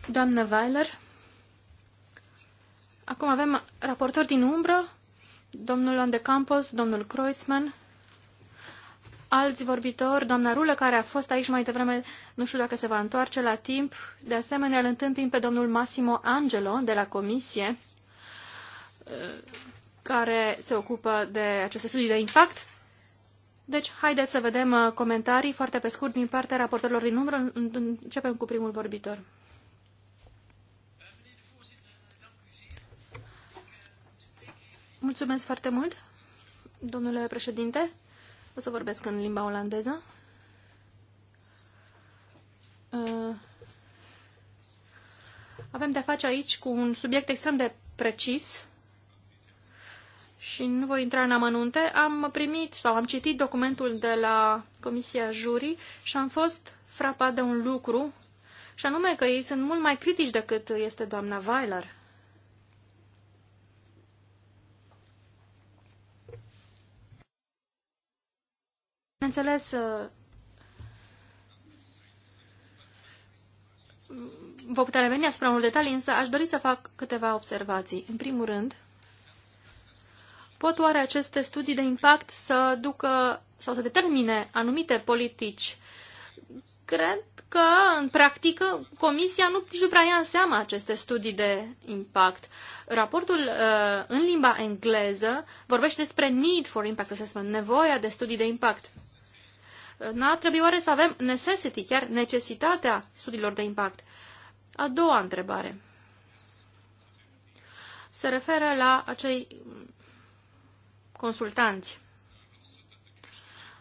doamnă Weiler. Acum avem raportori din umbră, domnul Ande Campos, domnul Kreutzmann, alți vorbitori, doamna Rulă, care a fost aici mai devreme, nu știu dacă se va întoarce la timp. De asemenea, îl întâmpim pe domnul Massimo Angelo de la Comisie, care se ocupă de aceste studii de impact. Deci, haideți să vedem uh, comentarii foarte pe scurt din partea raportorilor din umbră. Începem cu primul vorbitor. Mulțumesc foarte mult, domnule președinte. O să vorbesc în limba olandeză. Uh, avem de-a face aici cu un subiect extrem de precis și nu voi intra în amănunte, am primit sau am citit documentul de la Comisia Jurii și am fost frapat de un lucru, și anume că ei sunt mult mai critici decât este doamna Weiler. Bineînțeles, uh, vă putea reveni asupra unor detalii, însă aș dori să fac câteva observații. În primul rând, Pot oare aceste studii de impact să ducă sau să determine anumite politici? Cred că, în practică, Comisia nu, nici prea ia în seama aceste studii de impact. Raportul uh, în limba engleză vorbește despre need for impact spun, nevoia de studii de impact. N-ar trebui oare să avem necessity, chiar necesitatea studiilor de impact? A doua întrebare se referă la acei consultanți.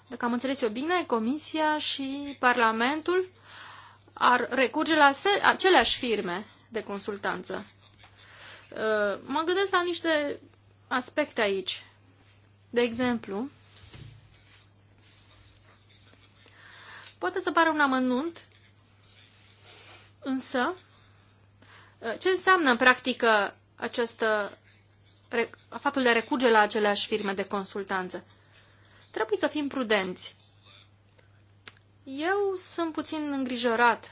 Dacă am înțeles eu bine, Comisia și Parlamentul ar recurge la aceleași firme de consultanță. Uh, mă gândesc la niște aspecte aici. De exemplu, poate să pară un amănunt, însă uh, ce înseamnă în practică această faptul de a recurge la aceleași firme de consultanță. Trebuie să fim prudenți. Eu sunt puțin îngrijorat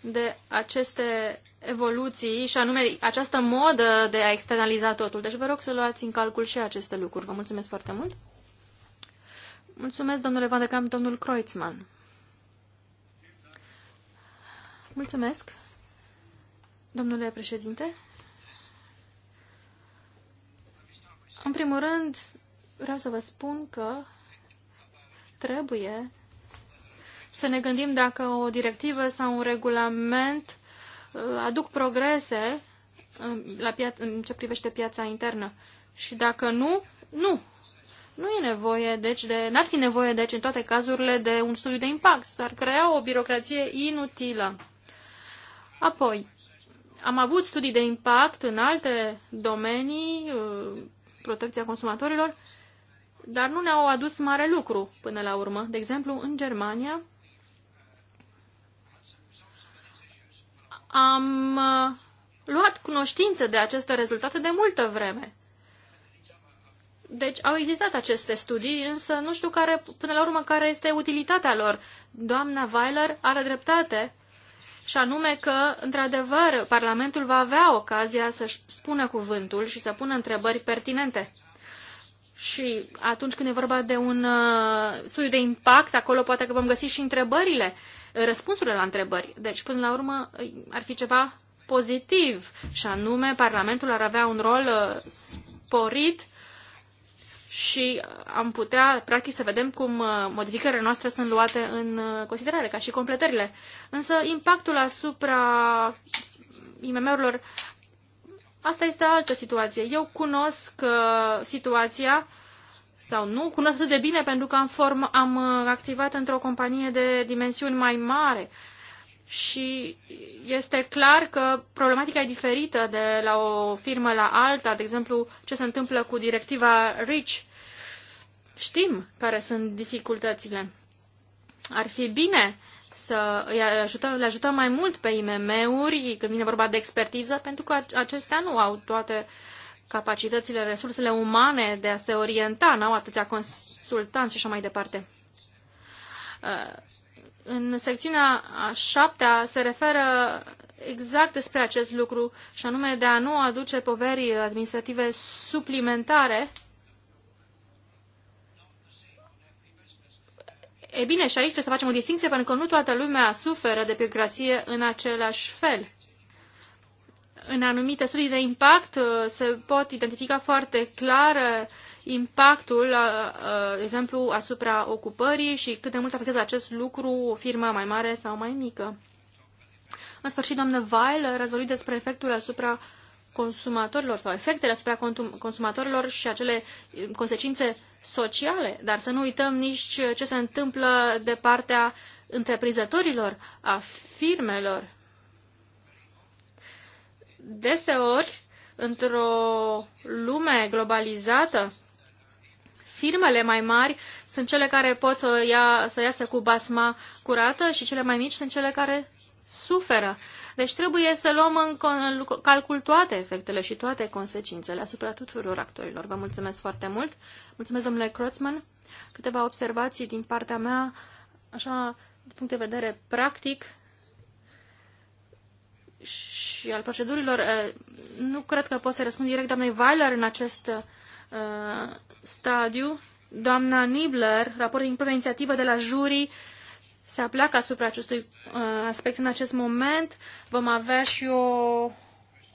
de aceste evoluții și anume această modă de a externaliza totul. Deci vă rog să luați în calcul și aceste lucruri. Vă mulțumesc foarte mult. Mulțumesc, domnule Van de Camp, domnul Kreutzmann. Mulțumesc, domnule președinte. În primul rând, vreau să vă spun că trebuie să ne gândim dacă o directivă sau un regulament uh, aduc progrese uh, la pia- în ce privește piața internă. Și dacă nu, nu. Nu e nevoie, deci, de, n-ar fi nevoie, deci, în toate cazurile, de un studiu de impact. S-ar crea o birocrație inutilă. Apoi, am avut studii de impact în alte domenii, uh, protecția consumatorilor, dar nu ne-au adus mare lucru până la urmă. De exemplu, în Germania am uh, luat cunoștință de aceste rezultate de multă vreme. Deci au existat aceste studii, însă nu știu care, până la urmă care este utilitatea lor. Doamna Weiler are dreptate și anume că, într-adevăr, Parlamentul va avea ocazia să-și spună cuvântul și să pună întrebări pertinente. Și atunci când e vorba de un uh, studiu de impact, acolo poate că vom găsi și întrebările, răspunsurile la întrebări. Deci, până la urmă, ar fi ceva pozitiv și anume Parlamentul ar avea un rol uh, sporit și am putea, practic, să vedem cum uh, modificările noastre sunt luate în uh, considerare, ca și completările. Însă impactul asupra IMM-urilor, asta este altă situație. Eu cunosc uh, situația sau nu, cunosc atât de bine pentru că am, form, am activat într-o companie de dimensiuni mai mare și este clar că problematica e diferită de la o firmă la alta, de exemplu, ce se întâmplă cu directiva RICH. Știm care sunt dificultățile. Ar fi bine să îi ajutăm, le ajutăm mai mult pe IMM-uri când vine vorba de expertiză, pentru că acestea nu au toate capacitățile, resursele umane de a se orienta, nu au atâția consultanți și așa mai departe uh, în secțiunea a șaptea se referă exact despre acest lucru și anume de a nu aduce poverii administrative suplimentare. E bine, și aici trebuie să facem o distinție pentru că nu toată lumea suferă de birocrație în același fel în anumite studii de impact uh, se pot identifica foarte clar uh, impactul, de uh, exemplu, asupra ocupării și cât de mult afectează acest lucru o firmă mai mare sau mai mică. În sfârșit, doamnă Weil a despre efectul asupra consumatorilor sau efectele asupra consumatorilor și acele consecințe sociale, dar să nu uităm nici ce se întâmplă de partea întreprinzătorilor, a firmelor deseori, într-o lume globalizată, firmele mai mari sunt cele care pot să, ia, să iasă cu basma curată și cele mai mici sunt cele care suferă. Deci trebuie să luăm în calcul toate efectele și toate consecințele asupra tuturor actorilor. Vă mulțumesc foarte mult. Mulțumesc, domnule Croțman. Câteva observații din partea mea, așa, din punct de vedere practic, și al procedurilor, nu cred că pot să răspund direct doamnei Weiler în acest uh, stadiu. Doamna Nibler, raport din propria inițiativă de la juri se apleacă asupra acestui uh, aspect în acest moment. Vom avea și o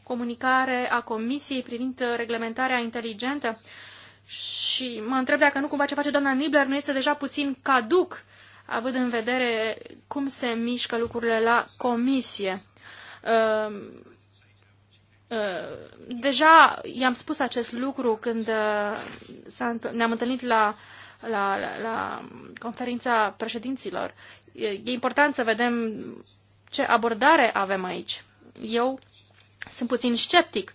comunicare a Comisiei privind reglementarea inteligentă și mă întreb dacă nu cumva ce face doamna Nibler nu este deja puțin caduc, având în vedere cum se mișcă lucrurile la Comisie. Ehm, ehm, deja i-am spus acest lucru când uh, ne-am întâlnit la, la, la, la conferința președinților. E important să vedem ce abordare avem aici. Eu sunt puțin sceptic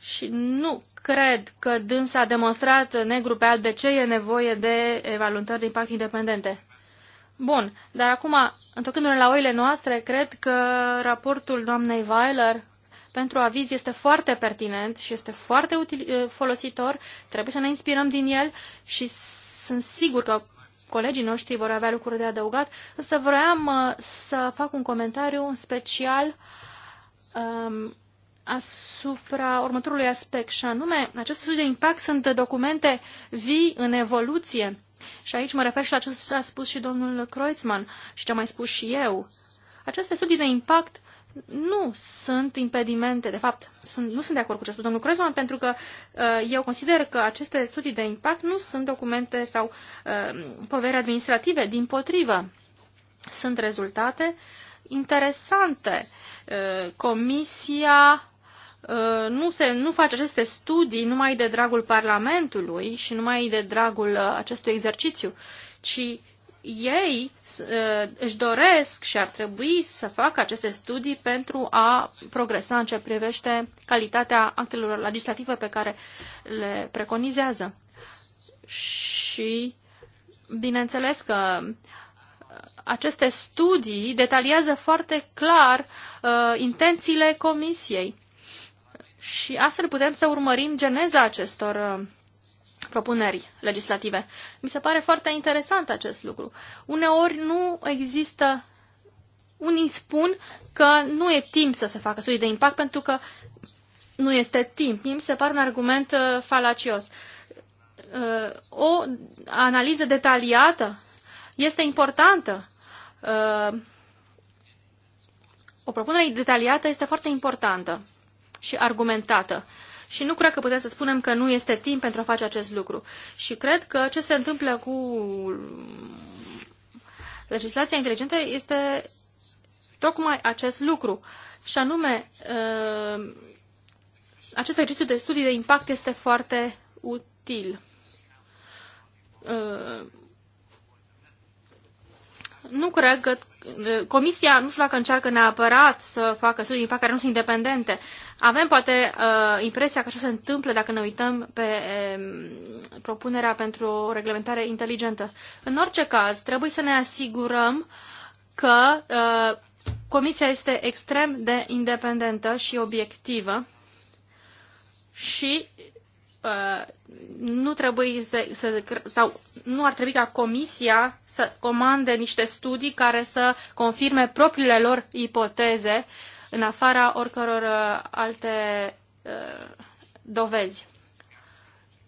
și nu cred că dânsa a demonstrat negru pe alb de ce e nevoie de evaluări de impact independente. Bun, dar acum, întocându-ne la oile noastre, cred că raportul doamnei Weiler pentru aviz este foarte pertinent și este foarte util, eh, folositor, trebuie să ne inspirăm din el și sunt sigur că colegii noștri vor avea lucruri de adăugat, însă vroiam eh, să fac un comentariu în special um, asupra următorului aspect și anume, aceste studii de impact sunt documente vii în evoluție și aici mă refer și la ce a spus și domnul Kreutzmann și ce am mai spus și eu. Aceste studii de impact nu sunt impedimente, de fapt, sunt, nu sunt de acord cu ce a spus domnul Kreuzmann pentru că uh, eu consider că aceste studii de impact nu sunt documente sau uh, povere administrative, din potrivă. Sunt rezultate interesante. Uh, comisia Uh, nu, se, nu face aceste studii numai de dragul Parlamentului și numai de dragul uh, acestui exercițiu, ci ei uh, își doresc și ar trebui să facă aceste studii pentru a progresa în ce privește calitatea actelor legislative pe care le preconizează. Și bineînțeles că aceste studii detaliază foarte clar uh, intențiile comisiei și astfel putem să urmărim geneza acestor uh, propuneri legislative. Mi se pare foarte interesant acest lucru. Uneori nu există, unii spun că nu e timp să se facă studii de impact pentru că nu este timp. mi se pare un argument uh, falacios. Uh, o analiză detaliată este importantă. O propunere detaliată este foarte importantă și argumentată. Și nu cred că putem să spunem că nu este timp pentru a face acest lucru. Și cred că ce se întâmplă cu legislația inteligentă este tocmai acest lucru. Și anume, uh, acest exercițiu de studii de impact este foarte util. Uh, nu cred că Comisia nu știu dacă încearcă neapărat să facă studii în fapt care nu sunt independente. Avem poate uh, impresia că așa se întâmplă dacă ne uităm pe uh, propunerea pentru o reglementare inteligentă. În orice caz, trebuie să ne asigurăm că uh, Comisia este extrem de independentă și obiectivă și Uh, nu trebuie să, să, sau nu ar trebui ca comisia să comande niște studii care să confirme propriile lor ipoteze în afara oricăror uh, alte uh, dovezi.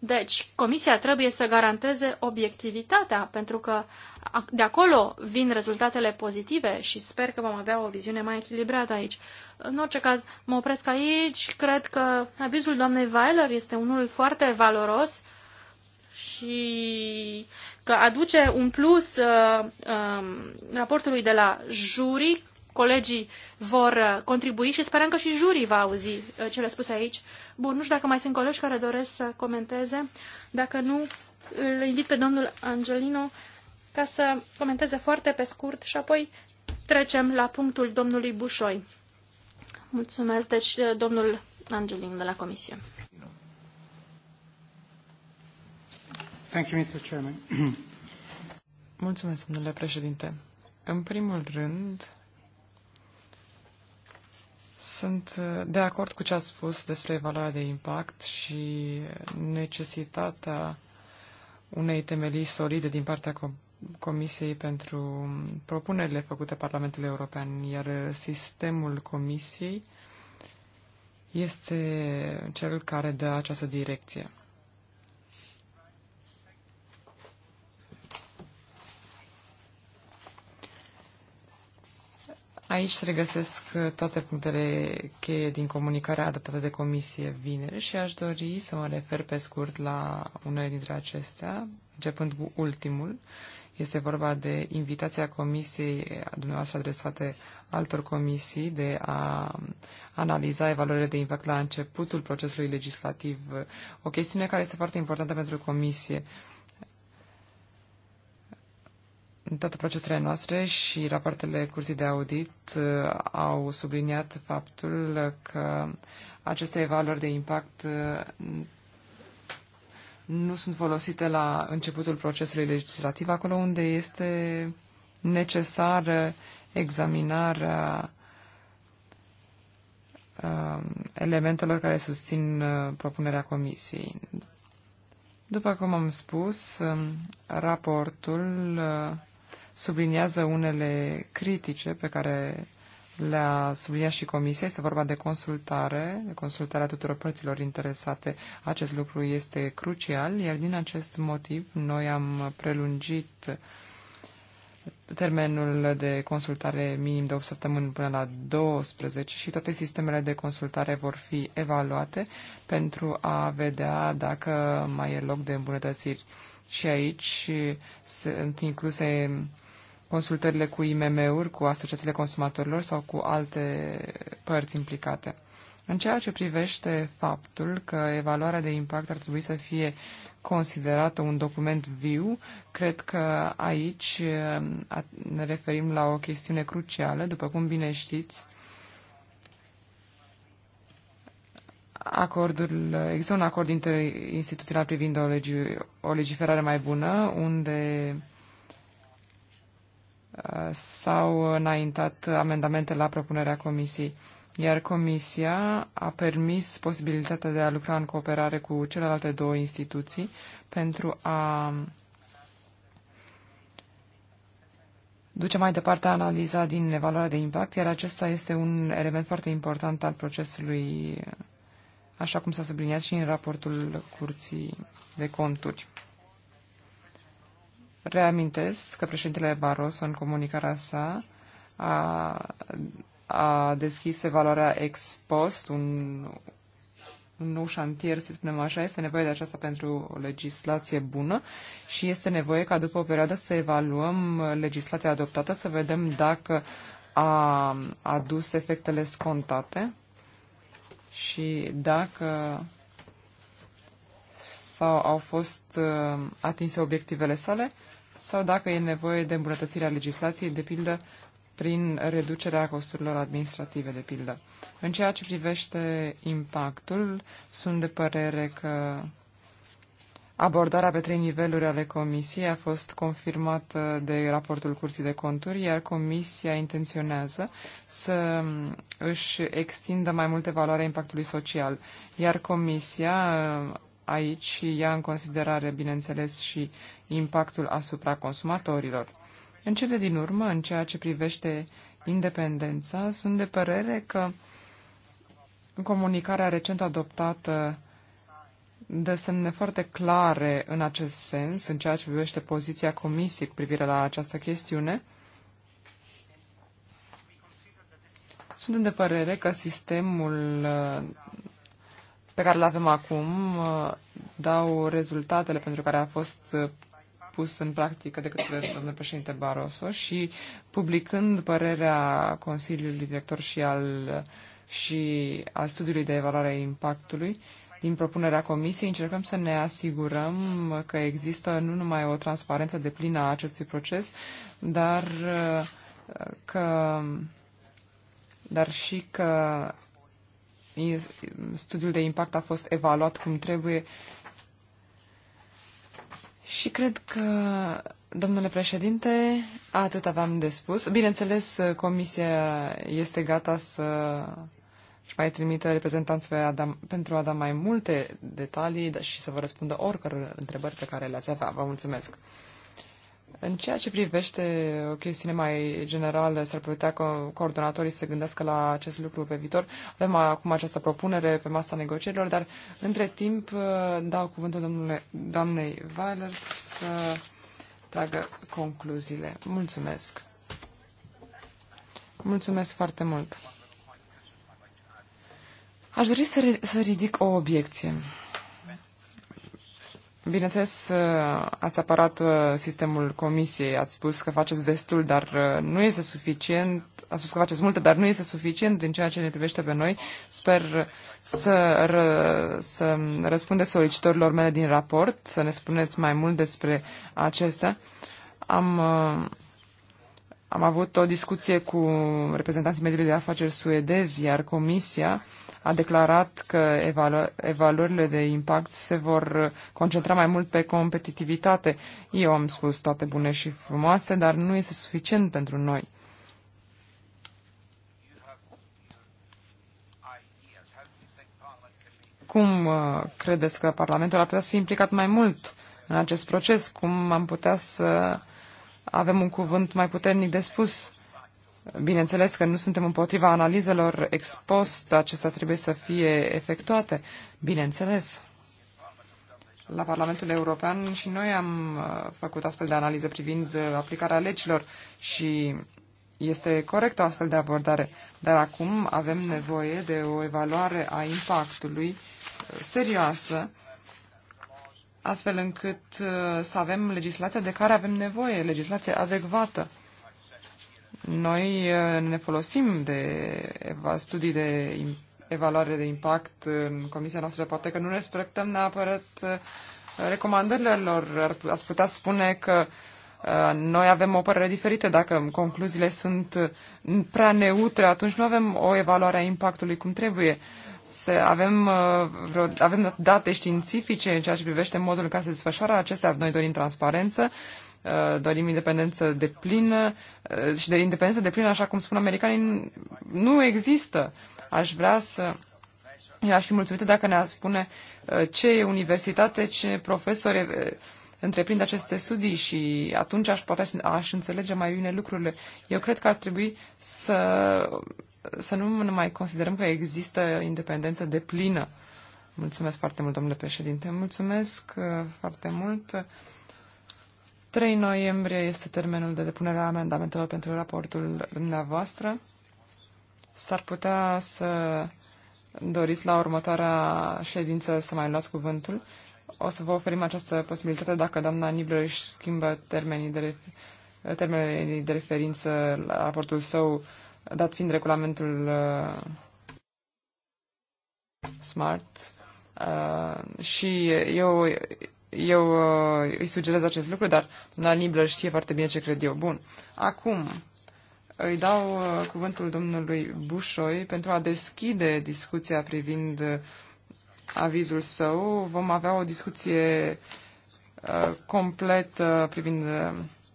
Deci, comisia trebuie să garanteze obiectivitatea, pentru că de acolo vin rezultatele pozitive și sper că vom avea o viziune mai echilibrată aici. În orice caz, mă opresc aici. Cred că abizul doamnei Weiler este unul foarte valoros și că aduce un plus uh, uh, raportului de la juri colegii vor uh, contribui și sperăm că și jurii va auzi uh, cele spuse aici. Bun, nu știu dacă mai sunt colegi care doresc să comenteze. Dacă nu, îl invit pe domnul Angelino ca să comenteze foarte pe scurt și apoi trecem la punctul domnului Bușoi. Mulțumesc, deci, uh, domnul Angelino de la Comisie. Thank you, Mr. Chairman. Mulțumesc, domnule președinte. În primul rând, sunt uh, de acord cu ce ați spus despre evaluarea de impact și necesitatea unei temelii solide din partea Comisiei pentru propunerile făcute Parlamentului European, iar sistemul Comisiei este cel care dă această direcție. Aici se regăsesc uh, toate punctele cheie din comunicarea adoptată de comisie vineri și aș dori să mă refer pe scurt la unele dintre acestea, începând cu ultimul. Este vorba de invitația comisiei dumneavoastră adresate altor comisii de a analiza evaluările de impact la începutul procesului legislativ, o chestiune care este foarte importantă pentru comisie. Uh, toate procesele noastre și rapoartele curții de audit uh, au subliniat faptul că aceste evaluări de impact uh, nu sunt folosite la începutul procesului legislativ, acolo unde este necesară examinarea um, elementelor care susțin uh, propunerea comisiei. După cum am spus, um, raportul subliniază unele critice pe care le-a subliniat și Comisia. Este vorba de consultare, de consultarea tuturor părților interesate. Acest lucru este crucial, iar din acest motiv noi am prelungit termenul de consultare minim de 8 săptămâni până la 12 și toate sistemele de consultare vor fi evaluate pentru a vedea dacă mai e loc de îmbunătățiri. Și aici sunt incluse consultările cu IMM-uri, cu asociațiile consumatorilor sau cu alte părți implicate. În ceea ce privește faptul că evaluarea de impact ar trebui să fie considerată un document viu, cred că aici eh, ne referim la o chestiune crucială, după cum bine știți. Acordul, există un acord interinstituțional privind o, legi, o legiferare mai bună, unde s-au înaintat amendamente la propunerea comisiei, iar comisia a permis posibilitatea de a lucra în cooperare cu celelalte două instituții pentru a duce mai departe analiza din evaluarea de impact, iar acesta este un element foarte important al procesului, așa cum s-a subliniat și în raportul Curții de Conturi. Reamintesc că președintele Barroso, în comunicarea sa, a, a deschis evaluarea ex post, un, un nou șantier, să spunem așa, este nevoie de aceasta pentru o legislație bună și este nevoie ca după o perioadă să evaluăm legislația adoptată, să vedem dacă a adus efectele scontate și dacă sau au fost uh, atinse obiectivele sale sau dacă e nevoie de îmbunătățirea legislației, de pildă, prin reducerea costurilor administrative, de pildă. În ceea ce privește impactul, sunt de părere că abordarea pe trei niveluri ale comisiei a fost confirmată de raportul Curții de Conturi, iar comisia intenționează să își extindă mai multe valoare impactului social, iar comisia aici și ia în considerare, bineînțeles, și impactul asupra consumatorilor. În cele din urmă, în ceea ce privește independența, sunt de părere că comunicarea recent adoptată dă semne foarte clare în acest sens, în ceea ce privește poziția Comisiei cu privire la această chestiune. Suntem de părere că sistemul pe care le avem acum uh, dau rezultatele pentru care a fost uh, pus în practică de către domnul președinte Barroso și publicând părerea Consiliului Director și al, și al studiului de evaluare a impactului, din propunerea comisiei încercăm să ne asigurăm că există nu numai o transparență de plină a acestui proces, dar uh, că dar și că studiul de impact a fost evaluat cum trebuie. Și cred că, domnule președinte, atât aveam de spus. Bineînțeles, comisia este gata să și mai trimită reprezentanți pentru a da mai multe detalii și să vă răspundă oricăror întrebări pe care le-ați avea. Vă mulțumesc! În ceea ce privește o chestiune mai generală, s-ar putea că coordonatorii se gândească la acest lucru pe viitor. Avem acum această propunere pe masa negocierilor, dar între timp uh, dau cuvântul domnule, doamnei Weiler să tragă concluziile. Mulțumesc! Mulțumesc foarte mult! Aș dori să, să ridic o obiecție. Bineînțeles, uh, ați apărat uh, sistemul comisiei, ați spus că faceți destul, dar uh, nu este suficient, ați spus că faceți multe, dar nu este suficient din ceea ce ne privește pe noi. Sper să, ră, să răspundeți solicitorilor mele din raport, să ne spuneți mai mult despre acestea. Am, am avut o discuție cu reprezentanții mediului de afaceri suedezi, iar comisia a declarat că evaluările de impact se vor concentra mai mult pe competitivitate. Eu am spus toate bune și frumoase, dar nu este suficient pentru noi. Cum uh, credeți că Parlamentul ar putea să fie implicat mai mult în acest proces? Cum am putea să avem un cuvânt mai puternic de spus? Bineînțeles că nu suntem împotriva analizelor ex post, acestea trebuie să fie efectuate. Bineînțeles. La Parlamentul European și noi am uh, făcut astfel de analize privind uh, aplicarea legilor și este corect o astfel de abordare, dar acum avem nevoie de o evaluare a impactului uh, serioasă, astfel încât să avem legislația de care avem nevoie, legislație adecvată. Noi uh, ne folosim de studii de evaluare de impact în comisia noastră, poate că nu respectăm neapărat uh, recomandările lor. Ați putea spune că uh, noi avem o părere diferită. Dacă concluziile sunt prea neutre, atunci nu avem o evaluare a impactului cum trebuie. Să avem, vreo, avem date științifice în ceea ce privește modul în care se desfășoară acestea. Noi dorim transparență Uh, dorim independență de plină uh, și de independență de plină, așa cum spun americanii, nu există. Aș vrea să... Eu aș fi mulțumită dacă ne-a spune uh, ce universitate, ce profesori întreprind aceste studii și atunci aș, poate aș înțelege mai bine lucrurile. Eu cred că ar trebui să, să nu mai considerăm că există independență de plină. Mulțumesc foarte mult, domnule președinte. Mulțumesc foarte mult. 3 noiembrie este termenul de depunere a amendamentelor pentru raportul dumneavoastră. S-ar putea să doriți la următoarea ședință să mai luați cuvântul. O să vă oferim această posibilitate dacă doamna Nibler își schimbă termenii de, termenii de referință la raportul său, dat fiind regulamentul uh, SMART. Uh, și eu eu uh, îi sugerez acest lucru, dar doamna Nibler știe foarte bine ce cred eu. Bun. Acum îi dau uh, cuvântul domnului Bușoi pentru a deschide discuția privind uh, avizul său. Vom avea o discuție uh, completă privind uh,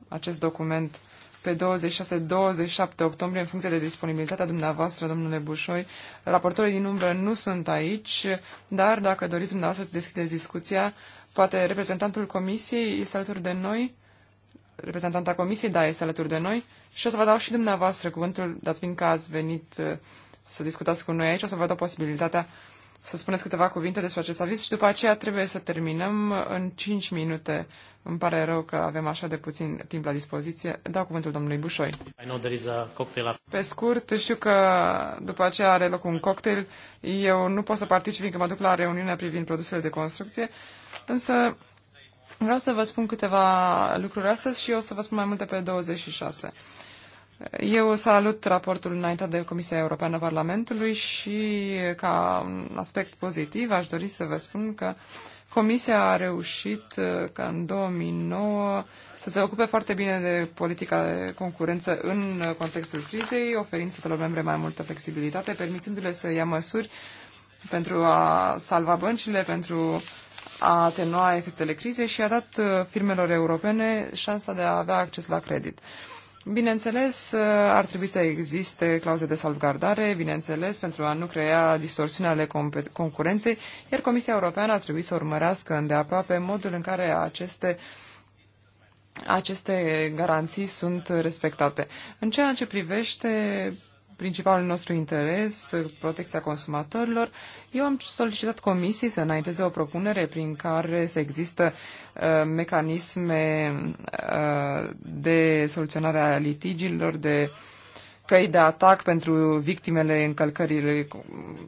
acest document pe 26-27 octombrie, în funcție de disponibilitatea dumneavoastră, domnule Bușoi. Raportorii din umbră nu sunt aici, dar dacă doriți dumneavoastră să deschideți discuția, poate reprezentantul comisiei este alături de noi, reprezentanta comisiei, da, este alături de noi și o să vă dau și dumneavoastră cuvântul, dat fiindcă ați venit uh, să discutați cu noi aici, o să vă dau posibilitatea să spuneți câteva cuvinte despre acest aviz și după aceea trebuie să terminăm în 5 minute. Îmi pare rău că avem așa de puțin timp la dispoziție. Dau cuvântul domnului Bușoi. Pe scurt, știu că după aceea are loc un cocktail. Eu nu pot să particip, fiindcă mă duc la reuniunea privind produsele de construcție, însă vreau să vă spun câteva lucruri astăzi și eu o să vă spun mai multe pe 26. Eu salut raportul înaintat de Comisia Europeană Parlamentului și ca un aspect pozitiv aș dori să vă spun că Comisia a reușit uh, ca în 2009 să se ocupe foarte bine de politica de concurență în uh, contextul crizei, oferind statelor membre mai multă flexibilitate, permițându-le să ia măsuri pentru a salva băncile, pentru a atenua efectele crizei și a dat uh, firmelor europene șansa de a avea acces la credit. Uh, Bineînțeles, uh, ar trebui să existe clauze de salvgardare, bineînțeles, pentru a nu crea distorsiuni ale concurenței, iar Comisia Europeană ar trebui să urmărească îndeaproape modul în care aceste aceste garanții sunt respectate. În ceea ce privește principalul nostru interes, protecția consumatorilor, eu am solicitat comisiei să înainteze o propunere prin care să există uh, mecanisme uh, de soluționare a litigiilor, de căi de atac pentru victimele încălcării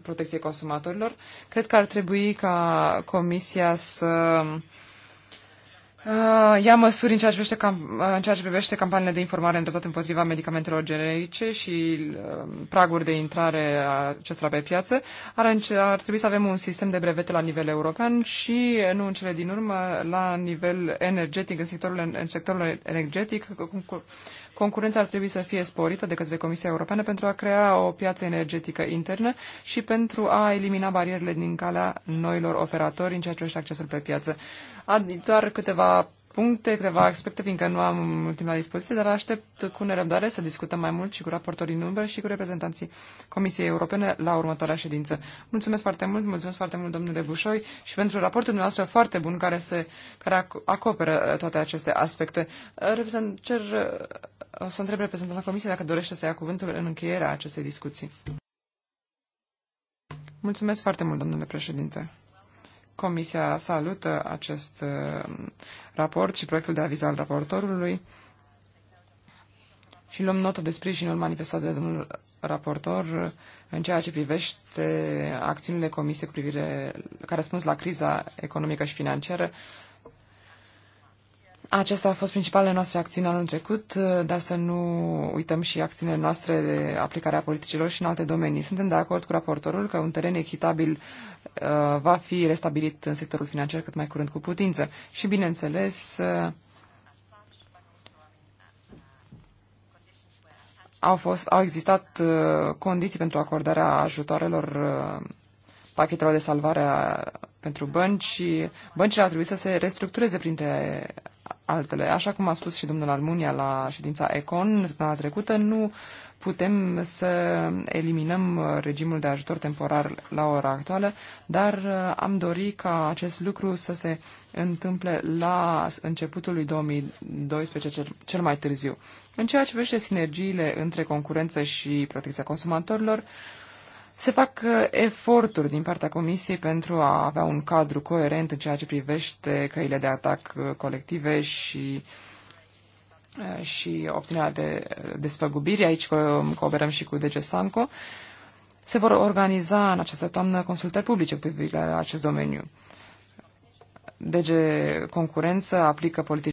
protecției consumatorilor. Cred că ar trebui ca comisia să uh, uh, ia măsuri în ceea, ce cam, ah, în ceea ce privește campaniile de informare îndreptate împotriva medicamentelor generice și uh, praguri de intrare a acestora pe piață, ar, ar trebui să avem un sistem de brevete la nivel european și, nu în cele din urmă, la nivel energetic, în sectorul, în sectorul energetic, cum, cu, Concurența ar trebui să fie sporită de către Comisia Europeană pentru a crea o piață energetică internă și pentru a elimina barierele din calea noilor operatori în ceea ce privește accesul pe piață. Doar câteva puncte, câteva aspecte, fiindcă nu am timp la dispoziție, dar aștept cu nerăbdare să discutăm mai mult și cu raportorii în și cu reprezentanții Comisiei Europene la următoarea ședință. Mulțumesc foarte mult, mulțumesc foarte mult, domnule Bușoi, și pentru raportul dumneavoastră foarte bun care, se, care acoperă uh, toate aceste aspecte. Uh, reprezent, cer, uh, o să întreb reprezentantul Comisiei dacă dorește să ia cuvântul în încheierea acestei discuții. Mulțumesc foarte mult, domnule președinte. Comisia salută acest uh, raport și proiectul de aviz al raportorului și luăm notă de sprijinul manifestat de domnul raportor în ceea ce privește acțiunile comise cu privire a răspuns la criza economică și financiară Acestea au fost principalele noastre acțiuni anul trecut, uh, dar să nu uităm și acțiunile noastre de aplicare a politicilor și în alte domenii. Suntem de acord cu raportorul că un teren echitabil uh, va fi restabilit în sectorul financiar cât mai curând cu putință. Și, bineînțeles, uh, au, fost, au existat condiții pentru acordarea ajutoarelor pachetelor de salvare pentru bănci băncile au trebuit să se restructureze printre altele. Așa cum a spus și domnul Almunia la ședința ECON săptămâna trecută, nu putem să eliminăm uh, regimul de ajutor temporar la ora actuală, dar uh, am dori ca acest lucru să se întâmple la începutul lui 2012 cel mai târziu. În ceea ce privește sinergiile între concurență și protecția consumatorilor, se fac uh, eforturi din partea Comisiei pentru a avea un cadru coerent în ceea ce privește căile de atac uh, colective și uh, și obținerea de despăgubiri. Aici um, cooperăm și cu DG Sanco. Se vor organiza în această toamnă consultări publice cu privire la acest domeniu. DG Concurență aplică politici